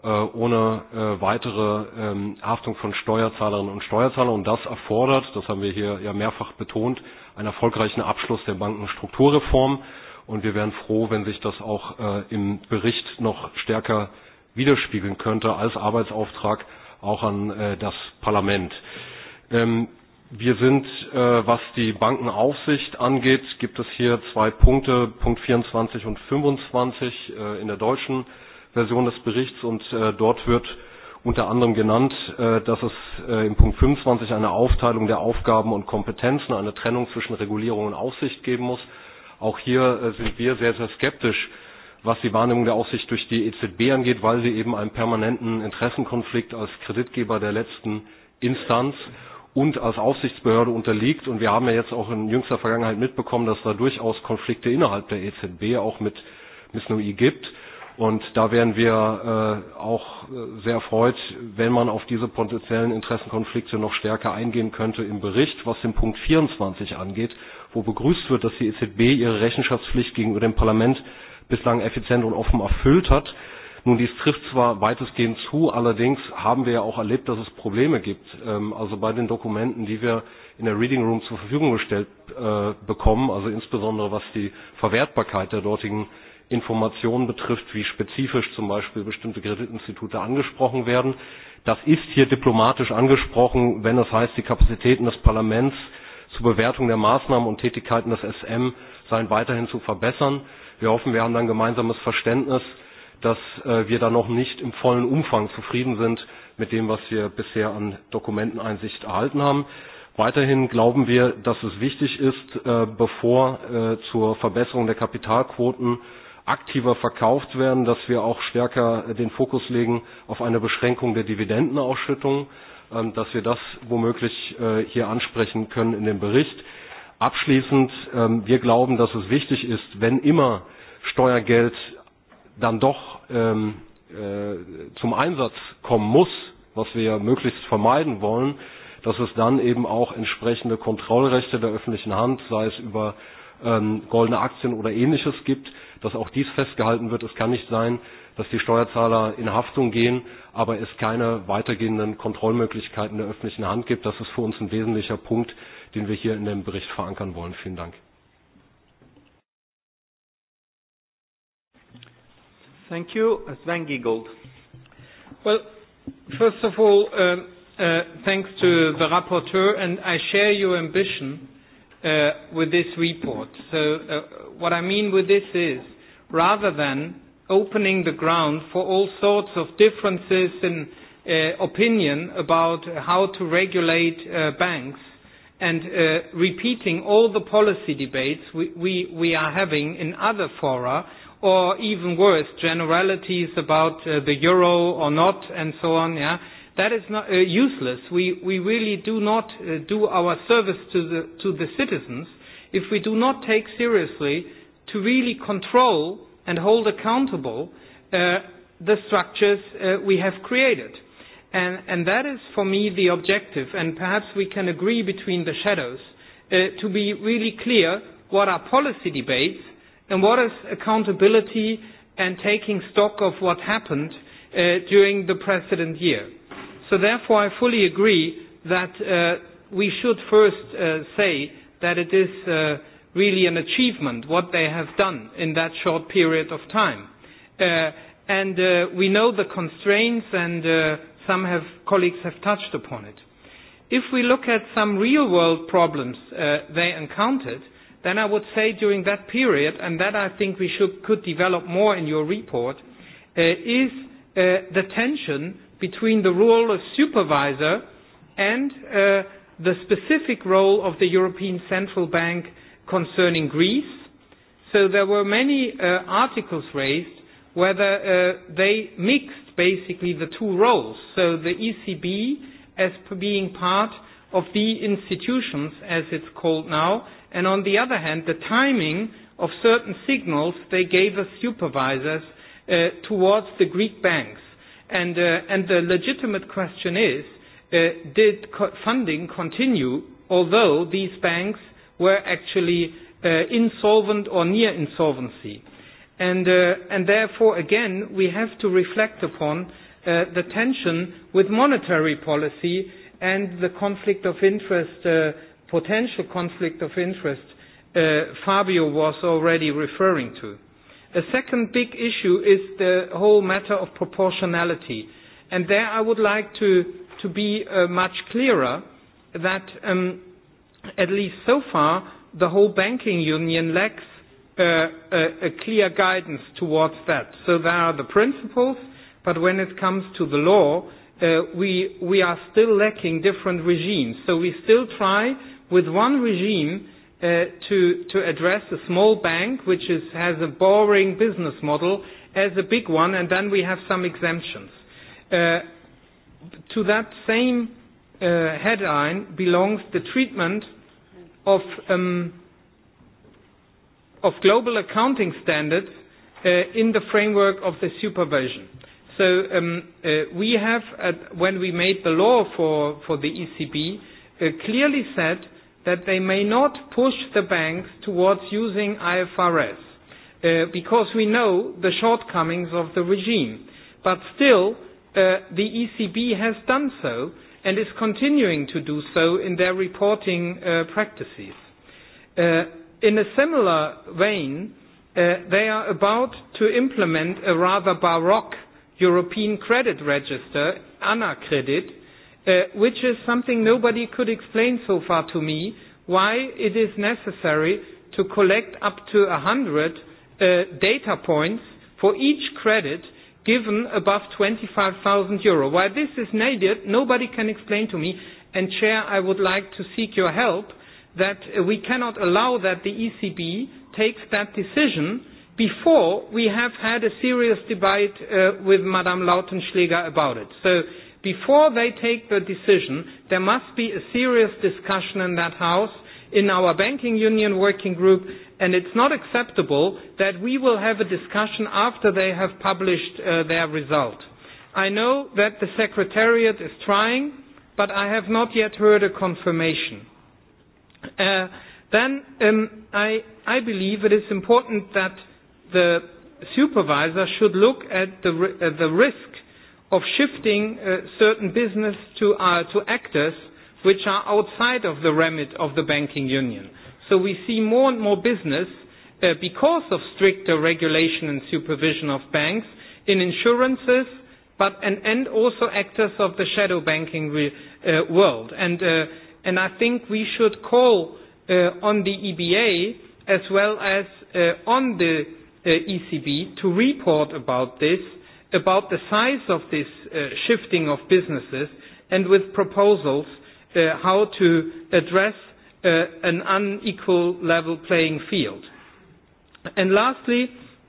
äh, ohne weitere ähm, Haftung von Steuerzahlerinnen und Steuerzahlern. Und das erfordert, das haben wir hier ja mehrfach betont, einen erfolgreichen Abschluss der Bankenstrukturreform. Und wir wären froh, wenn sich das auch äh, im Bericht noch stärker widerspiegeln könnte als Arbeitsauftrag auch an äh, das Parlament. Ähm, Wir sind, äh, was die Bankenaufsicht angeht, gibt es hier zwei Punkte, Punkt 24 und 25 äh, in der deutschen Version des Berichts und äh, dort wird unter anderem genannt, äh, dass es äh, im Punkt 25 eine Aufteilung der Aufgaben und Kompetenzen, eine Trennung zwischen Regulierung und Aufsicht geben muss. Auch hier äh, sind wir sehr, sehr skeptisch, was die Wahrnehmung der Aufsicht durch die EZB angeht, weil sie eben einen permanenten Interessenkonflikt als Kreditgeber der letzten Instanz und als Aufsichtsbehörde unterliegt. Und wir haben ja jetzt auch in jüngster Vergangenheit mitbekommen, dass da durchaus Konflikte innerhalb der EZB auch mit Miss Nui gibt. Und da wären wir äh, auch äh, sehr erfreut, wenn man auf diese potenziellen Interessenkonflikte noch stärker eingehen könnte im Bericht, was den Punkt 24 angeht, wo begrüßt wird, dass die EZB ihre Rechenschaftspflicht gegenüber dem Parlament bislang effizient und offen erfüllt hat. Nun, dies trifft zwar weitestgehend zu, allerdings haben wir ja auch erlebt, dass es Probleme gibt. Ähm, also bei den Dokumenten, die wir in der Reading Room zur Verfügung gestellt äh, bekommen, also insbesondere was die Verwertbarkeit der dortigen Informationen betrifft, wie spezifisch zum Beispiel bestimmte Kreditinstitute angesprochen werden. Das ist hier diplomatisch angesprochen, wenn es das heißt, die Kapazitäten des Parlaments zur Bewertung der Maßnahmen und Tätigkeiten des SM seien weiterhin zu verbessern. Wir hoffen, wir haben dann gemeinsames Verständnis dass äh, wir da noch nicht im vollen Umfang zufrieden sind mit dem, was wir bisher an Dokumenteneinsicht erhalten haben. Weiterhin glauben wir, dass es wichtig ist, äh, bevor äh, zur Verbesserung der Kapitalquoten aktiver verkauft werden, dass wir auch stärker äh, den Fokus legen auf eine Beschränkung der Dividendenausschüttung, ähm, dass wir das womöglich äh, hier ansprechen können in dem Bericht. Abschließend, ähm, wir glauben, dass es wichtig ist, wenn immer Steuergeld dann doch ähm, äh, zum Einsatz kommen muss, was wir möglichst vermeiden wollen, dass es dann eben auch entsprechende Kontrollrechte der öffentlichen Hand, sei es über ähm, goldene Aktien oder ähnliches gibt, dass auch dies festgehalten wird. Es kann nicht sein, dass die Steuerzahler in Haftung gehen, aber es keine weitergehenden Kontrollmöglichkeiten der öffentlichen Hand gibt. Das ist für uns ein wesentlicher Punkt, den wir hier in dem Bericht verankern wollen. Vielen Dank. Thank you. Uh, Sven Giegold. Well, first of all, uh, uh, thanks to the rapporteur, and I share your ambition uh, with this report. So uh, what I mean with this is, rather than opening the ground for all sorts of differences in uh, opinion about how to regulate uh, banks and uh, repeating all the policy debates we, we, we are having in other fora, or even worse, generalities about uh, the euro or not and so on, yeah, that is not, uh, useless. We, we really do not uh, do our service to the, to the citizens if we do not take seriously to really control and hold accountable uh, the structures uh, we have created. And, and that is for me the objective, and perhaps we can agree between the shadows uh, to be really clear what are policy debates And what is accountability and taking stock of what happened uh, during the precedent year? So therefore, I fully agree that uh, we should first uh, say that it is uh, really an achievement what they have done in that short period of time. Uh, and uh, we know the constraints and uh, some have, colleagues have touched upon it. If we look at some real world problems uh, they encountered, uh, then I would say during that period, and that I think we should, could develop more in your report, uh, is uh, the tension between the role of supervisor and uh, the specific role of the European Central Bank concerning Greece. So there were many uh, articles raised whether uh, they mixed basically the two roles. So the ECB as being part of the institutions, as it's called now, and on the other hand, the timing of certain signals they gave as supervisors uh, towards the Greek banks. And, uh, and the legitimate question is, uh, did co- funding continue although these banks were actually uh, insolvent or near insolvency? And, uh, and therefore, again, we have to reflect upon uh, the tension with monetary policy and the conflict of interest uh, potential conflict of interest uh, Fabio was already referring to. A second big issue is the whole matter of proportionality. And there I would like to, to be uh, much clearer that, um, at least so far, the whole banking union lacks uh, a, a clear guidance towards that. So there are the principles, but when it comes to the law, uh, we, we are still lacking different regimes. So we still try with one regime uh, to, to address a small bank which is, has a boring business model as a big one, and then we have some exemptions. Uh, to that same uh, headline belongs the treatment of, um, of global accounting standards uh, in the framework of the supervision. So um, uh, we have, at, when we made the law for, for the ECB, uh, clearly said that they may not push the banks towards using IFRS, uh, because we know the shortcomings of the regime. But still, uh, the ECB has done so and is continuing to do so in their reporting uh, practices. Uh, in a similar vein, uh, they are about to implement a rather baroque European credit register, AnaCredit. credit, uh, which is something nobody could explain so far to me, why it is necessary to collect up to 100 uh, data points for each credit given above 25,000 euro. Why this is needed, nobody can explain to me. And Chair, I would like to seek your help that uh, we cannot allow that the ECB takes that decision before we have had a serious debate uh, with Madame Lautenschläger about it. So Before they take the decision, there must be a serious discussion in that House, in our banking union working group, and it's not acceptable that we will have a discussion after they have published uh, their result. I know that the Secretariat is trying, but I have not yet heard a confirmation. Uh, then um, I, I believe it is important that the supervisor should look at the, uh, the risk of shifting uh, certain business to, uh, to actors which are outside of the remit of the banking union. So we see more and more business uh, because of stricter regulation and supervision of banks in insurances, but and, and also actors of the shadow banking re, uh, world. And, uh, and I think we should call uh, on the EBA as well as uh, on the uh, ECB to report about this about the size of this uh, shifting of businesses and with proposals uh, how to address uh, an unequal level playing field. And lastly,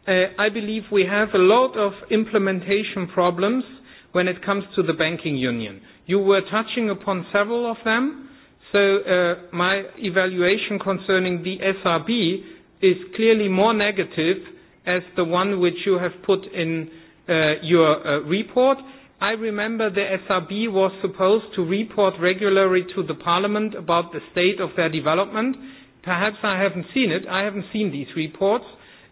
uh, I believe we have a lot of implementation problems when it comes to the banking union. You were touching upon several of them, so uh, my evaluation concerning the SRB is clearly more negative as the one which you have put in uh, uh, your uh, report. I remember the SRB was supposed to report regularly to the Parliament about the state of their development. Perhaps I haven't seen it. I haven't seen these reports.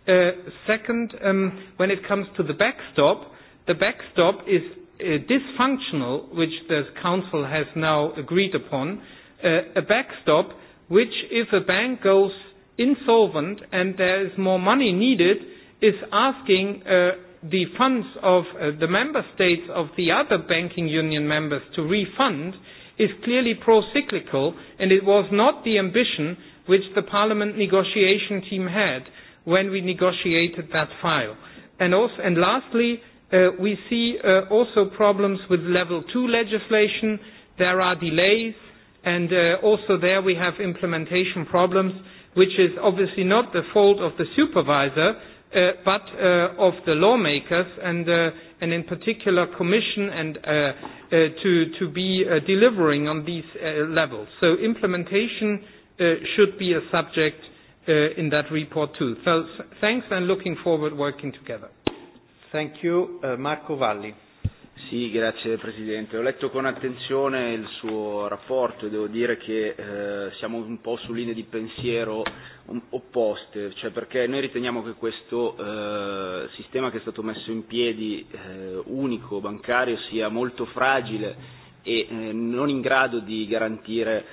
Uh, second, um, when it comes to the backstop, the backstop is uh, dysfunctional, which the Council has now agreed upon. Uh, a backstop which, if a bank goes insolvent and there is more money needed, is asking uh, the funds of uh, the member states of the other banking union members to refund is clearly pro-cyclical and it was not the ambition which the parliament negotiation team had when we negotiated that file. And, also, and lastly, uh, we see uh, also problems with level two legislation. There are delays and uh, also there we have implementation problems, which is obviously not the fault of the supervisor, uh, but uh, of the lawmakers and, uh, and in particular Commission and uh, uh, to, to be uh, delivering on these uh, levels. So implementation uh, should be a subject uh, in that report too. So thanks and looking forward working together. Thank you. Uh, Marco Valli. Sì, grazie Presidente. Ho letto con attenzione il suo rapporto e devo dire che eh, siamo un po' su linee di pensiero opposte, cioè perché noi riteniamo che questo eh, sistema che è stato messo in piedi eh, unico bancario sia molto fragile e eh, non in grado di garantire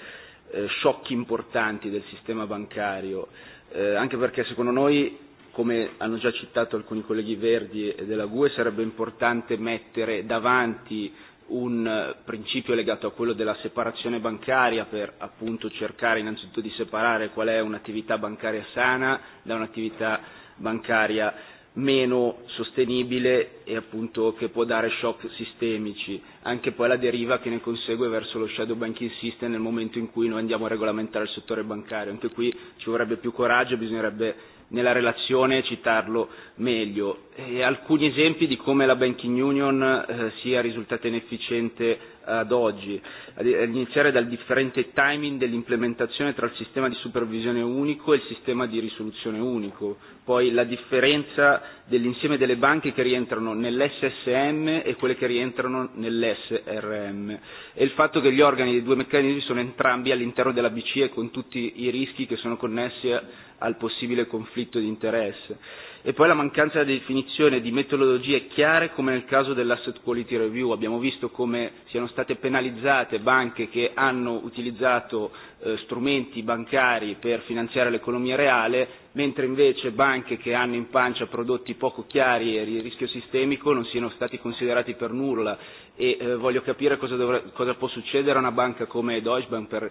eh, shock importanti del sistema bancario, eh, anche perché secondo noi come hanno già citato alcuni colleghi verdi e, e della GUE, sarebbe importante mettere davanti un eh, principio legato a quello della separazione bancaria per appunto cercare innanzitutto di separare qual è un'attività bancaria sana da un'attività bancaria meno sostenibile e appunto che può dare shock sistemici, anche poi la deriva che ne consegue verso lo shadow banking system nel momento in cui noi andiamo a regolamentare il settore bancario. Anche qui ci vorrebbe più coraggio, bisognerebbe nella relazione e citarlo meglio. E alcuni esempi di come la banking union eh, sia risultata inefficiente ad oggi, ad iniziare dal differente timing dell'implementazione tra il sistema di supervisione unico e il sistema di risoluzione unico, poi la differenza dell'insieme delle banche che rientrano nell'SSM e quelle che rientrano nell'SRM e il fatto che gli organi dei due meccanismi sono entrambi all'interno della BCE con tutti i rischi che sono connessi al possibile conflitto di interesse e poi la mancanza di definizione di metodologie chiare come nel caso dell'asset quality review. Abbiamo visto come siano state penalizzate banche che hanno utilizzato Eh, strumenti bancari per finanziare l'economia reale, mentre invece banche che hanno in pancia prodotti poco chiari e di rischio sistemico non siano stati considerati per nulla e eh, voglio capire cosa, dovre- cosa può succedere a una banca come Deutsche Bank, per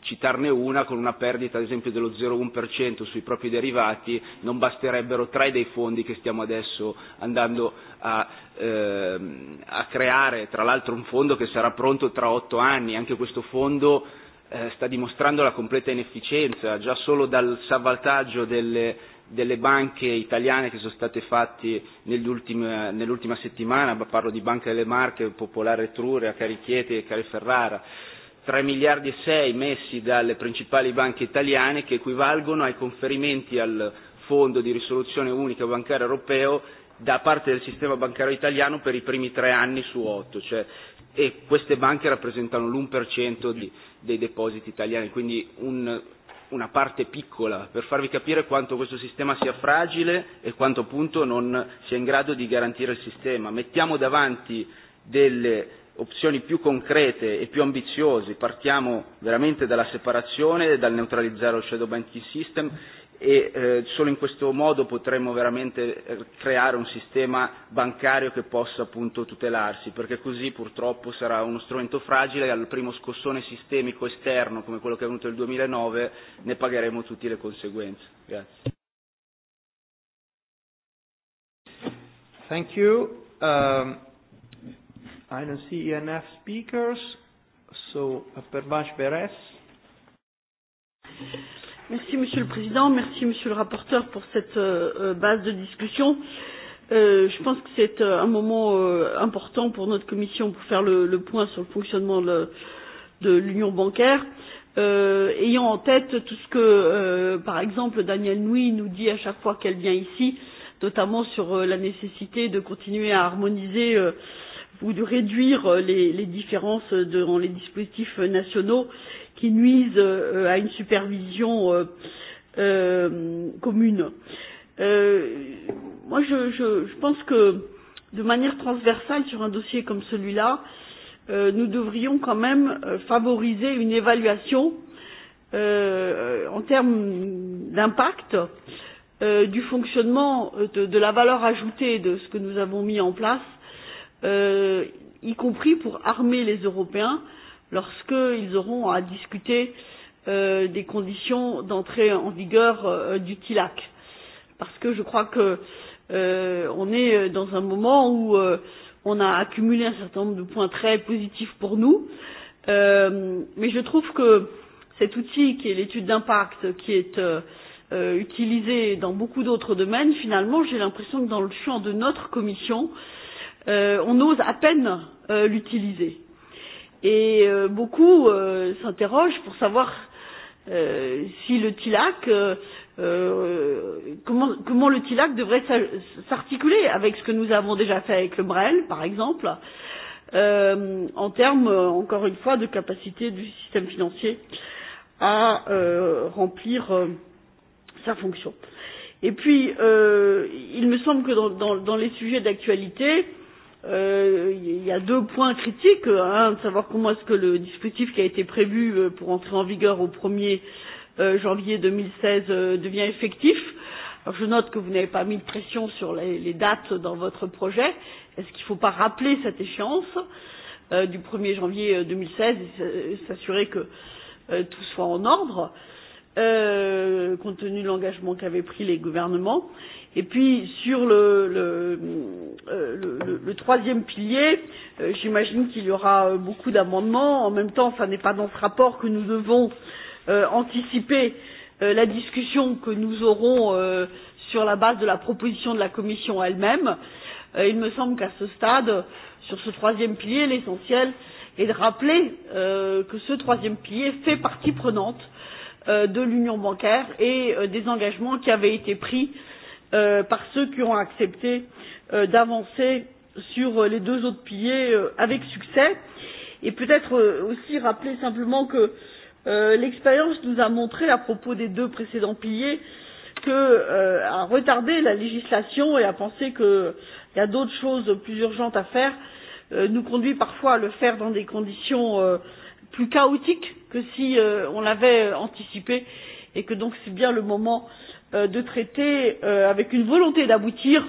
citarne una, con una perdita ad esempio dello 0,1% sui propri derivati, non basterebbero tre dei fondi che stiamo adesso andando a, eh, a creare, tra l'altro un fondo che sarà pronto tra otto anni, anche questo fondo eh, sta dimostrando la completa inefficienza, già solo dal salvataggio delle, delle banche italiane che sono state fatte nell'ultima, nell'ultima settimana, parlo di Banca delle Marche, Popolare Etruria, Carichieti e Cari Ferrara, 3 miliardi e 6 messi dalle principali banche italiane che equivalgono ai conferimenti al Fondo di risoluzione unica bancaria europeo da parte del sistema bancario italiano per i primi tre anni su otto, cioè e queste banche rappresentano l'1% di, dei depositi italiani, quindi un, una parte piccola, per farvi capire quanto questo sistema sia fragile e quanto appunto non sia in grado di garantire il sistema. Mettiamo davanti delle opzioni più concrete e più ambiziose, partiamo veramente dalla separazione e dal neutralizzare lo shadow banking system e eh, solo in questo modo potremmo veramente eh, creare un sistema bancario che possa appunto tutelarsi, perché così purtroppo sarà uno strumento fragile e al primo scossone sistemico esterno come quello che è venuto nel 2009 ne pagheremo tutti le conseguenze. Grazie. Thank you. Um, I don't see enough speakers, so uh, Pervash Beres. Merci Monsieur le Président, merci Monsieur le rapporteur pour cette euh, euh, base de discussion. Euh, je pense que c'est euh, un moment euh, important pour notre commission pour faire le, le point sur le fonctionnement de, de l'union bancaire, euh, ayant en tête tout ce que, euh, par exemple, Daniel Nui nous dit à chaque fois qu'elle vient ici, notamment sur euh, la nécessité de continuer à harmoniser euh, ou de réduire euh, les, les différences euh, dans les dispositifs euh, nationaux qui nuisent euh, à une supervision euh, euh, commune. Euh, moi, je, je, je pense que de manière transversale sur un dossier comme celui-là, euh, nous devrions quand même euh, favoriser une évaluation euh, en termes d'impact euh, du fonctionnement euh, de, de la valeur ajoutée de ce que nous avons mis en place, euh, y compris pour armer les Européens euh, lorsqu'ils auront à discuter euh, des conditions d'entrée en vigueur euh, du TILAC. Parce que je crois que euh, on est dans un moment où euh, on a accumulé un certain nombre de points très positifs pour nous, euh, mais je trouve que cet outil qui est l'étude d'impact, qui est euh, euh, utilisé dans beaucoup d'autres domaines, finalement, j'ai l'impression que dans le champ de notre commission, euh, on ose à peine euh, l'utiliser. Et euh, beaucoup euh, s'interrogent pour savoir euh, si le TILAC, euh, euh, comment, comment le TILAC devrait s'articuler avec ce que nous avons déjà fait avec le BREL, par exemple, euh, en termes, encore une fois, de capacité du système financier à euh, remplir euh, sa fonction. Et puis, euh, il me semble que dans, dans, dans les sujets d'actualité, euh, il euh, y a deux points critiques. Un, de savoir comment est-ce que le dispositif qui a été prévu euh, pour entrer en vigueur au 1er euh, janvier 2016 euh, devient effectif. Alors, je note que vous n'avez pas mis de pression sur les, les dates dans votre projet. Est-ce qu'il ne faut pas rappeler cette échéance euh, du 1er janvier 2016 et s'assurer que euh, tout soit en ordre euh, euh, compte tenu de l'engagement qu'avaient pris les gouvernements. Et puis sur le, le, euh, le, le, le troisième pilier, euh, j'imagine qu'il y aura euh, beaucoup d'amendements. En même temps, ce n'est pas dans ce rapport que nous devons euh, anticiper euh, la discussion que nous aurons euh, sur la base de la proposition de la Commission elle-même. Euh, il me semble qu'à ce stade, sur ce troisième pilier, l'essentiel est de rappeler euh, que ce troisième pilier fait partie prenante euh, Euh, de l'union bancaire et euh, des engagements qui avaient été pris euh, par ceux qui ont accepté d'avancer sur les deux autres piliers avec succès et peut être aussi rappeler simplement que l'expérience nous a montré à propos des deux précédents piliers que euh, à retarder la législation et à penser qu'il y a d'autres choses plus urgentes à faire euh, nous conduit parfois à le faire dans des conditions euh, plus chaotiques que si euh, on l'avait euh, anticipé et que donc c'est bien le moment euh, de traiter euh, avec une volonté d'aboutir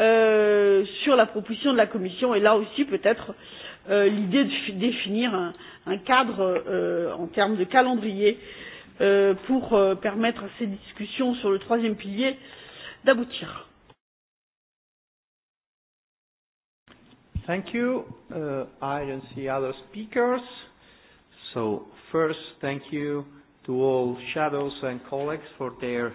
euh, sur la proposition de la Commission et là aussi peut-être euh, l'idée de définir un, un cadre euh, en termes de calendrier euh, pour euh, permettre à ces discussions sur le troisième pilier d'aboutir. Thank you. Uh, I don't see other speakers. So First, thank you to all shadows and colleagues for their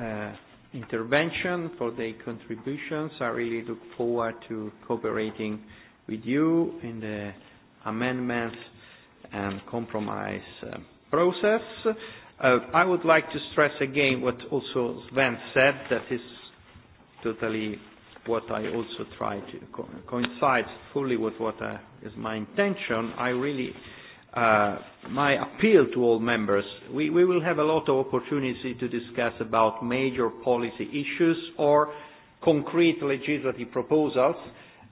uh, intervention, for their contributions. I really look forward to cooperating with you in the amendments and compromise uh, process. Uh, I would like to stress again what also Sven said, that is totally what I also try to co coincide fully with what uh, is my intention. I really Uh, my appeal to all members, we, we will have a lot of opportunity to discuss about major policy issues or concrete legislative proposals.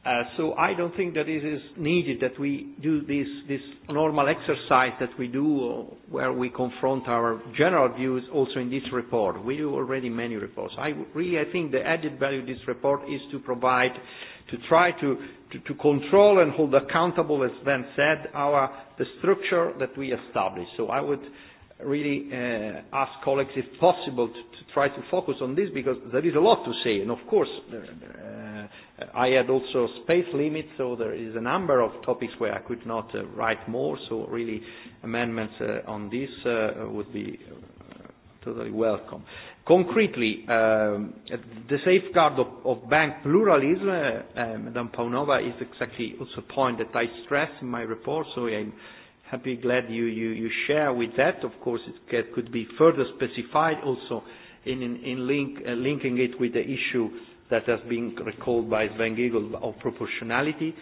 Uh, so I don't think that it is needed that we do this, this normal exercise that we do where we confront our general views also in this report. We do already many reports. I really I think the added value of this report is to provide uh, to try to, to, to control and hold accountable, as Ben said, our, the structure that we established. So I would really uh, ask colleagues, if possible, to, to try to focus on this because there is a lot to say. And of course, uh, uh I had also space limits, so there is a number of topics where I could not uh, write more. So really, amendments uh, on this uh, would be uh, totally welcome. Concretely, uh, the safeguard of, of bank pluralism, uh, uh, Madame Paunova, is exactly also a point that I stress in my report, so I'm happy, glad you, you, you share with that. Of course, it could be further specified also in, in, in link, uh, linking it with the issue that has been recalled by Sven Giegel of proportionality,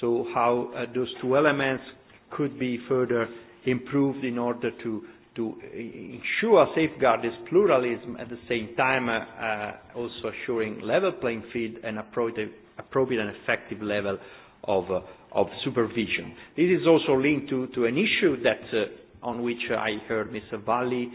so how uh, those two elements could be further improved in order to uh, to ensure safeguard this pluralism at the same time uh, uh, also assuring level playing field and appropriate, appropriate and effective level of, uh, of supervision. This is also linked to, to an issue that uh, on which I heard Mr. Valli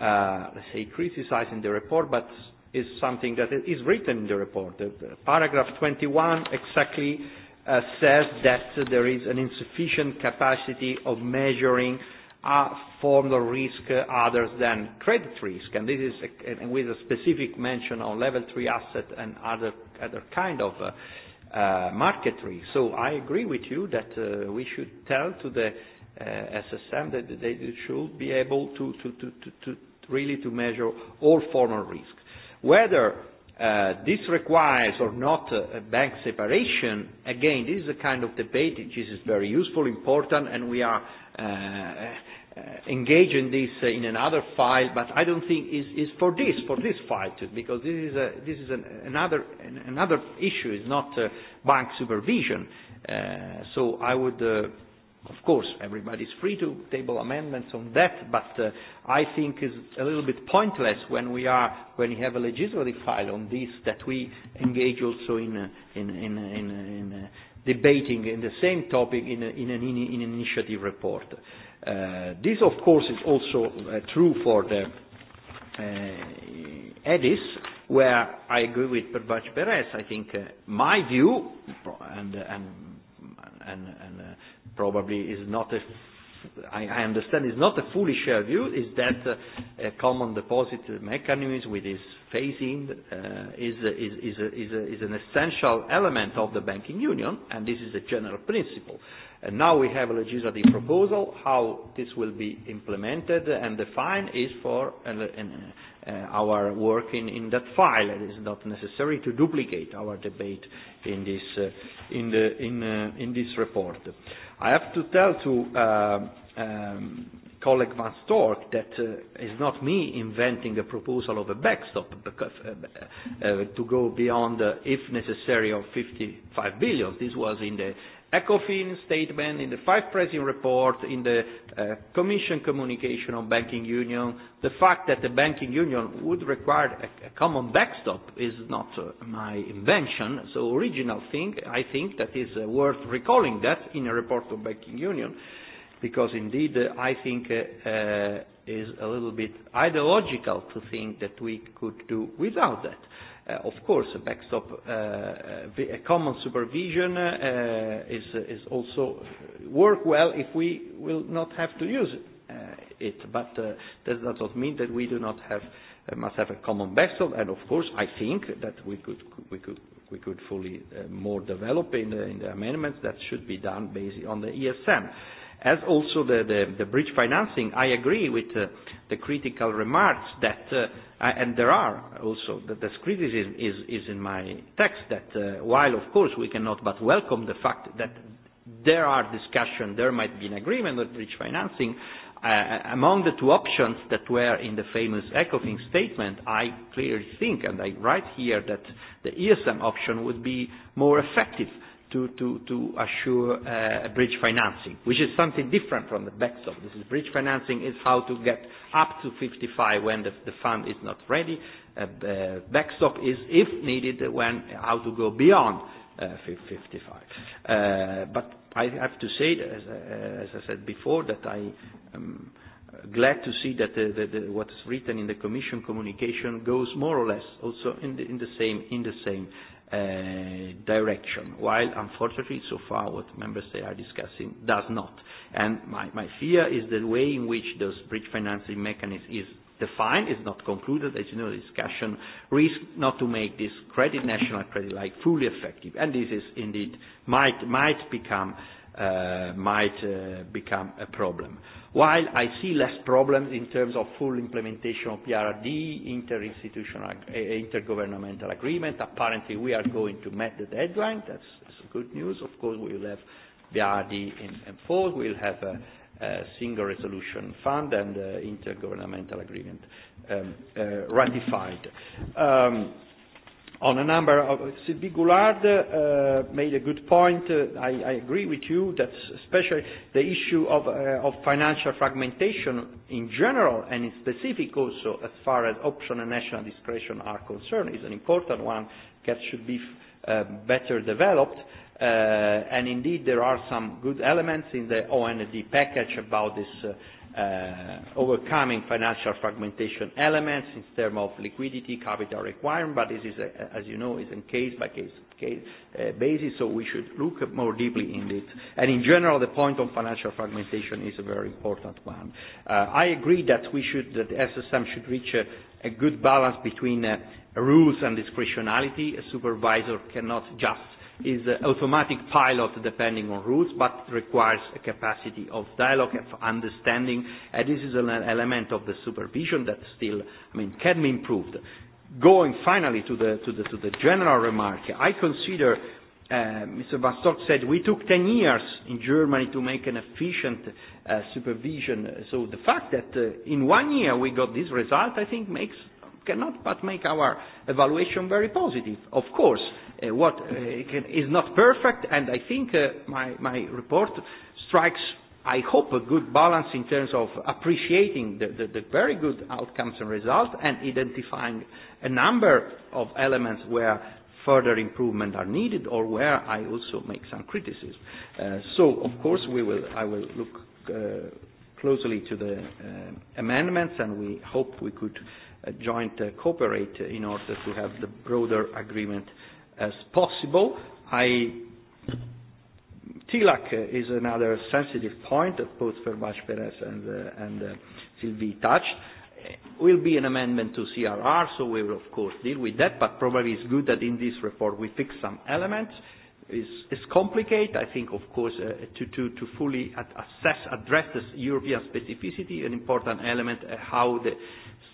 uh, let's say criticizing the report, but is something that is written in the report. The, the paragraph 21 exactly uh, says that uh, there is an insufficient capacity of measuring uh, uh, of risk uh, other than credit risk, and this is a, and with a specific mention on level three asset and other other kind of uh, uh, market risk. So I agree with you that uh, we should tell to the uh, SSM that they should be able to, to, to, to, to really to measure all formal of risk. Whether Uh, this requires or not a, a bank separation, again, this is a kind of debate which is very useful, important, and we are Uh, uh, engage in this uh, in another file, but I don't think is is for this for this file too, because this is a, this is an, another an, another issue. It's not uh, bank supervision. Uh, so I would. Uh, of course, everybody is free to table amendments on that, but uh, I think is a little bit pointless when we are when we have a legislative file on this that we engage also in uh, in in in, in uh, debating in the same topic in, a, in, an, in an initiative report. Uh, this, of course, is also uh, true for the uh, EDIS, where I agree with Perbach Perez. I think uh, my view, and, and, and, and uh, probably is not a I, I understand is not a fully shared uh, view, is that uh, a common deposit mechanism with its phasing uh, is, a, uh, is, is, a, uh, is, a, is an essential element of the banking union, and this is a general principle. And now we have a legislative proposal. How this will be implemented and defined is for an, an, uh, our work in, in that file. It is not necessary to duplicate our debate in this, uh, in, the, in, uh, in this report. Uh, I have to tell to uh, um, colleague Van Stork that uh, it's not me inventing a proposal of a backstop because, uh, uh, to go beyond, uh, if necessary, of 55 billion. This was in the ECOFIN statement, in the five president report, in the uh, Commission communication on banking union, the fact that the banking union would require a, a common backstop is not uh, my invention, so original thing. I think that is uh, worth recalling that in a report on banking union, because indeed uh, I think uh, uh, is a little bit ideological to think that we could do without that. Uh, of course, a backstop, uh, uh a common supervision uh, is, is also work well if we will not have to use uh, it. But uh, that does not mean that we do not have uh, must have a common backstop. And of course, I think that we could we could we could fully uh, more develop in the, in the amendments that should be done based on the ESM. Uh, As also the, the, the bridge financing, I agree with uh, the critical remarks that, uh, and there are also, that this criticism is, is in my text that uh, while of course we cannot but welcome the fact that there are discussion, there might be an agreement with bridge financing, uh, among the two options that were in the famous ECOFIN statement, I clearly think, and I write here, that the ESM option would be more effective to, to, to assure uh, bridge financing, which is something different from the backstop. This is bridge financing is how to get up to 55 when the, the fund is not ready. Uh, uh, backstop is, if needed, when how to go beyond uh, 55. Uh, but I have to say, as, uh, as I said before, that I am glad to see that the, the, the, what is written in the Commission communication goes more or less also in the, in the same in the same Uh, direction, while unfortunately so far what member states are discussing does not. And my, my fear is the way in which those bridge financing mechanism is defined, is not concluded, as you know, the discussion risk not to make this credit, national credit like fully effective. And this is indeed might, might become uh, Uh, might uh, become a problem. While I see less problems in terms of full implementation of PRD, interinstitutional, uh, intergovernmental agreement, apparently we are going to meet the deadline. That's, that's good news. Of course, we will have PRD in, We We'll have a, a single resolution fund and uh, intergovernmental agreement um, uh, ratified. Um, on a number of Sylvie Goulard uh, made a good point. Uh, I, I agree with you that especially the issue of, uh, of financial fragmentation in general and in specific also as far as option and national discretion are concerned is an important one that should be uh, better developed. Uh, and indeed there are some good elements in the OND package about this uh, uh, overcoming financial fragmentation elements in terms of liquidity, capital requirement, but this is, a, uh, as you know, is on case-by-case case, uh, basis, so we should look more deeply in it. And in general, the point of financial fragmentation is a very important one. Uh, I agree that we should, that SSM should reach a, a good balance between uh, rules and discretionality. A supervisor cannot just is an automatic pilot depending on routes, but requires a capacity of dialogue, of understanding, and this is an element of the supervision that still, I mean, can be improved. Going finally to the, to the, to the general remark, I consider, uh, Mr. Bastock said, we took 10 years in Germany to make an efficient uh, supervision, so the fact that uh, in one year we got this result, I think, makes cannot but make our evaluation very positive. Of course, uh, what uh, can, is not perfect, and I think uh, my, my report strikes, I hope, a good balance in terms of appreciating the, the, the very good outcomes and results and identifying a number of elements where further improvement are needed or where I also make some criticism. Uh, so, of course, we will, I will look uh, closely to the uh, amendments and we hope we could uh, joint uh, cooperate in order to have the broader agreement uh, as possible. I TILAC is another sensitive point that both Ferbash Perez and, uh, and uh, Sylvie touched. Will be an amendment to CRR, so we will of course deal with that, but probably it's good that in this report we fix some elements. It's, it's complicated, I think, of course, uh, to, to, to fully assess, address this European specificity, an important element, uh, how the,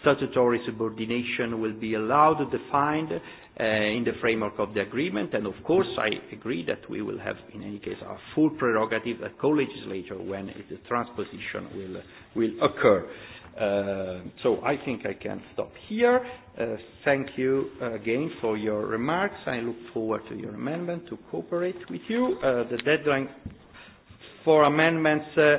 statutory subordination will be allowed defined uh, in the framework of the agreement. And of course, I agree that we will have, in any case, our full prerogative as co-legislator when the transposition will, will occur. Uh, so I think I can stop here. Uh, thank you uh, again for your remarks. I look forward to your amendment to cooperate with you. Uh, the deadline for amendments uh,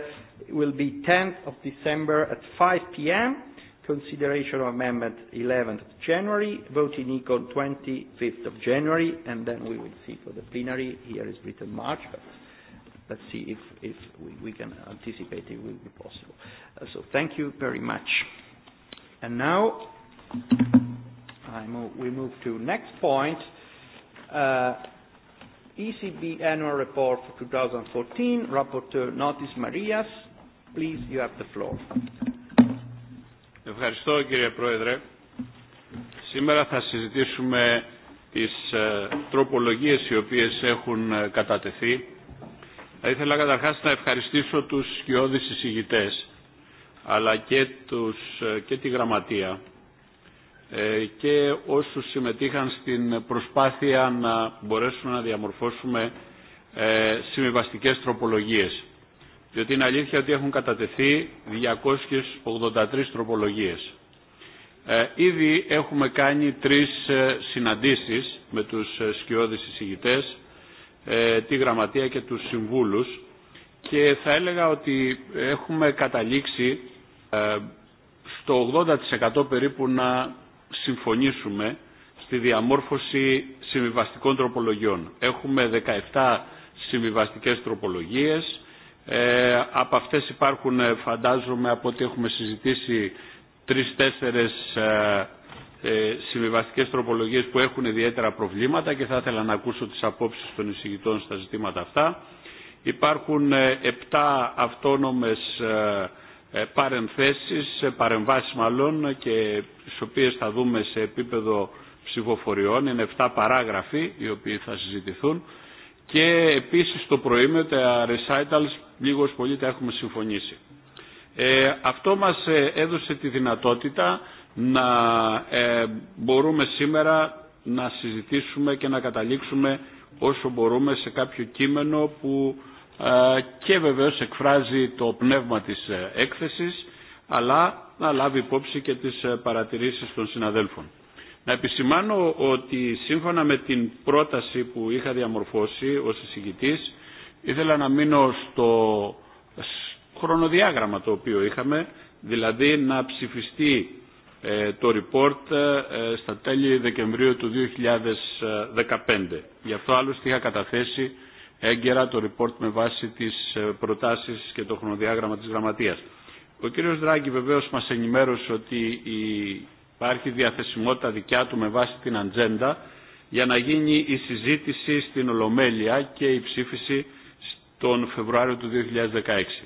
will be 10th of December at 5 p.m consideration of Amendment 11th of January, vote in 25th of January, and then we will see for the plenary. Here is written March, but let's see if, if we, we can anticipate it will be possible. Uh, so thank you very much. And now I move, we move to next point. Uh, ECB annual report for 2014, rapporteur Notis Marias. Please, you have the floor. Ευχαριστώ κύριε Πρόεδρε. Σήμερα θα συζητήσουμε τις τροπολογίες οι οποίες έχουν κατατεθεί. Θα ήθελα καταρχάς να ευχαριστήσω τους σκιώδεις συζητητές αλλά και, τους, και τη γραμματεία και όσους συμμετείχαν στην προσπάθεια να μπορέσουμε να διαμορφώσουμε συμβιβαστικές τροπολογίες διότι είναι αλήθεια ότι έχουν κατατεθεί 283 τροπολογίες. Ε, ήδη έχουμε κάνει τρεις συναντήσεις με τους σκιώδεις εισηγητές, ε, τη Γραμματεία και τους Συμβούλους και θα έλεγα ότι έχουμε καταλήξει ε, στο 80% περίπου να συμφωνήσουμε στη διαμόρφωση συμβιβαστικών τροπολογιών. Έχουμε 17 συμβιβαστικές τροπολογίες, Ε, από αυτές υπάρχουν φαντάζομαι από ό,τι έχουμε συζητήσει τρεις-τέσσερες ε, ε, συμβιβαστικές τροπολογίες που έχουν ιδιαίτερα προβλήματα και θα ήθελα να ακούσω τις απόψεις των εισηγητών στα ζητήματα αυτά. Υπάρχουν επτά αυτόνομες παρεμθέσεις, παρεμβάσεις μάλλον και τις οποίες θα δούμε σε επίπεδο ψηφοφοριών. Είναι 7 παράγραφοι οι οποίοι θα συζητηθούν και επίσης το πρωί τα recitals λίγο πολύ τα έχουμε συμφωνήσει. Ε, αυτό μας έδωσε τη δυνατότητα να ε, μπορούμε σήμερα να συζητήσουμε και να καταλήξουμε όσο μπορούμε σε κάποιο κείμενο που ε, και βεβαίως εκφράζει το πνεύμα της έκθεσης αλλά να λάβει υπόψη και τις παρατηρήσεις των συναδέλφων. Να επισημάνω ότι σύμφωνα με την πρόταση που είχα διαμορφώσει ως εισηγητής Ήθελα να μείνω στο χρονοδιάγραμμα το οποίο είχαμε, δηλαδή να ψηφιστεί ε, το report ε, στα τέλη Δεκεμβρίου του 2015. Γι' αυτό άλλωστε είχα καταθέσει έγκαιρα το report με βάση τις προτάσεις και το χρονοδιάγραμμα της γραμματείας. Ο κύριος Δράγκη βεβαίως μας ενημέρωσε ότι η... υπάρχει διαθεσιμότητα δικιά του με βάση την ατζέντα για να γίνει η συζήτηση στην Ολομέλεια και η ψήφιση τον Φεβρουάριο του 2016.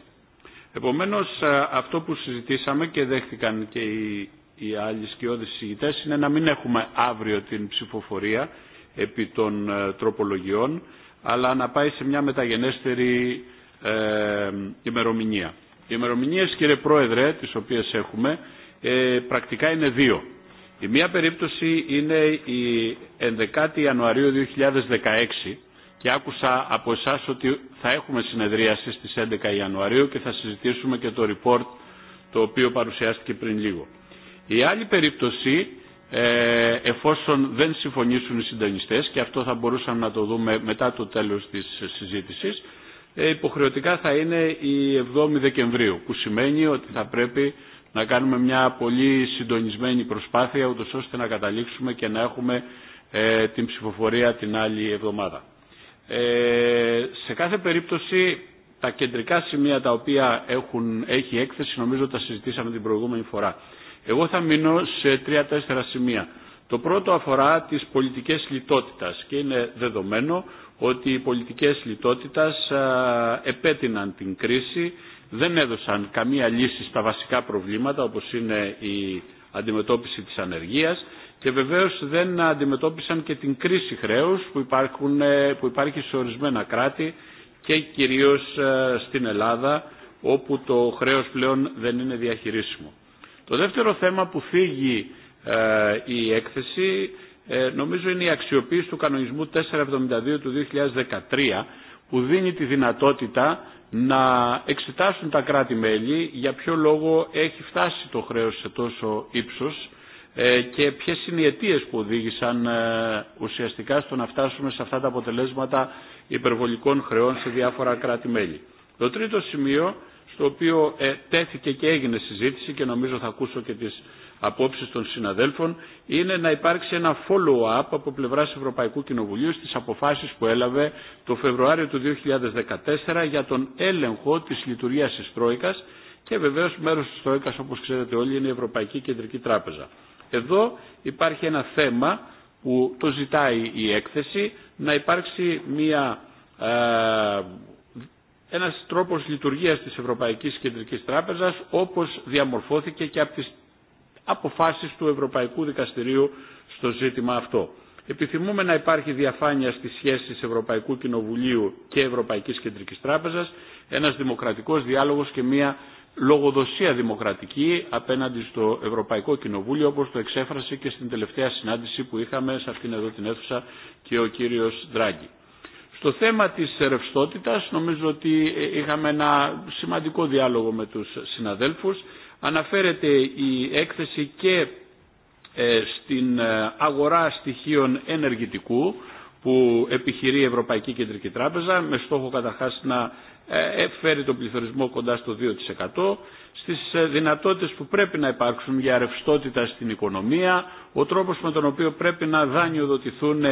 Επομένως αυτό που συζητήσαμε και δέχτηκαν και οι, οι άλλοι σκιώδεις συζητές είναι να μην έχουμε αύριο την ψηφοφορία επί των τροπολογιών αλλά να πάει σε μια μεταγενέστερη ε, ημερομηνία. Οι ημερομηνίες κύριε Πρόεδρε τις οποίες έχουμε ε, πρακτικά είναι δύο. Η μία περίπτωση είναι η 11η Ιανουαρίου 2016 και άκουσα από εσά ότι θα έχουμε συνεδρίαση στις 11 Ιανουαρίου και θα συζητήσουμε και το report το οποίο παρουσιάστηκε πριν λίγο. Η άλλη περίπτωση, ε, εφόσον δεν συμφωνήσουν οι συντονιστές και αυτό θα μπορούσαμε να το δούμε μετά το τέλος της συζήτησης, ε, υποχρεωτικά θα είναι η 7η Δεκεμβρίου, που σημαίνει ότι θα πρέπει να κάνουμε μια πολύ συντονισμένη προσπάθεια, ούτως ώστε να καταλήξουμε και να έχουμε ε, την ψηφοφορία την άλλη εβδομάδα. Ε, σε κάθε περίπτωση τα κεντρικά σημεία τα οποία έχουν, έχει έκθεση νομίζω τα συζητήσαμε την προηγούμενη φορά. Εγώ θα μείνω σε τρία-τέσσερα σημεία. Το πρώτο αφορά τις πολιτικές λιτότητας και είναι δεδομένο ότι οι πολιτικές λιτότητας α, επέτειναν την κρίση, δεν έδωσαν καμία λύση στα βασικά προβλήματα όπως είναι η αντιμετώπιση της ανεργίας, και βεβαίω δεν αντιμετώπισαν και την κρίση χρέου που, που υπάρχει σε ορισμένα κράτη και κυρίω στην Ελλάδα όπου το χρέο πλέον δεν είναι διαχειρίσιμο. Το δεύτερο θέμα που φύγει ε, η έκθεση ε, νομίζω είναι η αξιοποίηση του κανονισμού 472 του 2013 που δίνει τη δυνατότητα να εξετάσουν τα κράτη-μέλη για ποιο λόγο έχει φτάσει το χρέος σε τόσο ύψος και ποιες είναι οι αιτίες που οδήγησαν ουσιαστικά στο να φτάσουμε σε αυτά τα αποτελέσματα υπερβολικών χρεών σε διάφορα κράτη-μέλη. Το τρίτο σημείο στο οποίο ε, τέθηκε και έγινε συζήτηση και νομίζω θα ακούσω και τις απόψεις των συναδέλφων είναι να υπάρξει ένα follow-up από πλευράς Ευρωπαϊκού Κοινοβουλίου στις αποφάσεις που έλαβε το Φεβρουάριο του 2014 για τον έλεγχο της λειτουργίας της Τρόικας και βεβαίως μέρος της Τρόικας όπως ξέρετε όλοι είναι η Ευρωπαϊκή Κεντρική Τράπεζα. Εδώ υπάρχει ένα θέμα που το ζητάει η έκθεση να υπάρξει μια, ε, ένας τρόπος λειτουργίας της Ευρωπαϊκής Κεντρικής Τράπεζας όπως διαμορφώθηκε και από τις αποφάσεις του Ευρωπαϊκού Δικαστηρίου στο ζήτημα αυτό. Επιθυμούμε να υπάρχει διαφάνεια στις σχέσεις Ευρωπαϊκού Κοινοβουλίου και Ευρωπαϊκής Κεντρικής Τράπεζας, ένας δημοκρατικός διάλογος και μια λογοδοσία δημοκρατική απέναντι στο Ευρωπαϊκό Κοινοβούλιο όπως το εξέφρασε και στην τελευταία συνάντηση που είχαμε σε αυτήν εδώ την αίθουσα και ο κύριος Δράγκη. Στο θέμα της ρευστότητα, νομίζω ότι είχαμε ένα σημαντικό διάλογο με τους συναδέλφους. Αναφέρεται η έκθεση και στην αγορά στοιχείων ενεργητικού που επιχειρεί η Ευρωπαϊκή Κεντρική Τράπεζα με στόχο καταρχάς να φέρει τον πληθωρισμό κοντά στο 2%, στις δυνατότητες που πρέπει να υπάρξουν για ρευστότητα στην οικονομία, ο τρόπος με τον οποίο πρέπει να δανειοδοτηθούν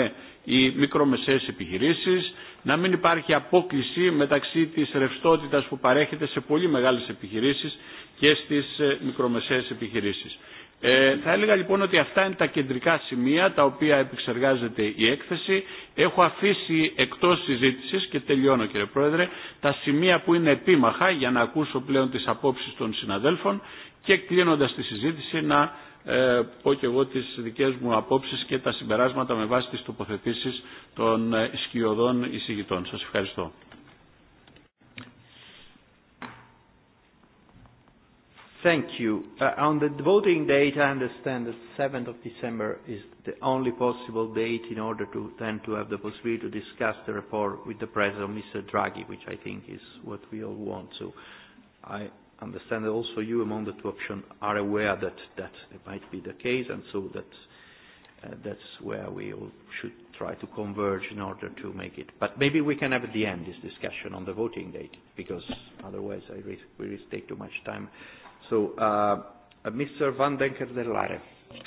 οι μικρομεσαίες επιχειρήσεις, να μην υπάρχει απόκληση μεταξύ της ρευστότητας που παρέχεται σε πολύ μεγάλες επιχειρήσεις και στις μικρομεσαίες επιχειρήσεις. Ε, θα έλεγα λοιπόν ότι αυτά είναι τα κεντρικά σημεία τα οποία επεξεργάζεται η έκθεση. Έχω αφήσει εκτός συζήτησης και τελειώνω κύριε Πρόεδρε τα σημεία που είναι επίμαχα για να ακούσω πλέον τις απόψεις των συναδέλφων και κλείνοντας τη συζήτηση να ε, πω και εγώ τις δικές μου απόψεις και τα συμπεράσματα με βάση τις τοποθετήσεις των ισχυωδών εισηγητών. Σας ευχαριστώ. Thank you. Uh, on the voting date, I understand that 7th of December is the only possible date in order to then to have the possibility to discuss the report with the President, Mr. Draghi, which I think is what we all want. So I understand that also you among the two options are aware that that might be the case, and so that uh, that's where we all should try to converge in order to make it. But maybe we can have at the end this discussion on the voting date, because otherwise I risk, we risk take too much time. So, uh, uh Mr. Van Denker de Lare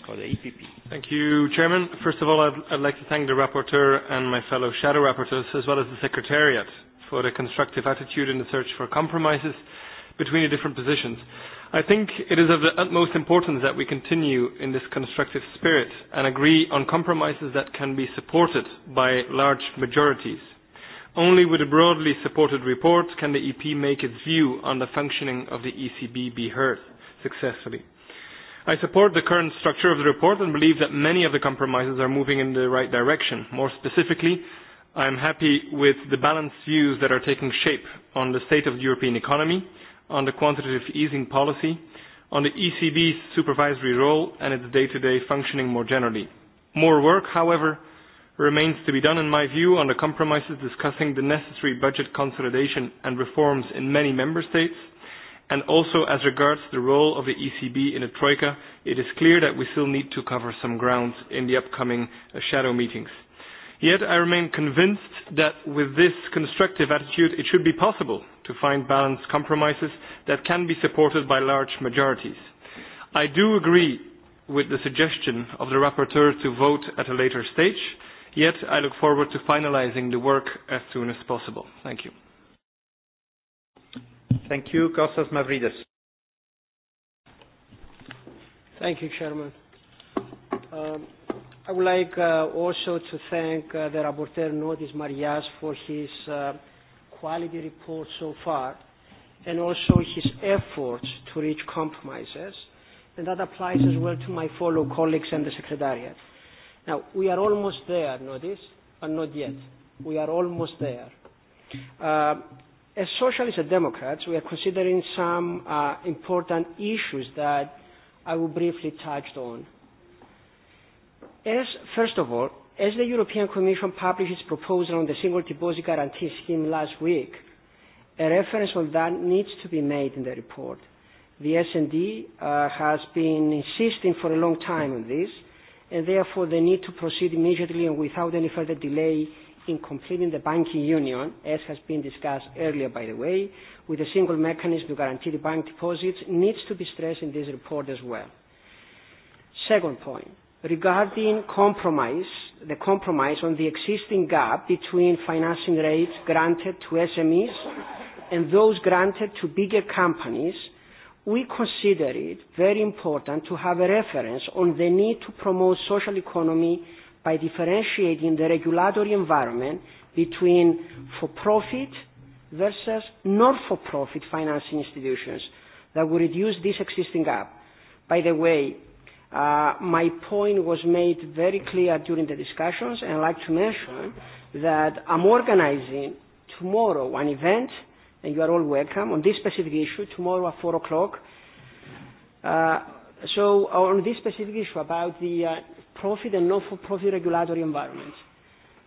for the EPP. Thank you, Chairman. First of all, I'd, I'd like to thank the rapporteur and my fellow shadow rapporteurs, as well as the Secretariat, for the constructive attitude in the search for compromises between the different positions. I think it is of the utmost importance that we continue in this constructive spirit and agree on compromises that can be supported by large majorities. Only with a broadly supported report can the EP make its view on the functioning of the ECB be heard successfully. I support the current structure of the report and believe that many of the compromises are moving in the right direction. More specifically, I am happy with the balanced views that are taking shape on the state of the European economy, on the quantitative easing policy, on the ECB's supervisory role and its day-to-day -day functioning more generally. More work, however, remains to be done, in my view, on the compromises discussing the necessary budget consolidation and reforms in many member states, and also as regards the role of the ECB in a troika, it is clear that we still need to cover some ground in the upcoming uh, shadow meetings. Yet I remain convinced that with this constructive attitude, it should be possible to find balanced compromises that can be supported by large majorities. I do agree with the suggestion of the rapporteur to vote at a later stage, Yet I look forward to finalizing the work as soon as possible. Thank you. Thank you, Kostas Mavridis. Thank you, Chairman. Um, I would like uh, also to thank uh, the rapporteur Notis Marias for his uh, quality report so far and also his efforts to reach compromises and that applies as well to my fellow colleagues and the Secretariat. Now, we are almost there, notice, but not yet. We are almost there. Uh, as socialists and democrats, we are considering some uh, important issues that I will briefly touch on. As, first of all, as the European Commission published its proposal on the single deposit guarantee scheme last week, a reference on that needs to be made in the report. The S&D uh, has been insisting for a long time on this, and therefore they need to proceed immediately and without any further delay in completing the banking union, as has been discussed earlier, by the way, with a single mechanism to guarantee the bank deposits, needs to be stressed in this report as well. Second point, regarding compromise, the compromise on the existing gap between financing rates granted to SMEs and those granted to bigger companies – we consider it very important to have a reference on the need to promote social economy by differentiating the regulatory environment between for-profit versus non for profit financing institutions that would reduce this existing gap. By the way, uh, my point was made very clear during the discussions, and I'd like to mention that I'm organizing tomorrow an event and you are all welcome on this specific issue tomorrow at 4 o'clock. Uh, so on this specific issue about the uh, profit and non-for-profit regulatory environment.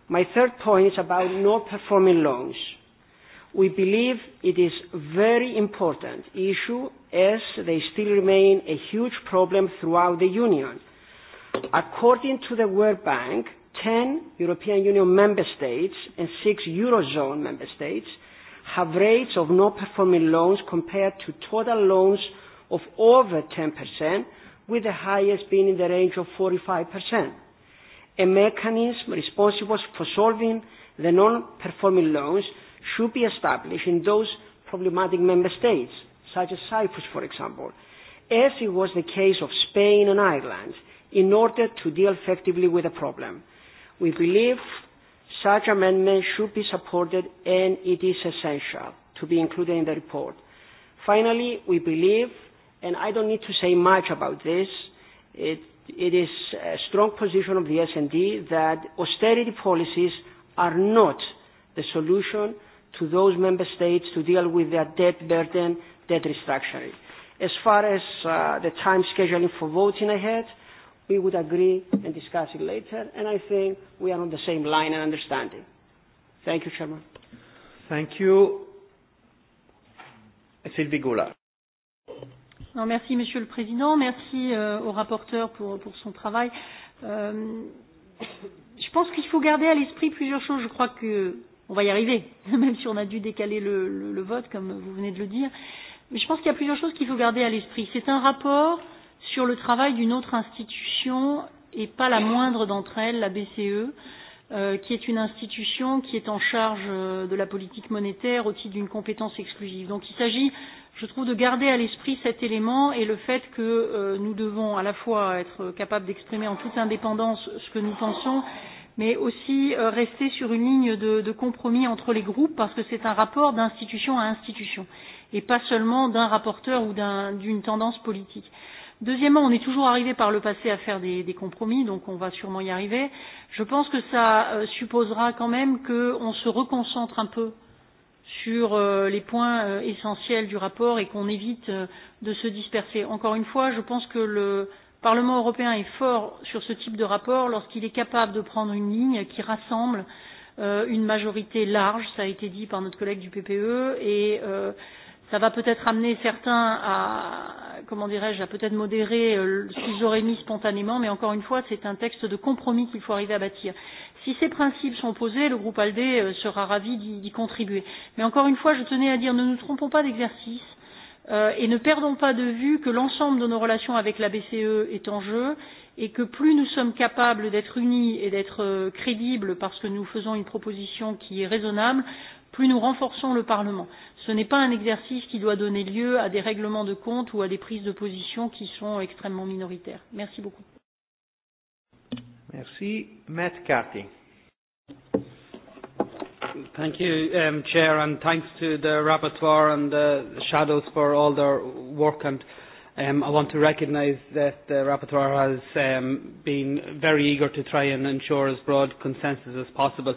My third point is about non-performing loans. We believe it is very important issue as they still remain a huge problem throughout the Union. According to the World Bank, 10 European Union member states and 6 Eurozone member states have rates of non-performing loans compared to total loans of over 10%, with the highest being in the range of 45%. A mechanism responsible for solving the non-performing loans should be established in those problematic member states, such as Cyprus, for example, as it was the case of Spain and Ireland, in order to deal effectively with the problem. We believe Such amendments should be supported and it is essential to be included in the report. Finally, we believe, and I don't need to say much about this, it, it is a strong position of the S&D that austerity policies are not the solution to those member states to deal with their debt burden, debt restructuring. As far as uh, the time scheduling for voting ahead, we would agree and discuss it later, and I think we are on the same line and understanding. Thank you, Chairman. Thank you. Sylvie Goulard. Non, merci, Monsieur le Président. Merci euh, au rapporteur pour, pour son travail. Euh, je pense qu'il faut garder à l'esprit plusieurs choses. Je crois que on va y arriver, même si on a dû décaler le, le, le vote, comme vous venez de le dire. Mais je pense qu'il y a plusieurs choses qu'il faut garder à l'esprit. C'est un rapport euh, sur le travail d'une autre institution, et pas la moindre d'entre elles, la BCE, euh, qui est une institution qui est en charge euh, de la politique monétaire au titre d'une compétence exclusive. Donc il s'agit, je trouve, de garder à l'esprit cet élément et le fait que euh, nous devons à la fois être capables d'exprimer en toute indépendance ce que nous pensons, mais aussi euh, rester sur une ligne de, de compromis entre les groupes, parce que c'est un rapport d'institution à institution, et pas seulement d'un rapporteur ou d'une un, tendance politique. Euh, Deuxièmement, on est toujours arrivé par le passé à faire des, des compromis, donc on va sûrement y arriver. Je pense que ça euh, supposera quand même qu'on se reconcentre un peu sur euh, les points euh, essentiels du rapport et qu'on évite euh, de se disperser. Encore une fois, je pense que le Parlement européen est fort sur ce type de rapport lorsqu'il est capable de prendre une ligne qui rassemble euh, une majorité large, ça a été dit par notre collègue du PPE, et euh, ça va peut-être amener certains à, comment dirais-je, à peut-être modérer ce qu'ils auraient mis spontanément, mais encore une fois, c'est un texte de compromis qu'il faut arriver à bâtir. Si ces principes sont posés, le groupe ALDE euh, sera ravi d'y contribuer. Mais encore une fois, je tenais à dire, ne nous trompons pas d'exercice euh, et ne perdons pas de vue que l'ensemble de nos relations avec la BCE est en jeu et que plus nous sommes capables d'être unis et d'être euh, crédibles parce que nous faisons une proposition qui est raisonnable, plus nous renforçons le Parlement ce n'est pas un exercice qui doit donner lieu à des règlements de compte ou à des prises de position qui sont extrêmement minoritaires. Merci beaucoup. Merci. Matt Carty. Thank you, um, Chair, and thanks to the Rapporteur and the Shadows for all their work. And um, I want to recognise that the Rapporteur has um, been very eager to try and ensure as broad consensus as possible.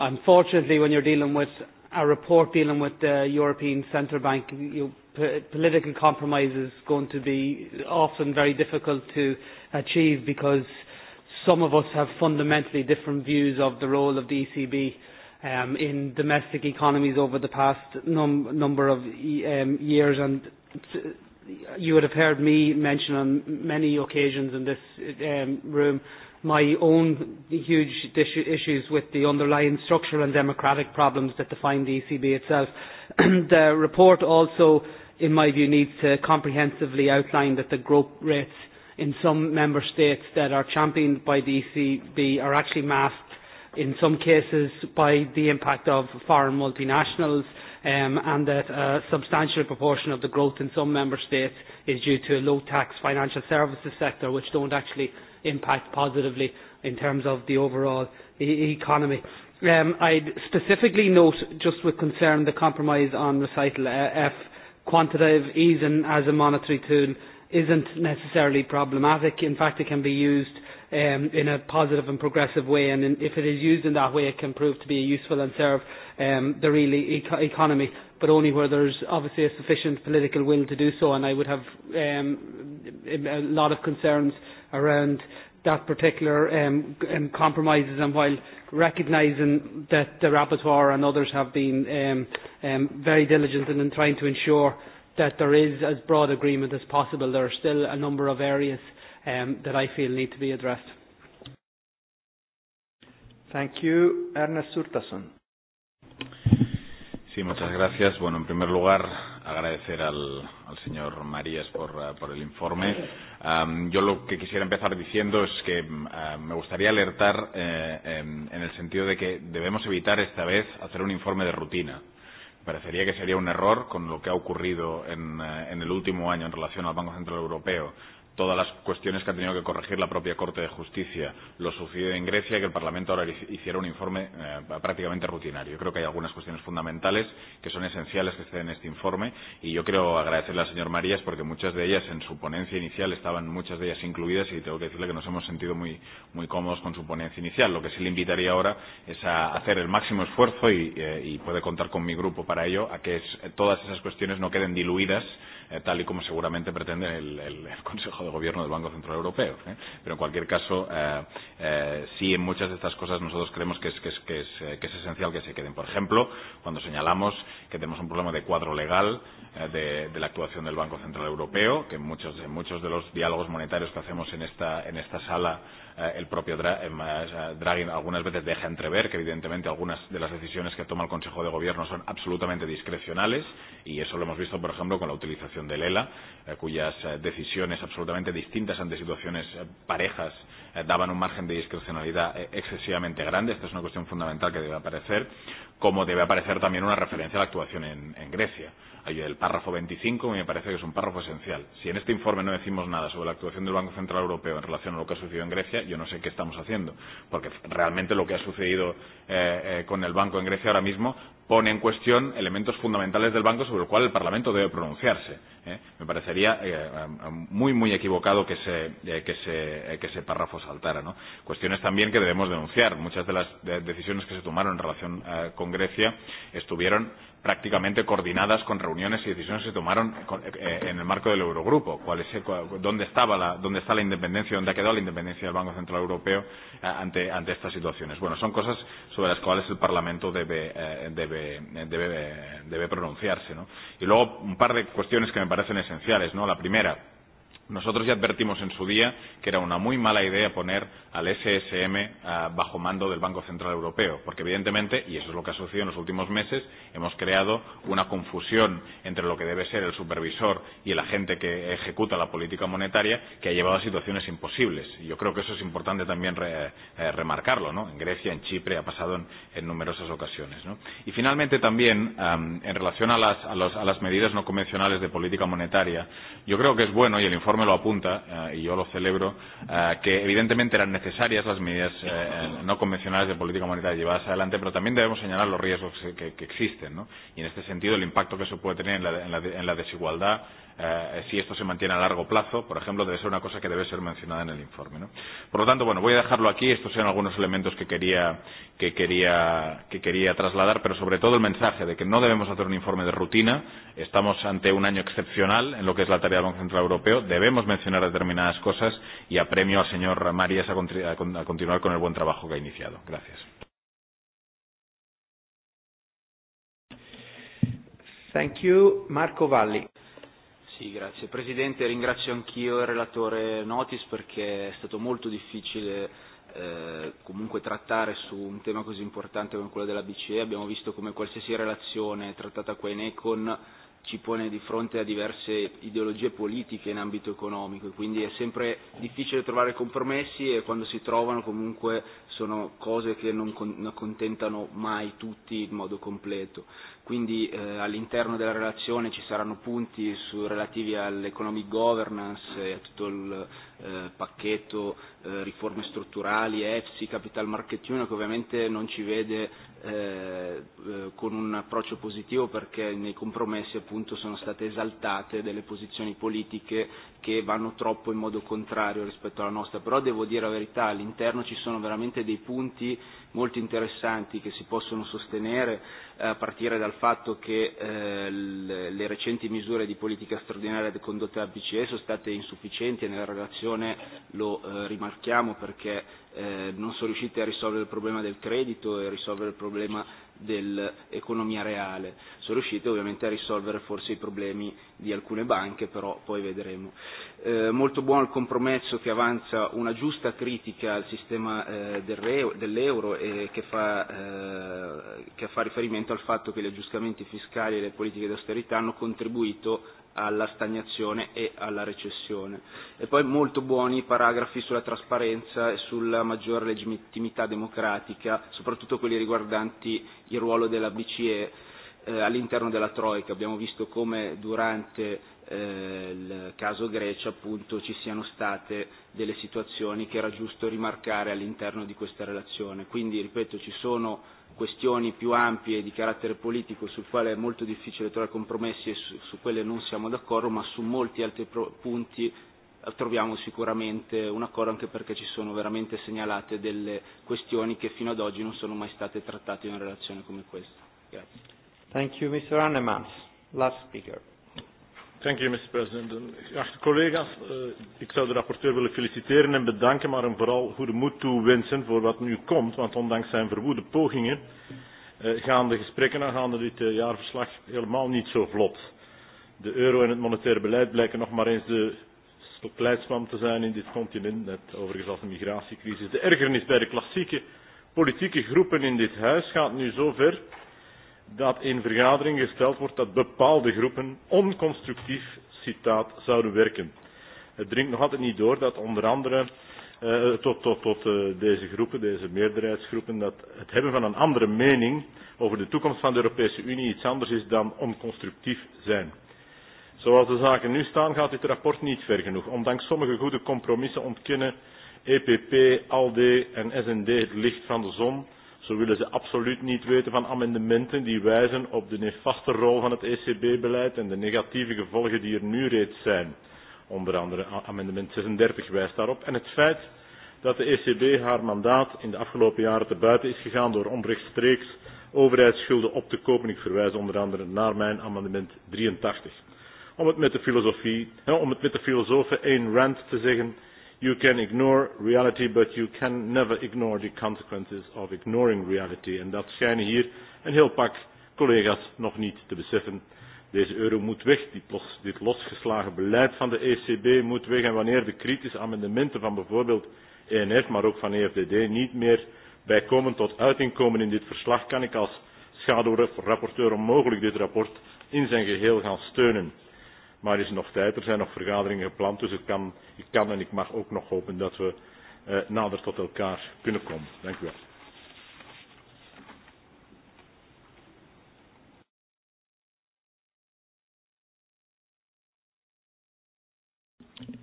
Unfortunately, when you're dealing with a report dealing with the European Central Bank, you know, p- political compromise is going to be often very difficult to achieve because some of us have fundamentally different views of the role of the ECB um, in domestic economies over the past num- number of um, years. And you would have heard me mention on many occasions in this um, room my own huge issues with the underlying structural and democratic problems that define the ECB itself. the report also, in my view, needs to comprehensively outline that the growth rates in some member states that are championed by the ECB are actually masked in some cases by the impact of foreign multinationals um, and that a substantial proportion of the growth in some member states is due to a low tax financial services sector which don't actually impact positively in terms of the overall e economy. Um, I'd specifically note just with concern the compromise on recital uh, F quantitative easing as a monetary tool isn't necessarily problematic. In fact, it can be used um, in a positive and progressive way. And in, if it is used in that way, it can prove to be useful and serve um, the real e- economy, but only where there's obviously a sufficient political will to do so. And I would have um, a lot of concerns around that particular um, um, compromises and while recognising that the rapporteur and others have been um, um, very diligent in, in trying to ensure that there is as broad agreement as possible, there are still a number of areas um, that I feel need to be addressed. Thank you. Ernest Surtason. Sí, muchas gracias. Bueno, en primer lugar, agradecer al, al señor Marías por, uh, por el informe. Um, yo lo que quisiera empezar diciendo es que uh, me gustaría alertar eh, en, en el sentido de que debemos evitar esta vez hacer un informe de rutina. Parecería que sería un error con lo que ha ocurrido en, uh, en el último año en relación al Banco Central Europeo todas las cuestiones que ha tenido que corregir la propia Corte de Justicia. Lo sucedió en Grecia, y que el Parlamento ahora hiciera un informe eh, prácticamente rutinario. Yo creo que hay algunas cuestiones fundamentales que son esenciales que estén en este informe y yo quiero agradecerle al señor Marías porque muchas de ellas en su ponencia inicial estaban muchas de ellas incluidas y tengo que decirle que nos hemos sentido muy, muy cómodos con su ponencia inicial. Lo que sí le invitaría ahora es a hacer el máximo esfuerzo y, eh, y puede contar con mi grupo para ello a que es, todas esas cuestiones no queden diluidas eh, tal y como seguramente pretende el, el, el Consejo de Gobierno del Banco Central Europeo. ¿eh? Pero en cualquier caso, eh, eh, sí en muchas de estas cosas nosotros creemos que es, que, es, que, es, eh, que es esencial que se queden. Por ejemplo, cuando señalamos que tenemos un problema de cuadro legal eh, de, de la actuación del Banco Central Europeo, que en muchos, en muchos de los diálogos monetarios que hacemos en esta, en esta sala eh, el propio Dra eh, eh, Draghi algunas veces deja entrever que evidentemente algunas de las decisiones que toma el Consejo de Gobierno son absolutamente discrecionales y eso lo hemos visto, por ejemplo, con la utilización del ELA, eh, cuyas eh, decisiones absolutamente distintas ante situaciones eh, parejas eh, daban un margen de discrecionalidad eh, excesivamente grande. Esta es una cuestión fundamental que debe aparecer como debe aparecer también una referencia a la actuación en, en Grecia. Hay el párrafo 25, y me parece que es un párrafo esencial. Si en este informe no decimos nada sobre la actuación del Banco Central Europeo en relación a lo que ha sucedido en Grecia, yo no sé qué estamos haciendo, porque realmente lo que ha sucedido eh, eh, con el banco en Grecia ahora mismo pone en cuestión elementos fundamentales del banco sobre el cual el Parlamento debe pronunciarse. ¿eh? Me parecería eh, eh muy, muy equivocado que se, eh, que se, eh, que ese párrafo saltara. ¿no? Cuestiones también que debemos denunciar. Muchas de las de decisiones que se tomaron en relación eh, con Grecia estuvieron prácticamente coordinadas con reuniones y decisiones que se tomaron eh, en el marco del Eurogrupo. ¿Cuál es, dónde, estaba la, ¿Dónde está la independencia, dónde ha quedado la independencia del Banco Central Europeo eh, ante, ante estas situaciones? Bueno, son cosas sobre las cuales el Parlamento debe, eh, debe, debe, debe pronunciarse. ¿no? Y luego un par de cuestiones que me parecen esenciales. ¿no? La primera, Nosotros ya advertimos en su día que era una muy mala idea poner al SSM uh, ah, bajo mando del Banco Central Europeo, porque evidentemente, y eso es lo que ha sucedido en los últimos meses, hemos creado una confusión entre lo que debe ser el supervisor y el agente que ejecuta la política monetaria que ha llevado a situaciones imposibles. Y yo creo que eso es importante también re, eh, remarcarlo, ¿no? En Grecia, en Chipre, ha pasado en, en numerosas ocasiones, ¿no? Y finalmente también, um, en relación a las, a, los, a las medidas no convencionales de política monetaria, yo creo que es bueno, y el informe lo apunta, uh, y yo lo celebro, uh, que evidentemente eran necesarias necesarias las medidas eh, no convencionales de política monetaria llevadas adelante, pero también debemos señalar los riesgos que, que existen. ¿no? Y en este sentido, el impacto que eso puede tener en la, en la, en la desigualdad eh, si esto se mantiene a largo plazo, por ejemplo, debe ser una cosa que debe ser mencionada en el informe. ¿no? Por lo tanto, bueno, voy a dejarlo aquí. Estos eran algunos elementos que quería, que, quería, que quería trasladar, pero sobre todo el mensaje de que no debemos hacer un informe de rutina. Estamos ante un año excepcional en lo que es la tarea del Banco Central Europeo. Debemos mencionar determinadas cosas y apremio al señor Marías a, a continuar con el buen trabajo que ha iniciado. Gracias. Thank you, Marco Valli. Sì, grazie Presidente, ringrazio anch'io il relatore Notis perché è stato molto difficile eh, comunque trattare su un tema così importante come quello della BCE. Abbiamo visto come qualsiasi relazione trattata qua in Econ ci pone di fronte a diverse ideologie politiche in ambito economico e quindi è sempre difficile trovare compromessi e quando si trovano comunque sono cose che non, non accontentano mai tutti in modo completo quindi eh, all'interno della relazione ci saranno punti su, relativi all'economic governance e a tutto il eh, pacchetto eh, riforme strutturali, EFSI, Capital Market Union che ovviamente non ci vede eh, eh, con un approccio positivo perché nei compromessi appunto sono state esaltate delle posizioni politiche che vanno troppo in modo contrario rispetto alla nostra, però devo dire la verità all'interno ci sono veramente dei punti molto interessanti che si possono sostenere eh, a partire dal fatto che eh, le recenti misure di politica straordinaria condotte dal BCE sono state insufficienti e nella relazione lo eh, rimarchiamo perché eh, non sono riuscite a risolvere il problema del credito e risolvere il problema dell'economia reale. Sono riusciti ovviamente a risolvere forse i problemi di alcune banche, però poi vedremo. Eh, molto buono il compromesso che avanza una giusta critica al sistema eh, del re, dell'euro e che fa, eh, che fa riferimento al fatto che gli aggiustamenti fiscali e le politiche di austerità hanno contribuito alla stagnazione e alla recessione. E poi molto buoni i paragrafi sulla trasparenza e sulla maggiore legittimità democratica, soprattutto quelli riguardanti il ruolo della BCE eh, all'interno della Troica. Abbiamo visto come durante eh, il caso Grecia appunto ci siano state delle situazioni che era giusto rimarcare all'interno di questa relazione. Quindi, ripeto, ci sono questioni più ampie di carattere politico sul quale è molto difficile trovare compromessi e su, su quelle non siamo d'accordo, ma su molti altri pro- punti eh, troviamo sicuramente un accordo anche perché ci sono veramente segnalate delle questioni che fino ad oggi non sono mai state trattate in una relazione come questa. Grazie. Thank you, Mr. Annemans. Last speaker. Thank you, Mr. President. Geachte collega's, eh, ik zou de rapporteur willen feliciteren en bedanken, maar hem vooral goede moed toewensen voor wat nu komt, want ondanks zijn verwoede pogingen eh, gaan de gesprekken aangaande dit eh, jaarverslag helemaal niet zo vlot. De euro en het monetaire beleid blijken nog maar eens de leidsman te zijn in dit continent, net overigens als de migratiecrisis. De ergernis bij de klassieke politieke groepen in dit huis gaat nu zo ver dat in vergadering gesteld wordt dat bepaalde groepen onconstructief citaat zouden werken. Het dringt nog altijd niet door dat onder andere eh, tot, tot, tot uh, deze groepen, deze meerderheidsgroepen, dat het hebben van een andere mening over de toekomst van de Europese Unie iets anders is dan onconstructief zijn. Zoals de zaken nu staan gaat dit rapport niet ver genoeg. Ondanks sommige goede compromissen ontkennen EPP, ALDE en SND het licht van de zon Zo willen ze absoluut niet weten van amendementen die wijzen op de nefaste rol van het ECB-beleid en de negatieve gevolgen die er nu reeds zijn. Onder andere amendement 36 wijst daarop. En het feit dat de ECB haar mandaat in de afgelopen jaren te buiten is gegaan door onrechtstreeks overheidsschulden op te kopen. Ik verwijs onder andere naar mijn amendement 83. Om het met de filosofie, om het met de filosoof Ayn Rand te zeggen, you can ignore reality but you can never ignore the consequences of ignoring reality en dat schijnen hier een heel pak collega's nog niet te beseffen. Deze euro moet weg, los, dit losgeslagen beleid van de ECB moet weg en wanneer de kritische amendementen van bijvoorbeeld ENF maar ook van EFDD niet meer bijkomend tot uiting komen in dit verslag kan ik als schaduwrapporteur onmogelijk dit rapport in zijn geheel gaan steunen. Maar er is nog tijd, er zijn nog vergaderingen gepland, dus ik kan, ik kan en ik mag ook nog hopen dat we eh, nader tot elkaar kunnen komen. Dank u wel.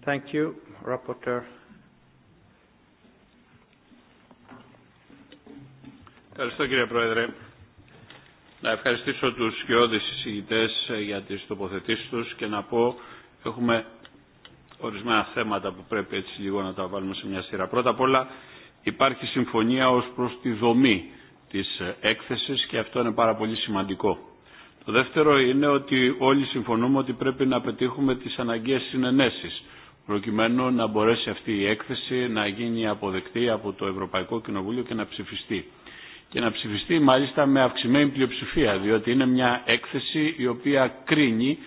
Thank you, Rapporteur. Ευχαριστώ κύριε Πρόεδρε να ευχαριστήσω τους σκιώδεις συζητητές για τις τοποθετήσεις τους και να πω έχουμε ορισμένα θέματα που πρέπει έτσι λίγο να τα βάλουμε σε μια σειρά. Πρώτα απ' όλα υπάρχει συμφωνία ως προς τη δομή της έκθεσης και αυτό είναι πάρα πολύ σημαντικό. Το δεύτερο είναι ότι όλοι συμφωνούμε ότι πρέπει να πετύχουμε τις αναγκαίες συνενέσεις προκειμένου να μπορέσει αυτή η έκθεση να γίνει αποδεκτή από το Ευρωπαϊκό Κοινοβούλιο και να ψηφιστεί και να ψηφιστεί μάλιστα με αυξημένη πλειοψηφία, διότι είναι μια έκθεση η οποία κρίνει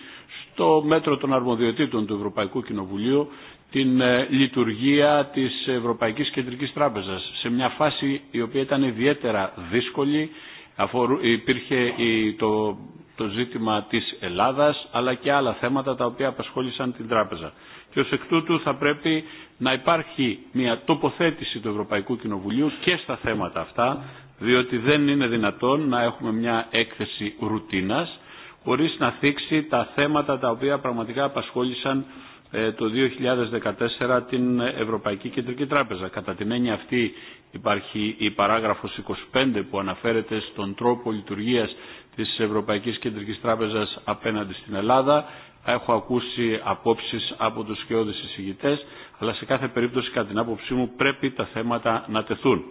στο μέτρο των αρμοδιοτήτων του Ευρωπαϊκού Κοινοβουλίου την λειτουργία της Ευρωπαϊκής Κεντρικής Τράπεζας σε μια φάση η οποία ήταν ιδιαίτερα δύσκολη αφορού, υπήρχε η, το, το ζήτημα της Ελλάδας αλλά και άλλα θέματα τα οποία απασχόλησαν την τράπεζα. Και ως εκ τούτου θα πρέπει να υπάρχει μια τοποθέτηση του Ευρωπαϊκού Κοινοβουλίου και στα θέματα αυτά διότι δεν είναι δυνατόν να έχουμε μια έκθεση ρουτίνας χωρίς να θίξει τα θέματα τα οποία πραγματικά απασχόλησαν το 2014 την Ευρωπαϊκή Κεντρική Τράπεζα. Κατά την έννοια αυτή υπάρχει η παράγραφος 25 που αναφέρεται στον τρόπο λειτουργίας της Ευρωπαϊκής Κεντρικής Τράπεζας απέναντι στην Ελλάδα. Έχω ακούσει απόψεις από τους σκιώδεις εισηγητές, αλλά σε κάθε περίπτωση κατά την άποψή μου πρέπει τα θέματα να τεθούν.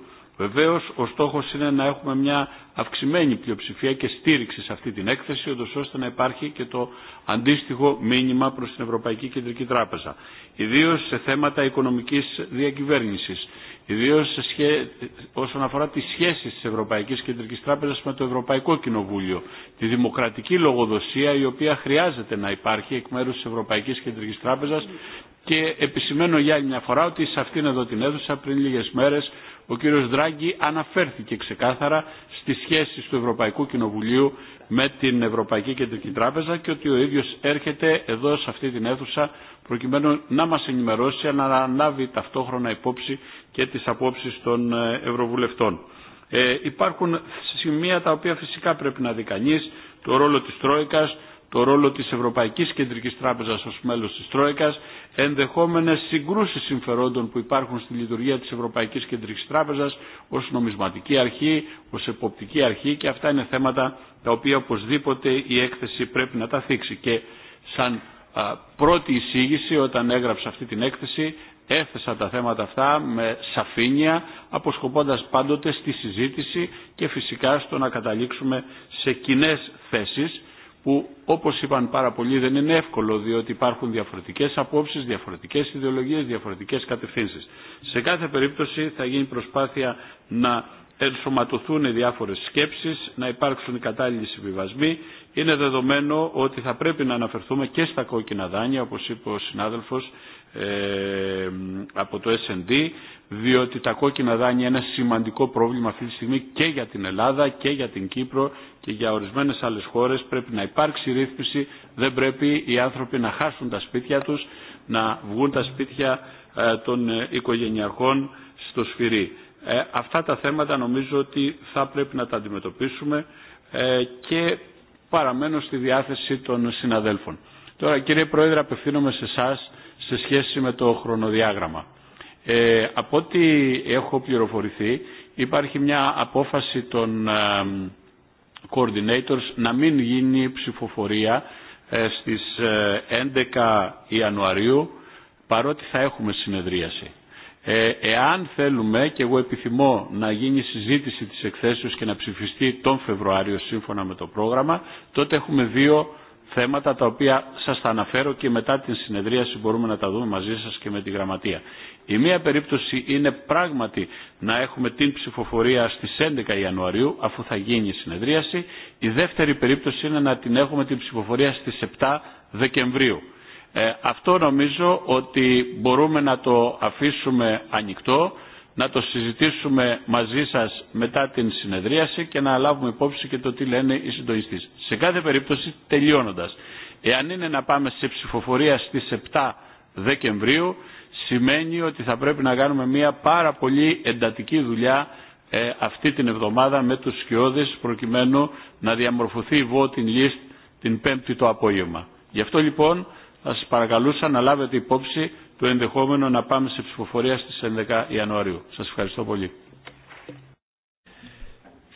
Βεβαίω, ο στόχο είναι να έχουμε μια αυξημένη πλειοψηφία και στήριξη σε αυτή την έκθεση, ούτω ώστε να υπάρχει και το αντίστοιχο μήνυμα προ την Ευρωπαϊκή Κεντρική Τράπεζα. Ιδίω σε θέματα οικονομική διακυβέρνηση. Ιδίω σχέ... όσον αφορά τι σχέσει τη Ευρωπαϊκή Κεντρική Τράπεζα με το Ευρωπαϊκό Κοινοβούλιο. Τη δημοκρατική λογοδοσία η οποία χρειάζεται να υπάρχει εκ μέρου τη Ευρωπαϊκή Κεντρική Τράπεζα. Και επισημαίνω για άλλη μια φορά ότι σε αυτήν εδώ την αίθουσα πριν λίγε μέρε ο κύριος Δράγκη αναφέρθηκε ξεκάθαρα στις σχέσεις του Ευρωπαϊκού Κοινοβουλίου με την Ευρωπαϊκή Κεντρική Τράπεζα και ότι ο ίδιος έρχεται εδώ σε αυτή την αίθουσα προκειμένου να μας ενημερώσει αλλά να αναλάβει ταυτόχρονα υπόψη και τις απόψεις των Ευρωβουλευτών. Ε, υπάρχουν σημεία τα οποία φυσικά πρέπει να δει κανείς, το ρόλο της Τρόικας, το ρόλο της Ευρωπαϊκής Κεντρικής Τράπεζας ως μέλος της Τρόικας, ενδεχόμενες συγκρούσεις συμφερόντων που υπάρχουν στη λειτουργία της Ευρωπαϊκής Κεντρικής Τράπεζας ως νομισματική αρχή, ως εποπτική αρχή και αυτά είναι θέματα τα οποία οπωσδήποτε η έκθεση πρέπει να τα θίξει. Και σαν α, πρώτη εισήγηση όταν έγραψα αυτή την έκθεση έθεσα τα θέματα αυτά με σαφήνεια, αποσκοπώντας πάντοτε στη συζήτηση και φυσικά στο να καταλήξουμε σε κοινέ θέσεις που όπως είπαν πάρα πολλοί δεν είναι εύκολο διότι υπάρχουν διαφορετικές απόψεις, διαφορετικές ιδεολογίες, διαφορετικές κατευθύνσεις. Σε κάθε περίπτωση θα γίνει προσπάθεια να ενσωματωθούν οι διάφορες σκέψεις, να υπάρξουν οι κατάλληλοι συμβιβασμοί. Είναι δεδομένο ότι θα πρέπει να αναφερθούμε και στα κόκκινα δάνεια, όπως είπε ο συνάδελφος, ε, από το S&D διότι τα κόκκινα δάνεια είναι σημαντικό πρόβλημα αυτή τη στιγμή και για την Ελλάδα και για την Κύπρο και για ορισμένες άλλες χώρες πρέπει να υπάρξει ρύθμιση, δεν πρέπει οι άνθρωποι να χάσουν τα σπίτια τους, να βγουν τα σπίτια ε, των οικογενειακών στο σφυρί. Ε, αυτά τα θέματα νομίζω ότι θα πρέπει να τα αντιμετωπίσουμε ε, και παραμένω στη διάθεση των συναδέλφων. Τώρα κύριε Πρόεδρε απευθύνομαι σε εσάς σε σχέση με το χρονοδιάγραμμα. Ε, από ό,τι έχω πληροφορηθεί υπάρχει μια απόφαση των ε, coordinators να μην γίνει ψηφοφορία ε, στις ε, 11 Ιανουαρίου παρότι θα έχουμε συνεδρίαση. Ε, εάν θέλουμε και εγώ επιθυμώ να γίνει συζήτηση της εκθέσεως και να ψηφιστεί τον Φεβρουάριο σύμφωνα με το πρόγραμμα τότε έχουμε δύο θέματα τα οποία σας τα αναφέρω και μετά την συνεδρίαση μπορούμε να τα δούμε μαζί σας και με τη γραμματεία. Η μία περίπτωση είναι πράγματι να έχουμε την ψηφοφορία στις 11 Ιανουαρίου αφού θα γίνει η συνεδρίαση. Η δεύτερη περίπτωση είναι να την έχουμε την ψηφοφορία στις 7 Δεκεμβρίου. Ε, αυτό νομίζω ότι μπορούμε να το αφήσουμε ανοιχτό να το συζητήσουμε μαζί σας μετά την συνεδρίαση και να λάβουμε υπόψη και το τι λένε οι συντονιστές. Σε κάθε περίπτωση τελειώνοντας, εάν είναι να πάμε σε ψηφοφορία στις 7 Δεκεμβρίου, σημαίνει ότι θα πρέπει να κάνουμε μια πάρα πολύ εντατική δουλειά ε, αυτή την εβδομάδα με τους σκιώδες προκειμένου να διαμορφωθεί η voting list την Πέμπτη το απόγευμα. Γι' αυτό λοιπόν θα σας παρακαλούσα να λάβετε υπόψη το ενδεχόμενο να πάμε σε ψηφοφορία στις 11 Ιανουαρίου. Σας ευχαριστώ πολύ.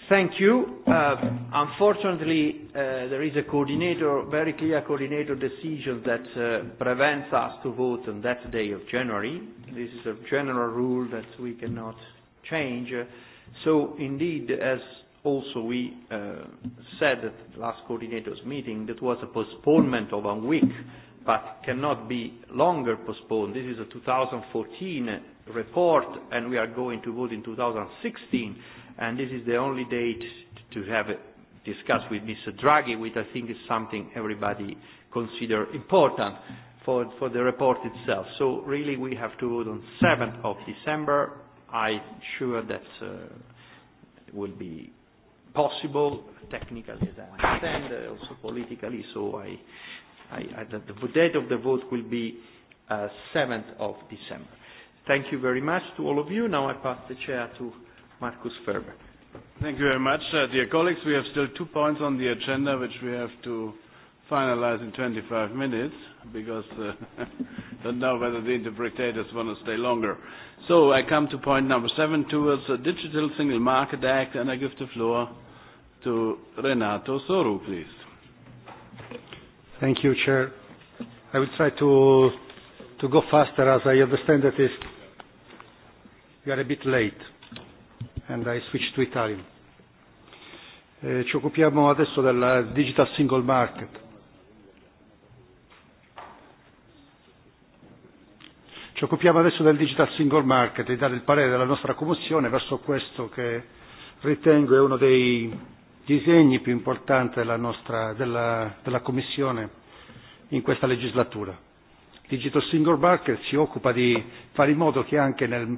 Thank you. Uh, unfortunately, uh, there is a coordinator, very clear coordinator decision that uh, prevents us to vote on that day of January. This is a general rule that we cannot change. So indeed, as also we uh, said at the last coordinators meeting, that was a postponement of a week but cannot be longer postponed. This is a 2014 report, and we are going to vote in 2016, and this is the only date to have it discussed with Mr. Draghi, which I think is something everybody considers important for, for the report itself. So really we have to vote on 7th of December. I'm sure that uh, will be possible technically, as I understand, uh, also politically, so I I, I, the date of the vote will be uh, 7th of December. Thank you very much to all of you. Now I pass the chair to Markus Ferber. Thank you very much. Uh, dear colleagues, we have still two points on the agenda which we have to finalize in 25 minutes because uh, don't know whether the interpreters want to stay longer. So I come to point number seven towards the Digital Single Market Act and I give the floor to Renato Soru, please. Thank you, Chair. I will try to, to go faster as I understand that is, we are a bit late and I switch to Italian. Eh, ci occupiamo adesso del Digital Single Market. Ci occupiamo adesso del Digital Single Market e dare il parere della nostra Commissione verso questo che ritengo è uno dei disegni più importanti della, nostra, della, della Commissione in questa legislatura. Digital Single Market si occupa di fare in modo che anche nel,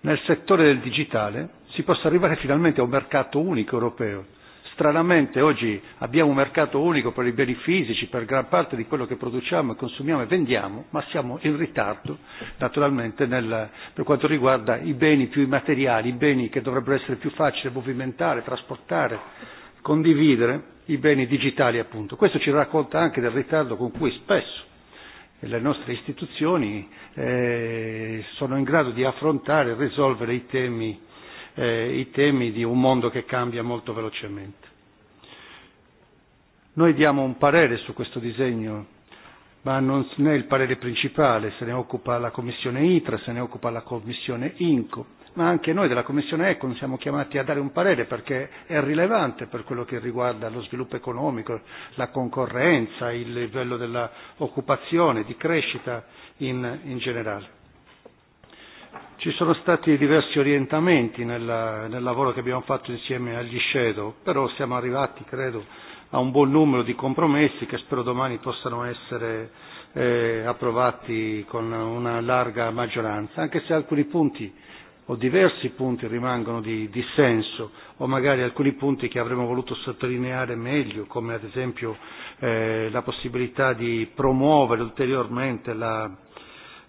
nel settore del digitale si possa arrivare finalmente a un mercato unico europeo stranamente oggi abbiamo un mercato unico per i beni fisici, per gran parte di quello che produciamo, e consumiamo e vendiamo, ma siamo in ritardo naturalmente nel, per quanto riguarda i beni più immateriali, i beni che dovrebbero essere più facili movimentare, trasportare, condividere, i beni digitali appunto. Questo ci racconta anche del ritardo con cui spesso le nostre istituzioni eh, sono in grado di affrontare e risolvere i temi, eh, i temi di un mondo che cambia molto velocemente. Noi diamo un parere su questo disegno, ma non è il parere principale, se ne occupa la Commissione ITRA, se ne occupa la Commissione INCO, ma anche noi della Commissione ECON siamo chiamati a dare un parere perché è rilevante per quello che riguarda lo sviluppo economico, la concorrenza, il livello dell'occupazione, di crescita in, in generale. Ci sono stati diversi orientamenti nel, nel lavoro che abbiamo fatto insieme agli Shadow, però siamo arrivati, credo, a un buon numero di compromessi che spero domani possano essere eh, approvati con una larga maggioranza, anche se alcuni punti o diversi punti rimangono di dissenso o magari alcuni punti che avremmo voluto sottolineare meglio, come ad esempio eh, la possibilità di promuovere ulteriormente la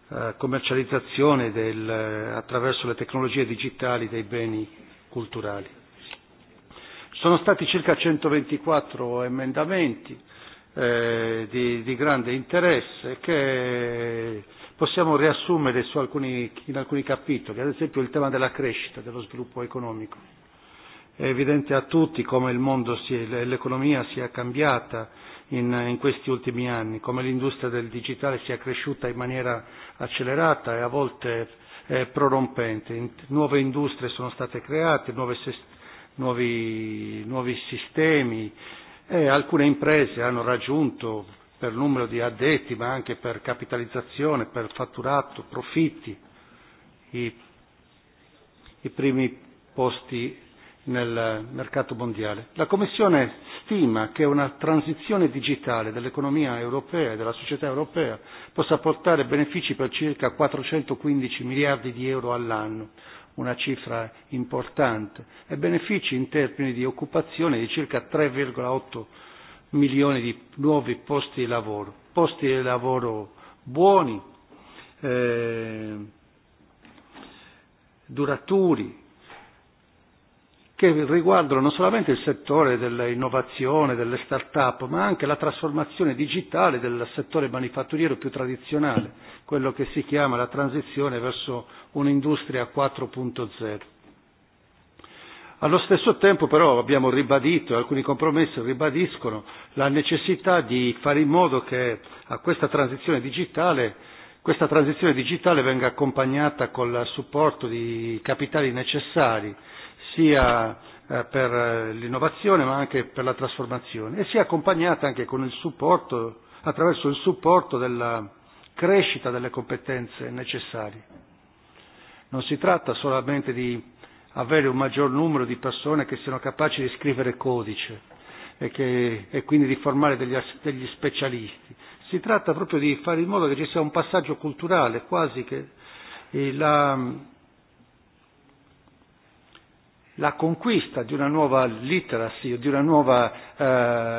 eh, commercializzazione del, attraverso le tecnologie digitali dei beni culturali. Sono stati circa 124 emendamenti eh, di, di grande interesse che possiamo riassumere su alcuni, in alcuni capitoli, ad esempio il tema della crescita, dello sviluppo economico. È evidente a tutti come il mondo si, l'economia sia cambiata in, in questi ultimi anni, come l'industria del digitale sia cresciuta in maniera accelerata e a volte eh, prorompente. In, nuove industrie sono state create, nuove nuovi, nuovi sistemi e alcune imprese hanno raggiunto per numero di addetti ma anche per capitalizzazione, per fatturato, profitti i, i primi posti nel mercato mondiale. La Commissione stima che una transizione digitale dell'economia europea e della società europea possa portare benefici per circa 415 miliardi di euro all'anno, una cifra importante, e benefici in termini di occupazione di circa 3,8 milioni di nuovi posti di lavoro, posti di lavoro buoni, eh, duraturi, che riguardano non solamente il settore dell'innovazione, delle start-up, ma anche la trasformazione digitale del settore manifatturiero più tradizionale, quello che si chiama la transizione verso un'industria 4.0. Allo stesso tempo però abbiamo ribadito, e alcuni compromessi ribadiscono, la necessità di fare in modo che a questa transizione digitale questa transizione digitale venga accompagnata col supporto di capitali necessari sia eh, per eh, l'innovazione ma anche per la trasformazione e sia accompagnata anche con il supporto, attraverso il supporto della crescita delle competenze necessarie. Non si tratta solamente di avere un maggior numero di persone che siano capaci di scrivere codice e, che, e quindi di formare degli, degli specialisti. Si tratta proprio di fare in modo che ci sia un passaggio culturale, quasi che e la, la conquista di una nuova literacy, di una nuova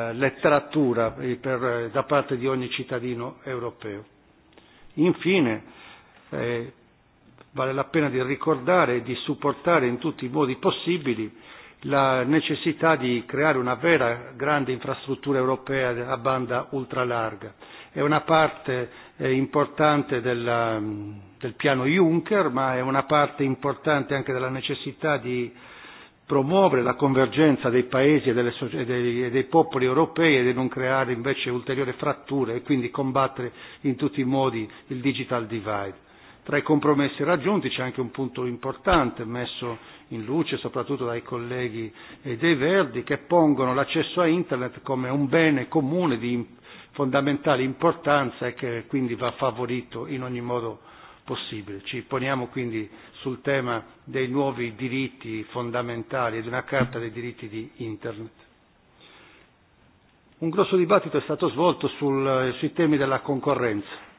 eh, letteratura eh, per, eh, da parte di ogni cittadino europeo. Infine, eh, vale la pena di ricordare e di supportare in tutti i modi possibili la necessità di creare una vera grande infrastruttura europea a banda ultralarga. È una parte eh, importante della, del piano Juncker, ma è una parte importante anche della necessità di eh, promuovere la convergenza dei paesi e, delle, e dei, e dei popoli europei e di non creare invece ulteriori fratture e quindi combattere in tutti i modi il digital divide. Tra i compromessi raggiunti c'è anche un punto importante messo in luce soprattutto dai colleghi eh, dei Verdi che pongono l'accesso a Internet come un bene comune di fondamentale importanza e che quindi va favorito in ogni modo possibile. Ci poniamo quindi sul tema dei nuovi diritti fondamentali e di una carta dei diritti di Internet. Un grosso dibattito è stato svolto sul, sui temi della concorrenza.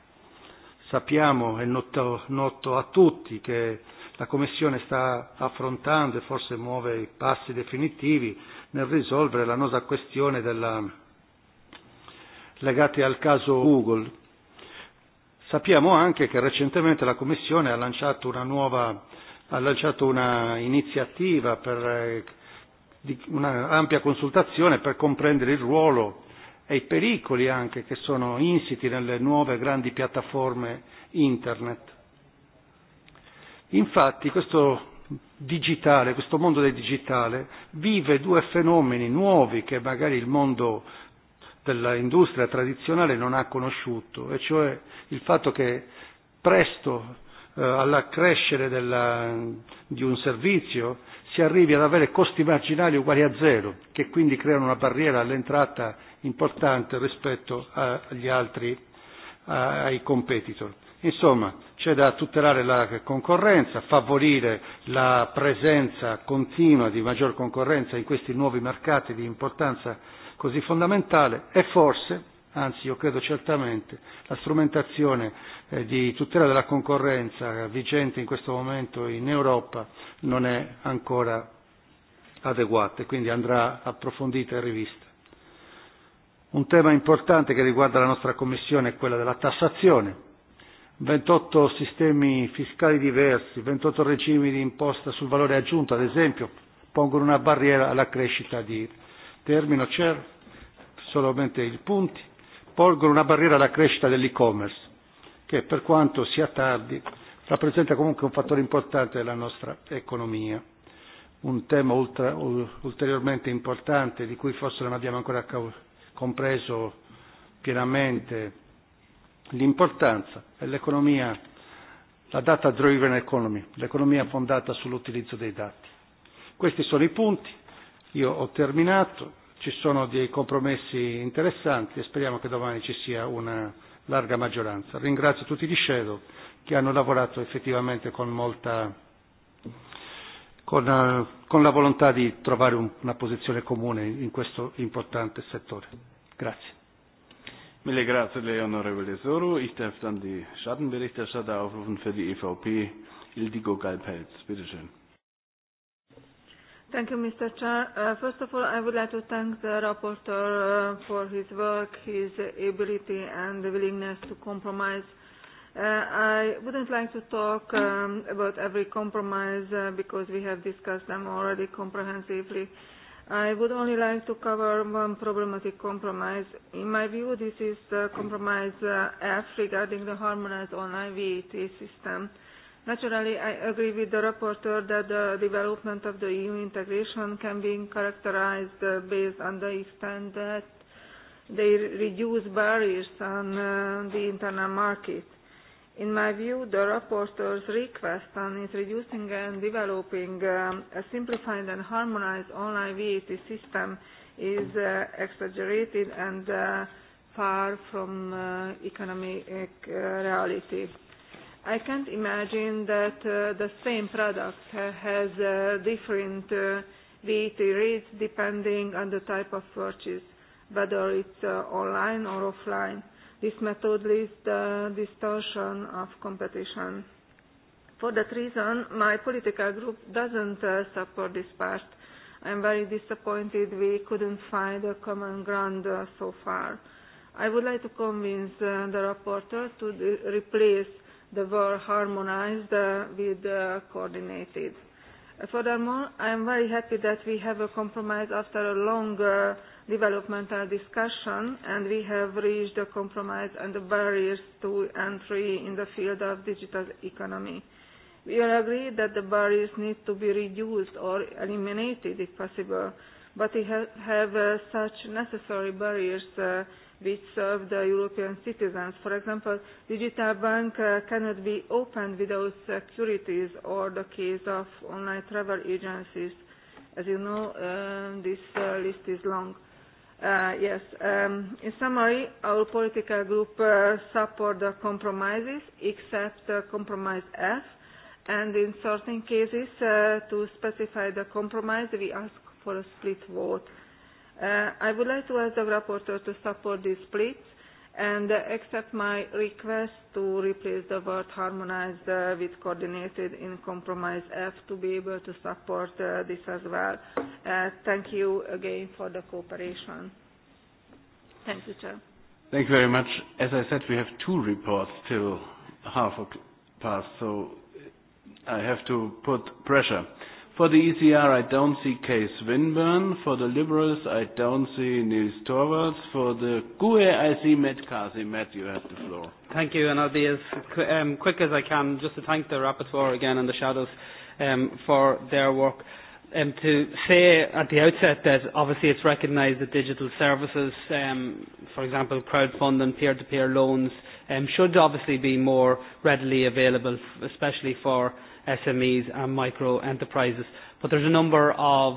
Sappiamo, è noto, noto a tutti, che la Commissione sta affrontando e forse muove i passi definitivi nel risolvere la nosa questione della, legate al caso Google, Sappiamo anche che recentemente la Commissione ha lanciato una nuova ha lanciato una iniziativa per eh, un'ampia consultazione per comprendere il ruolo e i pericoli anche che sono insiti nelle nuove grandi piattaforme internet. Infatti questo digitale, questo mondo del digitale vive due fenomeni nuovi che magari il mondo dell'industria tradizionale non ha conosciuto, e cioè il fatto che presto eh, all'accrescere della, di un servizio si arrivi ad avere costi marginali uguali a zero, che quindi creano una barriera all'entrata importante rispetto a, agli altri, a, ai competitor. Insomma, c'è da tutelare la concorrenza, favorire la presenza continua di maggior concorrenza in questi nuovi mercati di importanza così fondamentale e forse anzi io credo certamente, la strumentazione eh, di tutela della concorrenza vigente in questo momento in Europa non è ancora adeguata e quindi andrà approfondita e rivista. Un tema importante che riguarda la nostra Commissione è quello della tassazione. 28 sistemi fiscali diversi, 28 regimi di imposta sul valore aggiunto, ad esempio, pongono una barriera alla crescita di Termino, Chair, solamente i punti. Porgono una barriera alla crescita dell'e-commerce, che per quanto sia tardi rappresenta comunque un fattore importante della nostra economia. Un tema ultra, ulteriormente importante di cui forse non abbiamo ancora compreso pienamente l'importanza è l'economia, la data driven economy, l'economia fondata sull'utilizzo dei dati. Questi sono i punti Io ho terminato, ci sono dei compromessi interessanti e speriamo che domani ci sia una larga maggioranza. Ringrazio tutti gli Shadow che hanno lavorato effettivamente con molta con, eh, con la volontà di trovare un, una posizione comune in questo importante settore. Grazie. Mille grazie lei onorevole Soru. Ich darf dann die Schattenberichterstatter aufrufen für die EVP, Ildigo Galpelz. Bitte schön. Thank you, Mr. Chair. Uh, first of all, I would like to thank the rapporteur uh, for his work, his ability and the willingness to compromise. Uh, I wouldn't like to talk um, about every compromise uh, because we have discussed them already comprehensively. I would only like to cover one problematic compromise. In my view, this is uh, compromise uh, F regarding the harmonized online VAT system. Naturally, I agree with the rapporteur that the development of the EU integration can be characterized uh, based on the extent that they reduce barriers on uh, the internal market. In my view, the rapporteur's request on introducing and developing um, a simplified and harmonized online VAT system is uh, exaggerated and uh, far from uh, economic uh, reality. I can't imagine that uh, the same product has a uh, different uh, VAT rates depending on the type of purchase, whether it's uh, online or offline. This method leads the distortion of competition. For that reason, my political group doesn't uh, support this part. I'm very disappointed we couldn't find a common ground uh, so far. I would like to convince uh, the rapporteur to uh, replace that were harmonized uh, with uh, coordinated. Uh, furthermore, I am very happy that we have a compromise after a longer uh, developmental discussion and we have reached a compromise on the barriers to entry in the field of digital economy. We all agree that the barriers need to be reduced or eliminated if possible, but we have, have uh, such necessary barriers uh, which serve the European citizens. For example, digital bank uh, cannot be opened without securities or the case of online travel agencies. As you know, uh, this uh, list is long. Uh, yes, um, in summary, our political group uh, support the compromises except uh, compromise F and in certain cases uh, to specify the compromise we ask for a split vote. Uh, I would like to ask the rapporteur to support this split and accept my request to replace the word harmonized uh, with coordinated in compromise F to be able to support uh, this as well. Uh, thank you again for the cooperation. Thank you, Chair. Thank you very much. As I said, we have two reports till half past, so I have to put pressure. For the ECR, I don't see Kay Swinburne. For the Liberals, I don't see Nils Torvalds. For the GUE, I see Matt Casey. Matt, you have the floor. Thank you, and I'll be as qu- um, quick as I can just to thank the rapporteur again and the shadows um, for their work. Um, to say at the outset that obviously it's recognised that digital services, um, for example crowdfunding, peer-to-peer -peer loans, um, should obviously be more readily available, especially for SMEs and micro enterprises. But there's a number of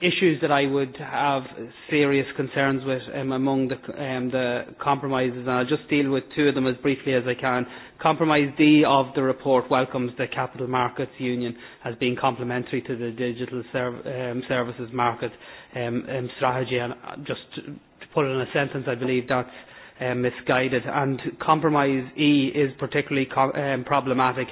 issues that I would have serious concerns with um, among the, um, the compromises, and I'll just deal with two of them as briefly as I can. Compromise D of the report welcomes the Capital Markets Union as being complementary to the digital serv- um, services market um, um, strategy, and just to put it in a sentence, I believe that's um, misguided. And compromise E is particularly co- um, problematic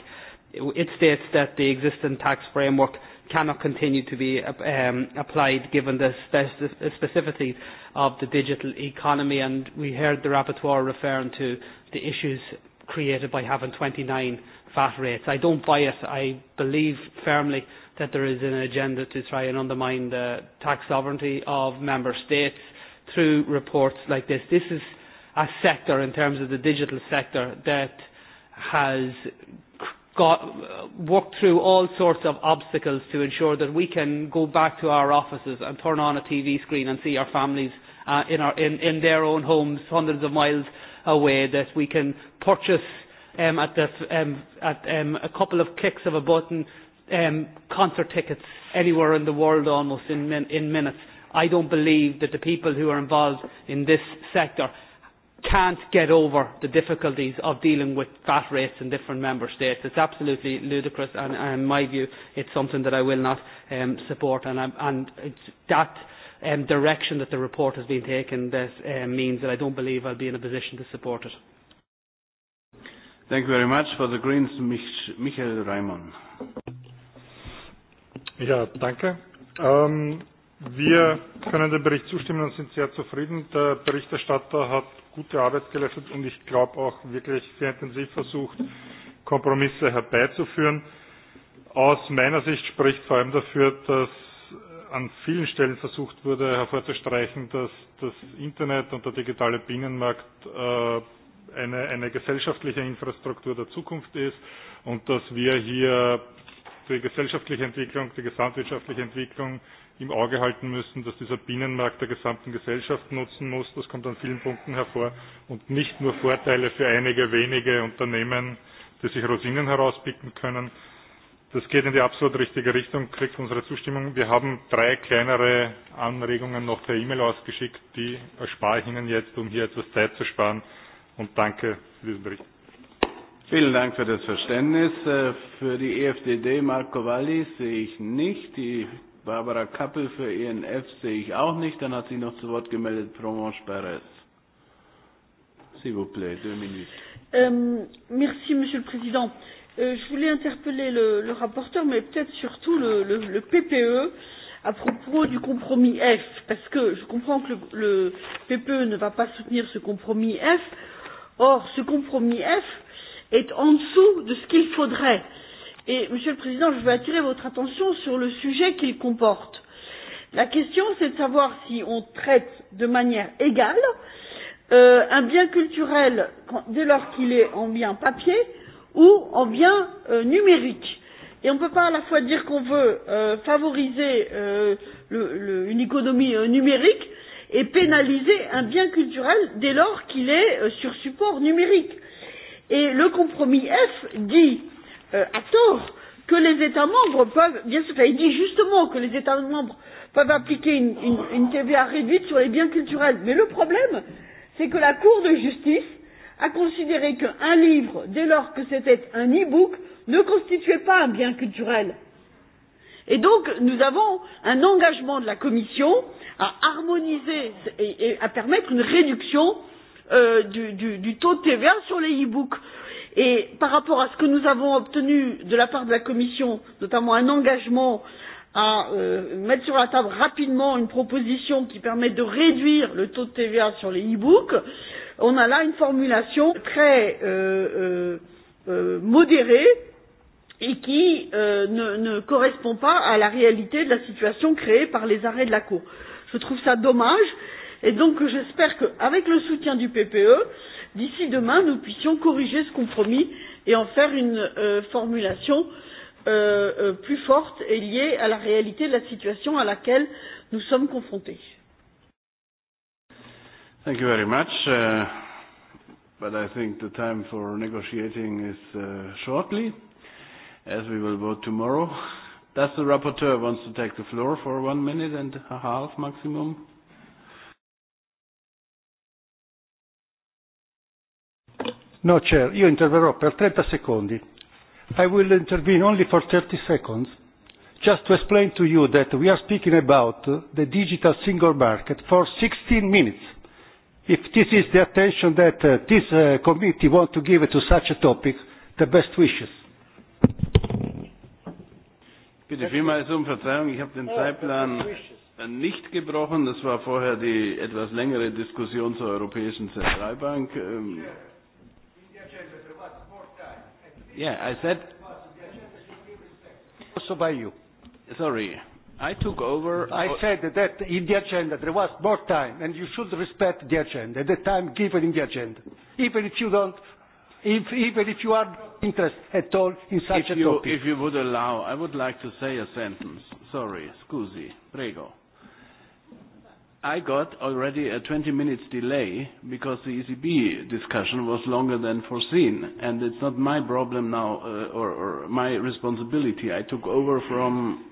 it states that the existing tax framework cannot continue to be uh, um, applied given the specificities of the digital economy and we heard the rapporteur referring to the issues created by having 29 VAT rates. I don't buy it. I believe firmly that there is an agenda to try and undermine the tax sovereignty of member states through reports like this. This is a sector in terms of the digital sector that has got worked through all sorts of obstacles to ensure that we can go back to our offices and turn on a TV screen and see our families uh, in, our, in, in their own homes, hundreds of miles away, that we can purchase um, at, the, um, at um, a couple of clicks of a button um, concert tickets anywhere in the world almost in, min- in minutes. I don't believe that the people who are involved in this sector can't get over the difficulties of dealing with VAT rates in different member states. It's absolutely ludicrous, and, and in my view, it's something that I will not um, support. And, and it's that um, direction that the report has been taken this, um, means that I don't believe I'll be in a position to support it. Thank you very much. For the Greens, Mich Michael Reimann. Ja, danke. Um, wir können dem Bericht zustimmen und sind sehr zufrieden. Der Berichterstatter hat gute Arbeit geleistet und ich glaube auch wirklich sehr intensiv versucht, Kompromisse herbeizuführen. Aus meiner Sicht spricht vor allem dafür, dass an vielen Stellen versucht wurde hervorzustreichen, dass das Internet und der digitale Binnenmarkt äh, eine, eine gesellschaftliche Infrastruktur der Zukunft ist und dass wir hier die gesellschaftliche Entwicklung, die gesamtwirtschaftliche Entwicklung im Auge halten müssen, dass dieser Binnenmarkt der gesamten Gesellschaft nutzen muss. Das kommt an vielen Punkten hervor und nicht nur Vorteile für einige wenige Unternehmen, die sich Rosinen herauspicken können. Das geht in die absolut richtige Richtung, kriegt unsere Zustimmung. Wir haben drei kleinere Anregungen noch per E-Mail ausgeschickt, die erspare ich Ihnen jetzt, um hier etwas Zeit zu sparen. Und danke für diesen Bericht. Vielen Dank für das Verständnis. Äh, für die EFDD, Marco Walli sehe ich nicht. Die Barbara Kappel für ENF sehe ich auch nicht. Dann hat sich noch zu Wort gemeldet Provence Perez. S'il vous plaît, deux minutes. Euh, merci, Monsieur le Président. Euh, je voulais interpeller le, le rapporteur, mais peut-être surtout le, le, le PPE à propos du compromis F, parce que je comprends que le, le PPE ne va pas soutenir ce compromis F. Or, ce compromis F est en dessous de ce qu'il faudrait. Euh, Et, Monsieur le Président, je veux attirer votre attention sur le sujet qu'il comporte. La question, c'est de savoir si on traite de manière égale euh, un bien culturel quand, dès lors qu'il est en bien papier ou en bien euh, numérique. Et on ne peut pas à la fois dire qu'on veut euh, favoriser euh, le, le, une économie euh, numérique et pénaliser un bien culturel dès lors qu'il est euh, sur support numérique. Et le compromis F dit euh, euh, à tort que les États membres peuvent, bien sûr, il dit justement que les États membres peuvent appliquer une, une, une TVA réduite sur les biens culturels. Mais le problème, c'est que la Cour de justice a considéré qu'un livre, dès lors que c'était un e-book, ne constituait pas un bien culturel. Et donc, nous avons un engagement de la Commission à harmoniser et, et à permettre une réduction euh, du, du, du taux de TVA sur les e-books et par rapport à ce que nous avons obtenu de la part de la commission notamment un engagement à euh, mettre sur la table rapidement une proposition qui permette de réduire le taux de TVA sur les e books on a là une formulation très euh, euh, euh, modérée et qui euh, ne, ne correspond pas à la réalité de la situation créée par les arrêts de la Cour. Je trouve ça dommage et donc j'espère qu'avec le soutien du PPE, euh, d'ici demain, nous puissions corriger ce compromis et en faire une euh, formulation euh, euh, plus forte et liée à la réalité de la situation à laquelle nous sommes confrontés. Thank you very much. Uh, but I think the time for negotiating is uh, shortly, as we will vote tomorrow. Does the rapporteur wants to take the floor for one minute and a half maximum? No, Chair, io interverrò per 30 secondi. I will intervene only for 30 seconds, just to explain to you that we are speaking about the digital single market for 16 minutes. If this is the attention that uh, this uh, committee wants to give to such a topic, the best wishes. Bitte vielmals um Verzeihung, ich habe den oh, Zeitplan nicht gebrochen. Das war vorher die etwas längere Diskussion zur Europäischen Zentralbank. Ähm, yeah. Yeah, I said. Also by you. Sorry. I took over. I oh, said that in the agenda there was more time, and you should respect the agenda, the time given in the agenda. Even if you don't, if, even if you are interested at all in such if a you, topic. If you would allow, I would like to say a sentence. Sorry, scusi, prego. I got already a 20 minutes delay because the ECB discussion was longer than foreseen, and it's not my problem now uh, or, or my responsibility. I took over from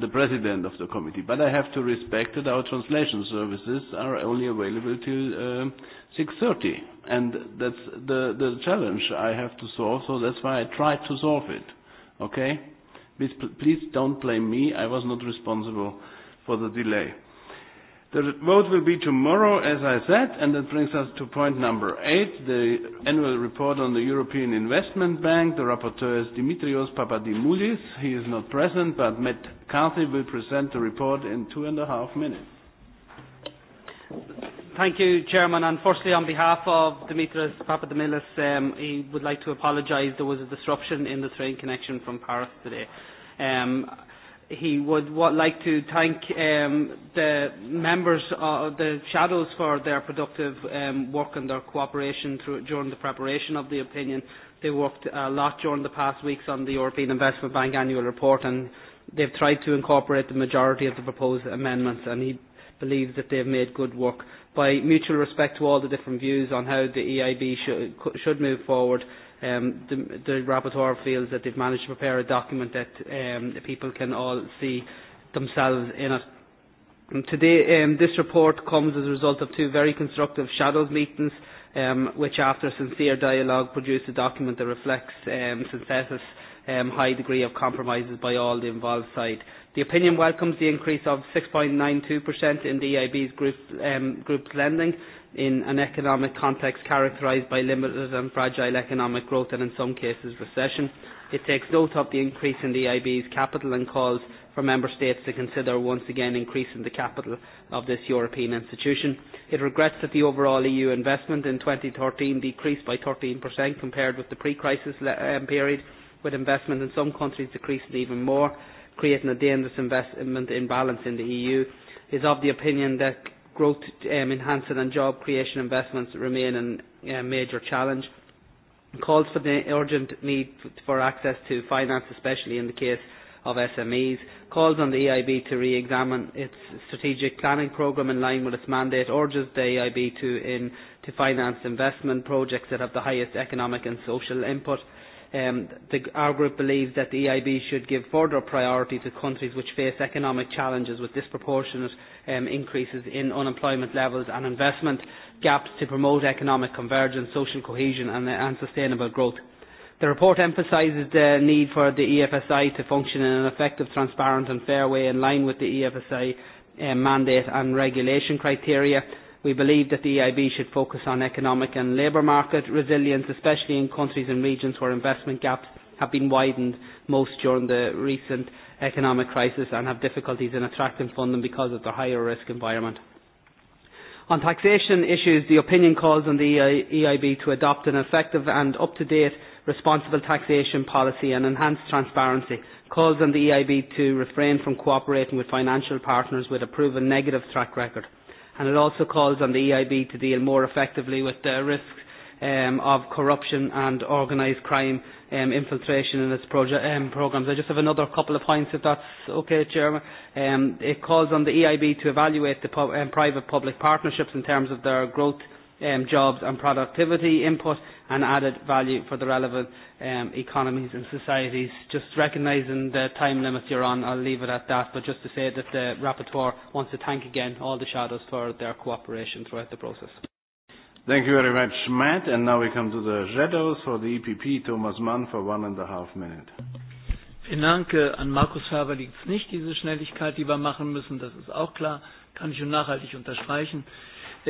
the president of the committee, but I have to respect that our translation services are only available till uh, 6:30, and that's the the challenge I have to solve. So that's why I tried to solve it. Okay, please, please don't blame me. I was not responsible for the delay. The vote will be tomorrow, as I said, and that brings us to point number eight, the annual report on the European Investment Bank. The rapporteur is Dimitrios Papadimoulis. He is not present, but Matt Carthy will present the report in two and a half minutes. Thank you, Chairman. And firstly, on behalf of Dimitrios Papadimoulis, um, he would like to apologise. There was a disruption in the train connection from Paris today. Um, he would what, like to thank um, the members of the shadows for their productive um, work and their cooperation through, during the preparation of the opinion. They worked a lot during the past weeks on the European Investment Bank annual report, and they've tried to incorporate the majority of the proposed amendments. And he believes that they've made good work by mutual respect to all the different views on how the EIB should, should move forward um, the, the rapporteur feels that they've managed to prepare a document that um, the people can all see themselves in it. And today, um, this report comes as a result of two very constructive shadows meetings, um, which after sincere dialogue produced a document that reflects um, synthesis um, high degree of compromises by all the involved side. The opinion welcomes the increase of 6.92% in the EIB's group, um, group lending, in an economic context characterized by limited and fragile economic growth and in some cases recession. It takes note of the increase in the EIB's capital and calls for Member States to consider once again increasing the capital of this European institution. It regrets that the overall EU investment in 2013 decreased by 13% compared with the pre-crisis um, period, with investment in some countries decreasing even more, creating a dangerous investment imbalance in the EU. It is of the opinion that growth um, enhancing and job creation investments remain a uh, major challenge. It calls for the urgent need for access to finance, especially in the case of SMEs, calls on the EIB to re-examine its strategic planning programme in line with its mandate, urges the EIB to, in, to finance investment projects that have the highest economic and social input, Um, the, our group believes that the EIB should give further priority to countries which face economic challenges with disproportionate um, increases in unemployment levels and investment gaps to promote economic convergence, social cohesion and, and sustainable growth. The report emphasises the need for the EFSI to function in an effective, transparent and fair way in line with the EFSI um, mandate and regulation criteria We believe that the EIB should focus on economic and labour market resilience, especially in countries and regions where investment gaps have been widened most during the recent economic crisis and have difficulties in attracting funding because of the higher risk environment. On taxation issues, the opinion calls on the EIB e to adopt an effective and up-to-date responsible taxation policy and enhance transparency, calls on the EIB to refrain from cooperating with financial partners with a proven negative track record and it also calls on the EIB to deal more effectively with the risks um, of corruption and organised crime um, infiltration in its proje- um, programmes. I just have another couple of points, if that's okay, Chairman. Um, it calls on the EIB to evaluate the pu- um, private-public partnerships in terms of their growth um, jobs and productivity input and added value for the relevant um, economies and societies. Just recognising the time limits you're on, I'll leave it at that, but just to say that the Rapporteur wants to thank again all the shadows for their cooperation throughout the process. Thank you very much, Matt. And now we come to the shadows for the EPP, Thomas Mann, for one and a half minute. Vielen Dank. Äh, an Markus Faber liegt es nicht, diese Schnelligkeit, die wir machen müssen. Das ist auch klar. Kann ich und nachhaltig unterstreichen.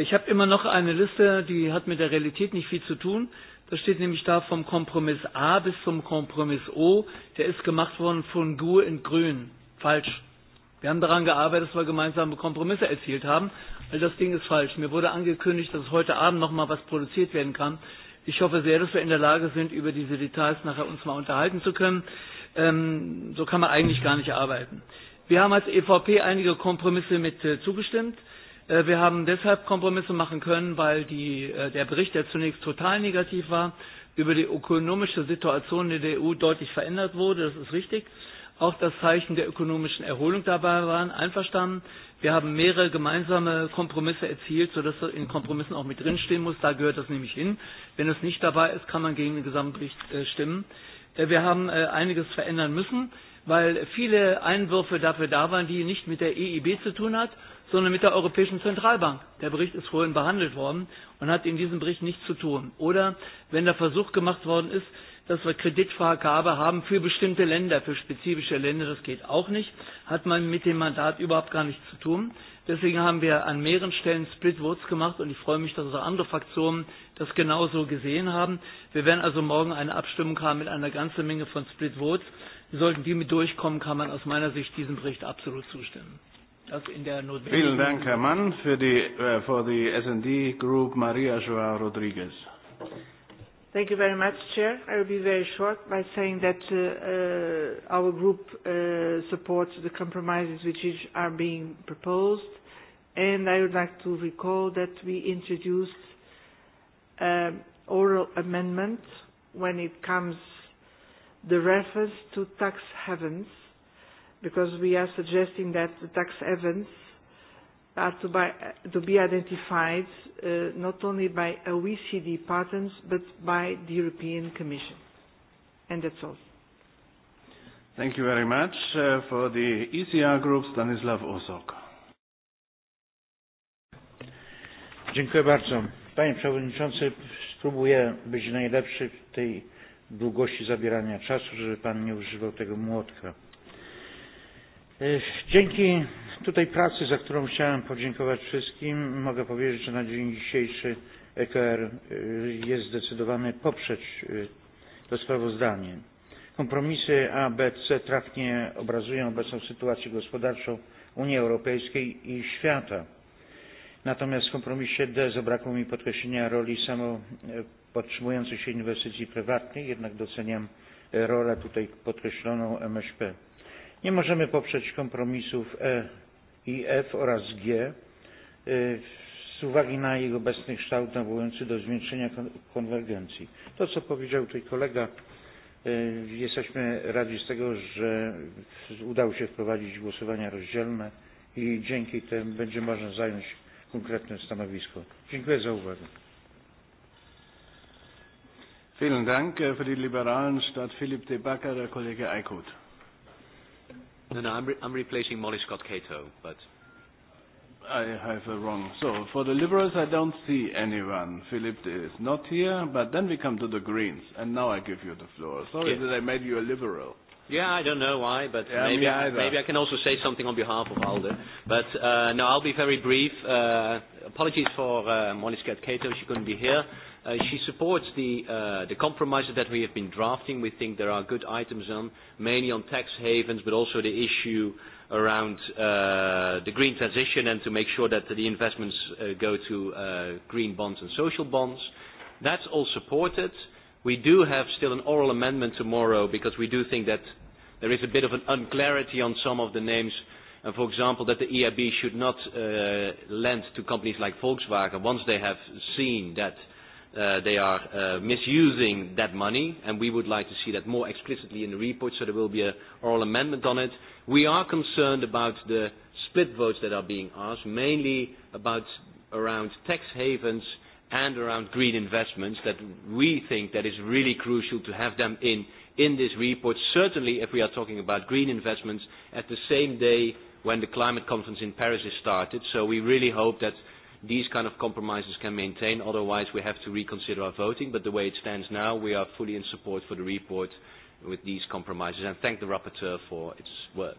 Ich habe immer noch eine Liste, die hat mit der Realität nicht viel zu tun. Da steht nämlich da vom Kompromiss A bis zum Kompromiss O. Der ist gemacht worden von Gur in Grün. Falsch. Wir haben daran gearbeitet, dass wir gemeinsame Kompromisse erzielt haben. weil das Ding ist falsch. Mir wurde angekündigt, dass heute Abend noch mal was produziert werden kann. Ich hoffe sehr, dass wir in der Lage sind, über diese Details nachher uns mal unterhalten zu können. Ähm, so kann man eigentlich gar nicht arbeiten. Wir haben als EVP einige Kompromisse mit äh, zugestimmt. Äh, wir haben deshalb Kompromisse machen können, weil die, äh, der Bericht, der zunächst total negativ war, über die ökonomische Situation in der EU deutlich verändert wurde. Das ist richtig. Auch das Zeichen der ökonomischen Erholung dabei waren einverstanden. Wir haben mehrere gemeinsame Kompromisse erzielt, sodass in Kompromissen auch mit drinstehen muss. Da gehört das nämlich hin. Wenn es nicht dabei ist, kann man gegen den Gesamtbericht äh, stimmen. Wir haben einiges verändern müssen, weil viele Einwürfe dafür da waren, die nicht mit der EIB zu tun hat, sondern mit der Europäischen Zentralbank. Der Bericht ist vorhin behandelt worden und hat in diesem Bericht nichts zu tun. Oder wenn der Versuch gemacht worden ist, dass wir Kreditvergabe haben für bestimmte Länder, für spezifische Länder, das geht auch nicht, hat man mit dem Mandat überhaupt gar nichts zu tun. Deswegen haben wir an mehreren Stellen Split Votes gemacht und ich freue mich, dass unsere andere Fraktionen das genauso gesehen haben. Wir werden also morgen eine Abstimmung haben mit einer ganzen Menge von Split Votes. Sollten die mit durchkommen, kann man aus meiner Sicht diesem Bericht absolut zustimmen. Vielen Dank, Herr Mann, für die äh, für die S&D Group Maria Joao Rodriguez. Thank you very much, Chair. I will be very short by saying that uh, uh, our group uh, supports the compromises which is, are being proposed, and I would like to recall that we introduced an uh, oral amendment when it comes the reference to tax havens because we are suggesting that the tax havens are to, buy, to be identified uh, not only by OECD patents but by the European Commission. And that's all. Thank you very much. Uh, for the ECR Group, Stanislav Osok. Dziękuję bardzo. Panie Przewodniczący, spróbuję być najlepszy w tej długości zabierania czasu, żeby Pan nie używał tego młotka. Dzięki tutaj pracy, za którą chciałem podziękować wszystkim, mogę powiedzieć, że na dzień dzisiejszy EKR jest zdecydowany poprzeć to sprawozdanie. Kompromisy A, B, C trafnie obrazują obecną sytuację gospodarczą Unii Europejskiej i świata. Natomiast w kompromisie D zabrakło mi podkreślenia roli samo podtrzymujących się inwestycji prywatnych, jednak doceniam rolę tutaj podkreśloną MŚP. Nie możemy poprzeć kompromisów E i F oraz G e, z uwagi na jego obecny kształt nawołujący do zwiększenia konwergencji. To, co powiedział tutaj kolega, e, jesteśmy radzi z tego, że udało się wprowadzić głosowania rozdzielne i dzięki tym będzie można zająć konkretne stanowisko. Dziękuję za uwagę. Vielen Dank äh, für die Liberalen statt Philipp de Backer, der Kollege Eickhout. No, no, I'm, re I'm replacing Molly Scott Cato, but. I have a wrong. So for the Liberals, I don't see anyone. Philip is not here, but then we come to the Greens, and now I give you the floor. Sorry yeah. that I made you a Liberal. Yeah, I don't know why, but yeah, maybe, I, maybe I can also say something on behalf of Alder. But uh, no, I'll be very brief. Uh, apologies for uh, Molly Scott Cato, she couldn't be here. Uh, she supports the, uh, the compromises that we have been drafting. We think there are good items on, mainly on tax havens, but also the issue around uh, the green transition and to make sure that the investments uh, go to uh, green bonds and social bonds. That's all supported. We do have still an oral amendment tomorrow because we do think that there is a bit of an unclarity on some of the names and for example that the EIB should not uh, lend to companies like Volkswagen once they have seen that uh, uh, they are uh, misusing that money, and we would like to see that more explicitly in the report, so there will be an oral amendment on it. We are concerned about the split votes that are being asked, mainly about around tax havens and around green investments that we think that is really crucial to have them in in this report, certainly if we are talking about green investments at the same day when the climate conference in Paris is started. So we really hope that these kind of compromises can maintain. Otherwise, we have to reconsider our voting. But the way it stands now, we are fully in support for the report with these compromises and thank the rapporteur for its work.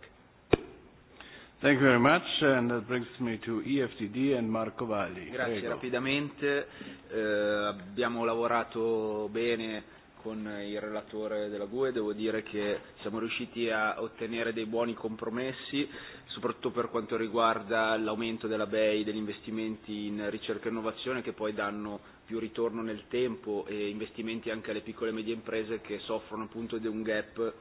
Thank you very much, and that brings me to EFTD and Marco Valli. Grazie, Prego. rapidamente. Eh, abbiamo lavorato bene con il relatore della GUE, devo dire che siamo riusciti a ottenere dei buoni compromessi soprattutto per quanto riguarda l'aumento della BEI, degli investimenti in ricerca e innovazione che poi danno più ritorno nel tempo e investimenti anche alle piccole e medie imprese che soffrono appunto di un gap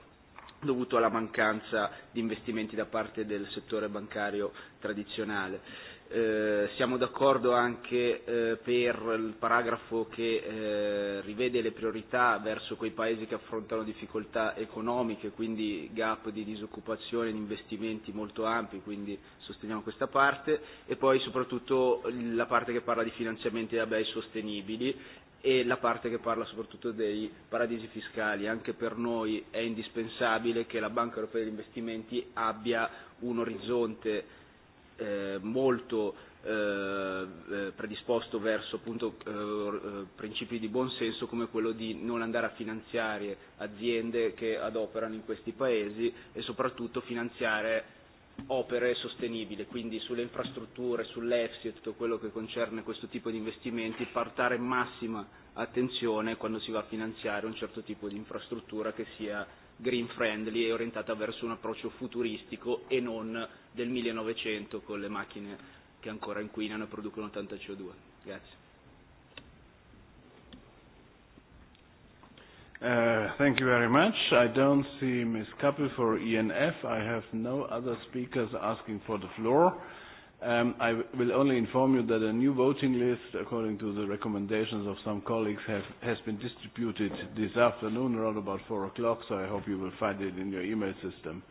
dovuto alla mancanza di investimenti da parte del settore bancario tradizionale. Eh, siamo d'accordo anche eh, per il paragrafo che eh, rivede le priorità verso quei paesi che affrontano difficoltà economiche, quindi gap di disoccupazione, di investimenti molto ampi, quindi sosteniamo questa parte e poi soprattutto la parte che parla di finanziamenti da bei sostenibili e la parte che parla soprattutto dei paradisi fiscali. Anche per noi è indispensabile che la Banca Europea degli Investimenti abbia un orizzonte eh, molto eh, eh, predisposto verso appunto eh, eh principi di buonsenso come quello di non andare a finanziare aziende che adoperano in questi paesi e soprattutto finanziare opere sostenibili, quindi sulle infrastrutture, sull'EFSI e tutto quello che concerne questo tipo di investimenti, portare massima attenzione quando si va a finanziare un certo tipo di infrastruttura che sia green friendly e orientata verso un approccio futuristico e non del 1900 con le macchine che ancora inquinano e producono tanta CO2. Grazie. Uh, thank you very much. I don't see Ms. Kappel for ENF. I have no other speakers asking for the floor. Um, I will only inform you that a new voting list, according to the recommendations of some colleagues, have, has been distributed this afternoon around about 4 o'clock, so I hope you will find it in your email system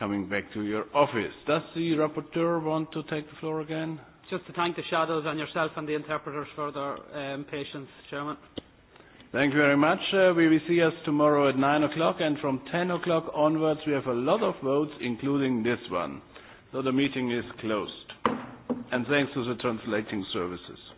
coming back to your office. Does the rapporteur want to take the floor again? Just to thank the shadows and yourself and the interpreters for their um, patience, Chairman. Thank you very much. Uh, we will see us tomorrow at 9 o'clock, and from 10 o'clock onwards, we have a lot of votes, including this one. So the meeting is closed and thanks to the translating services.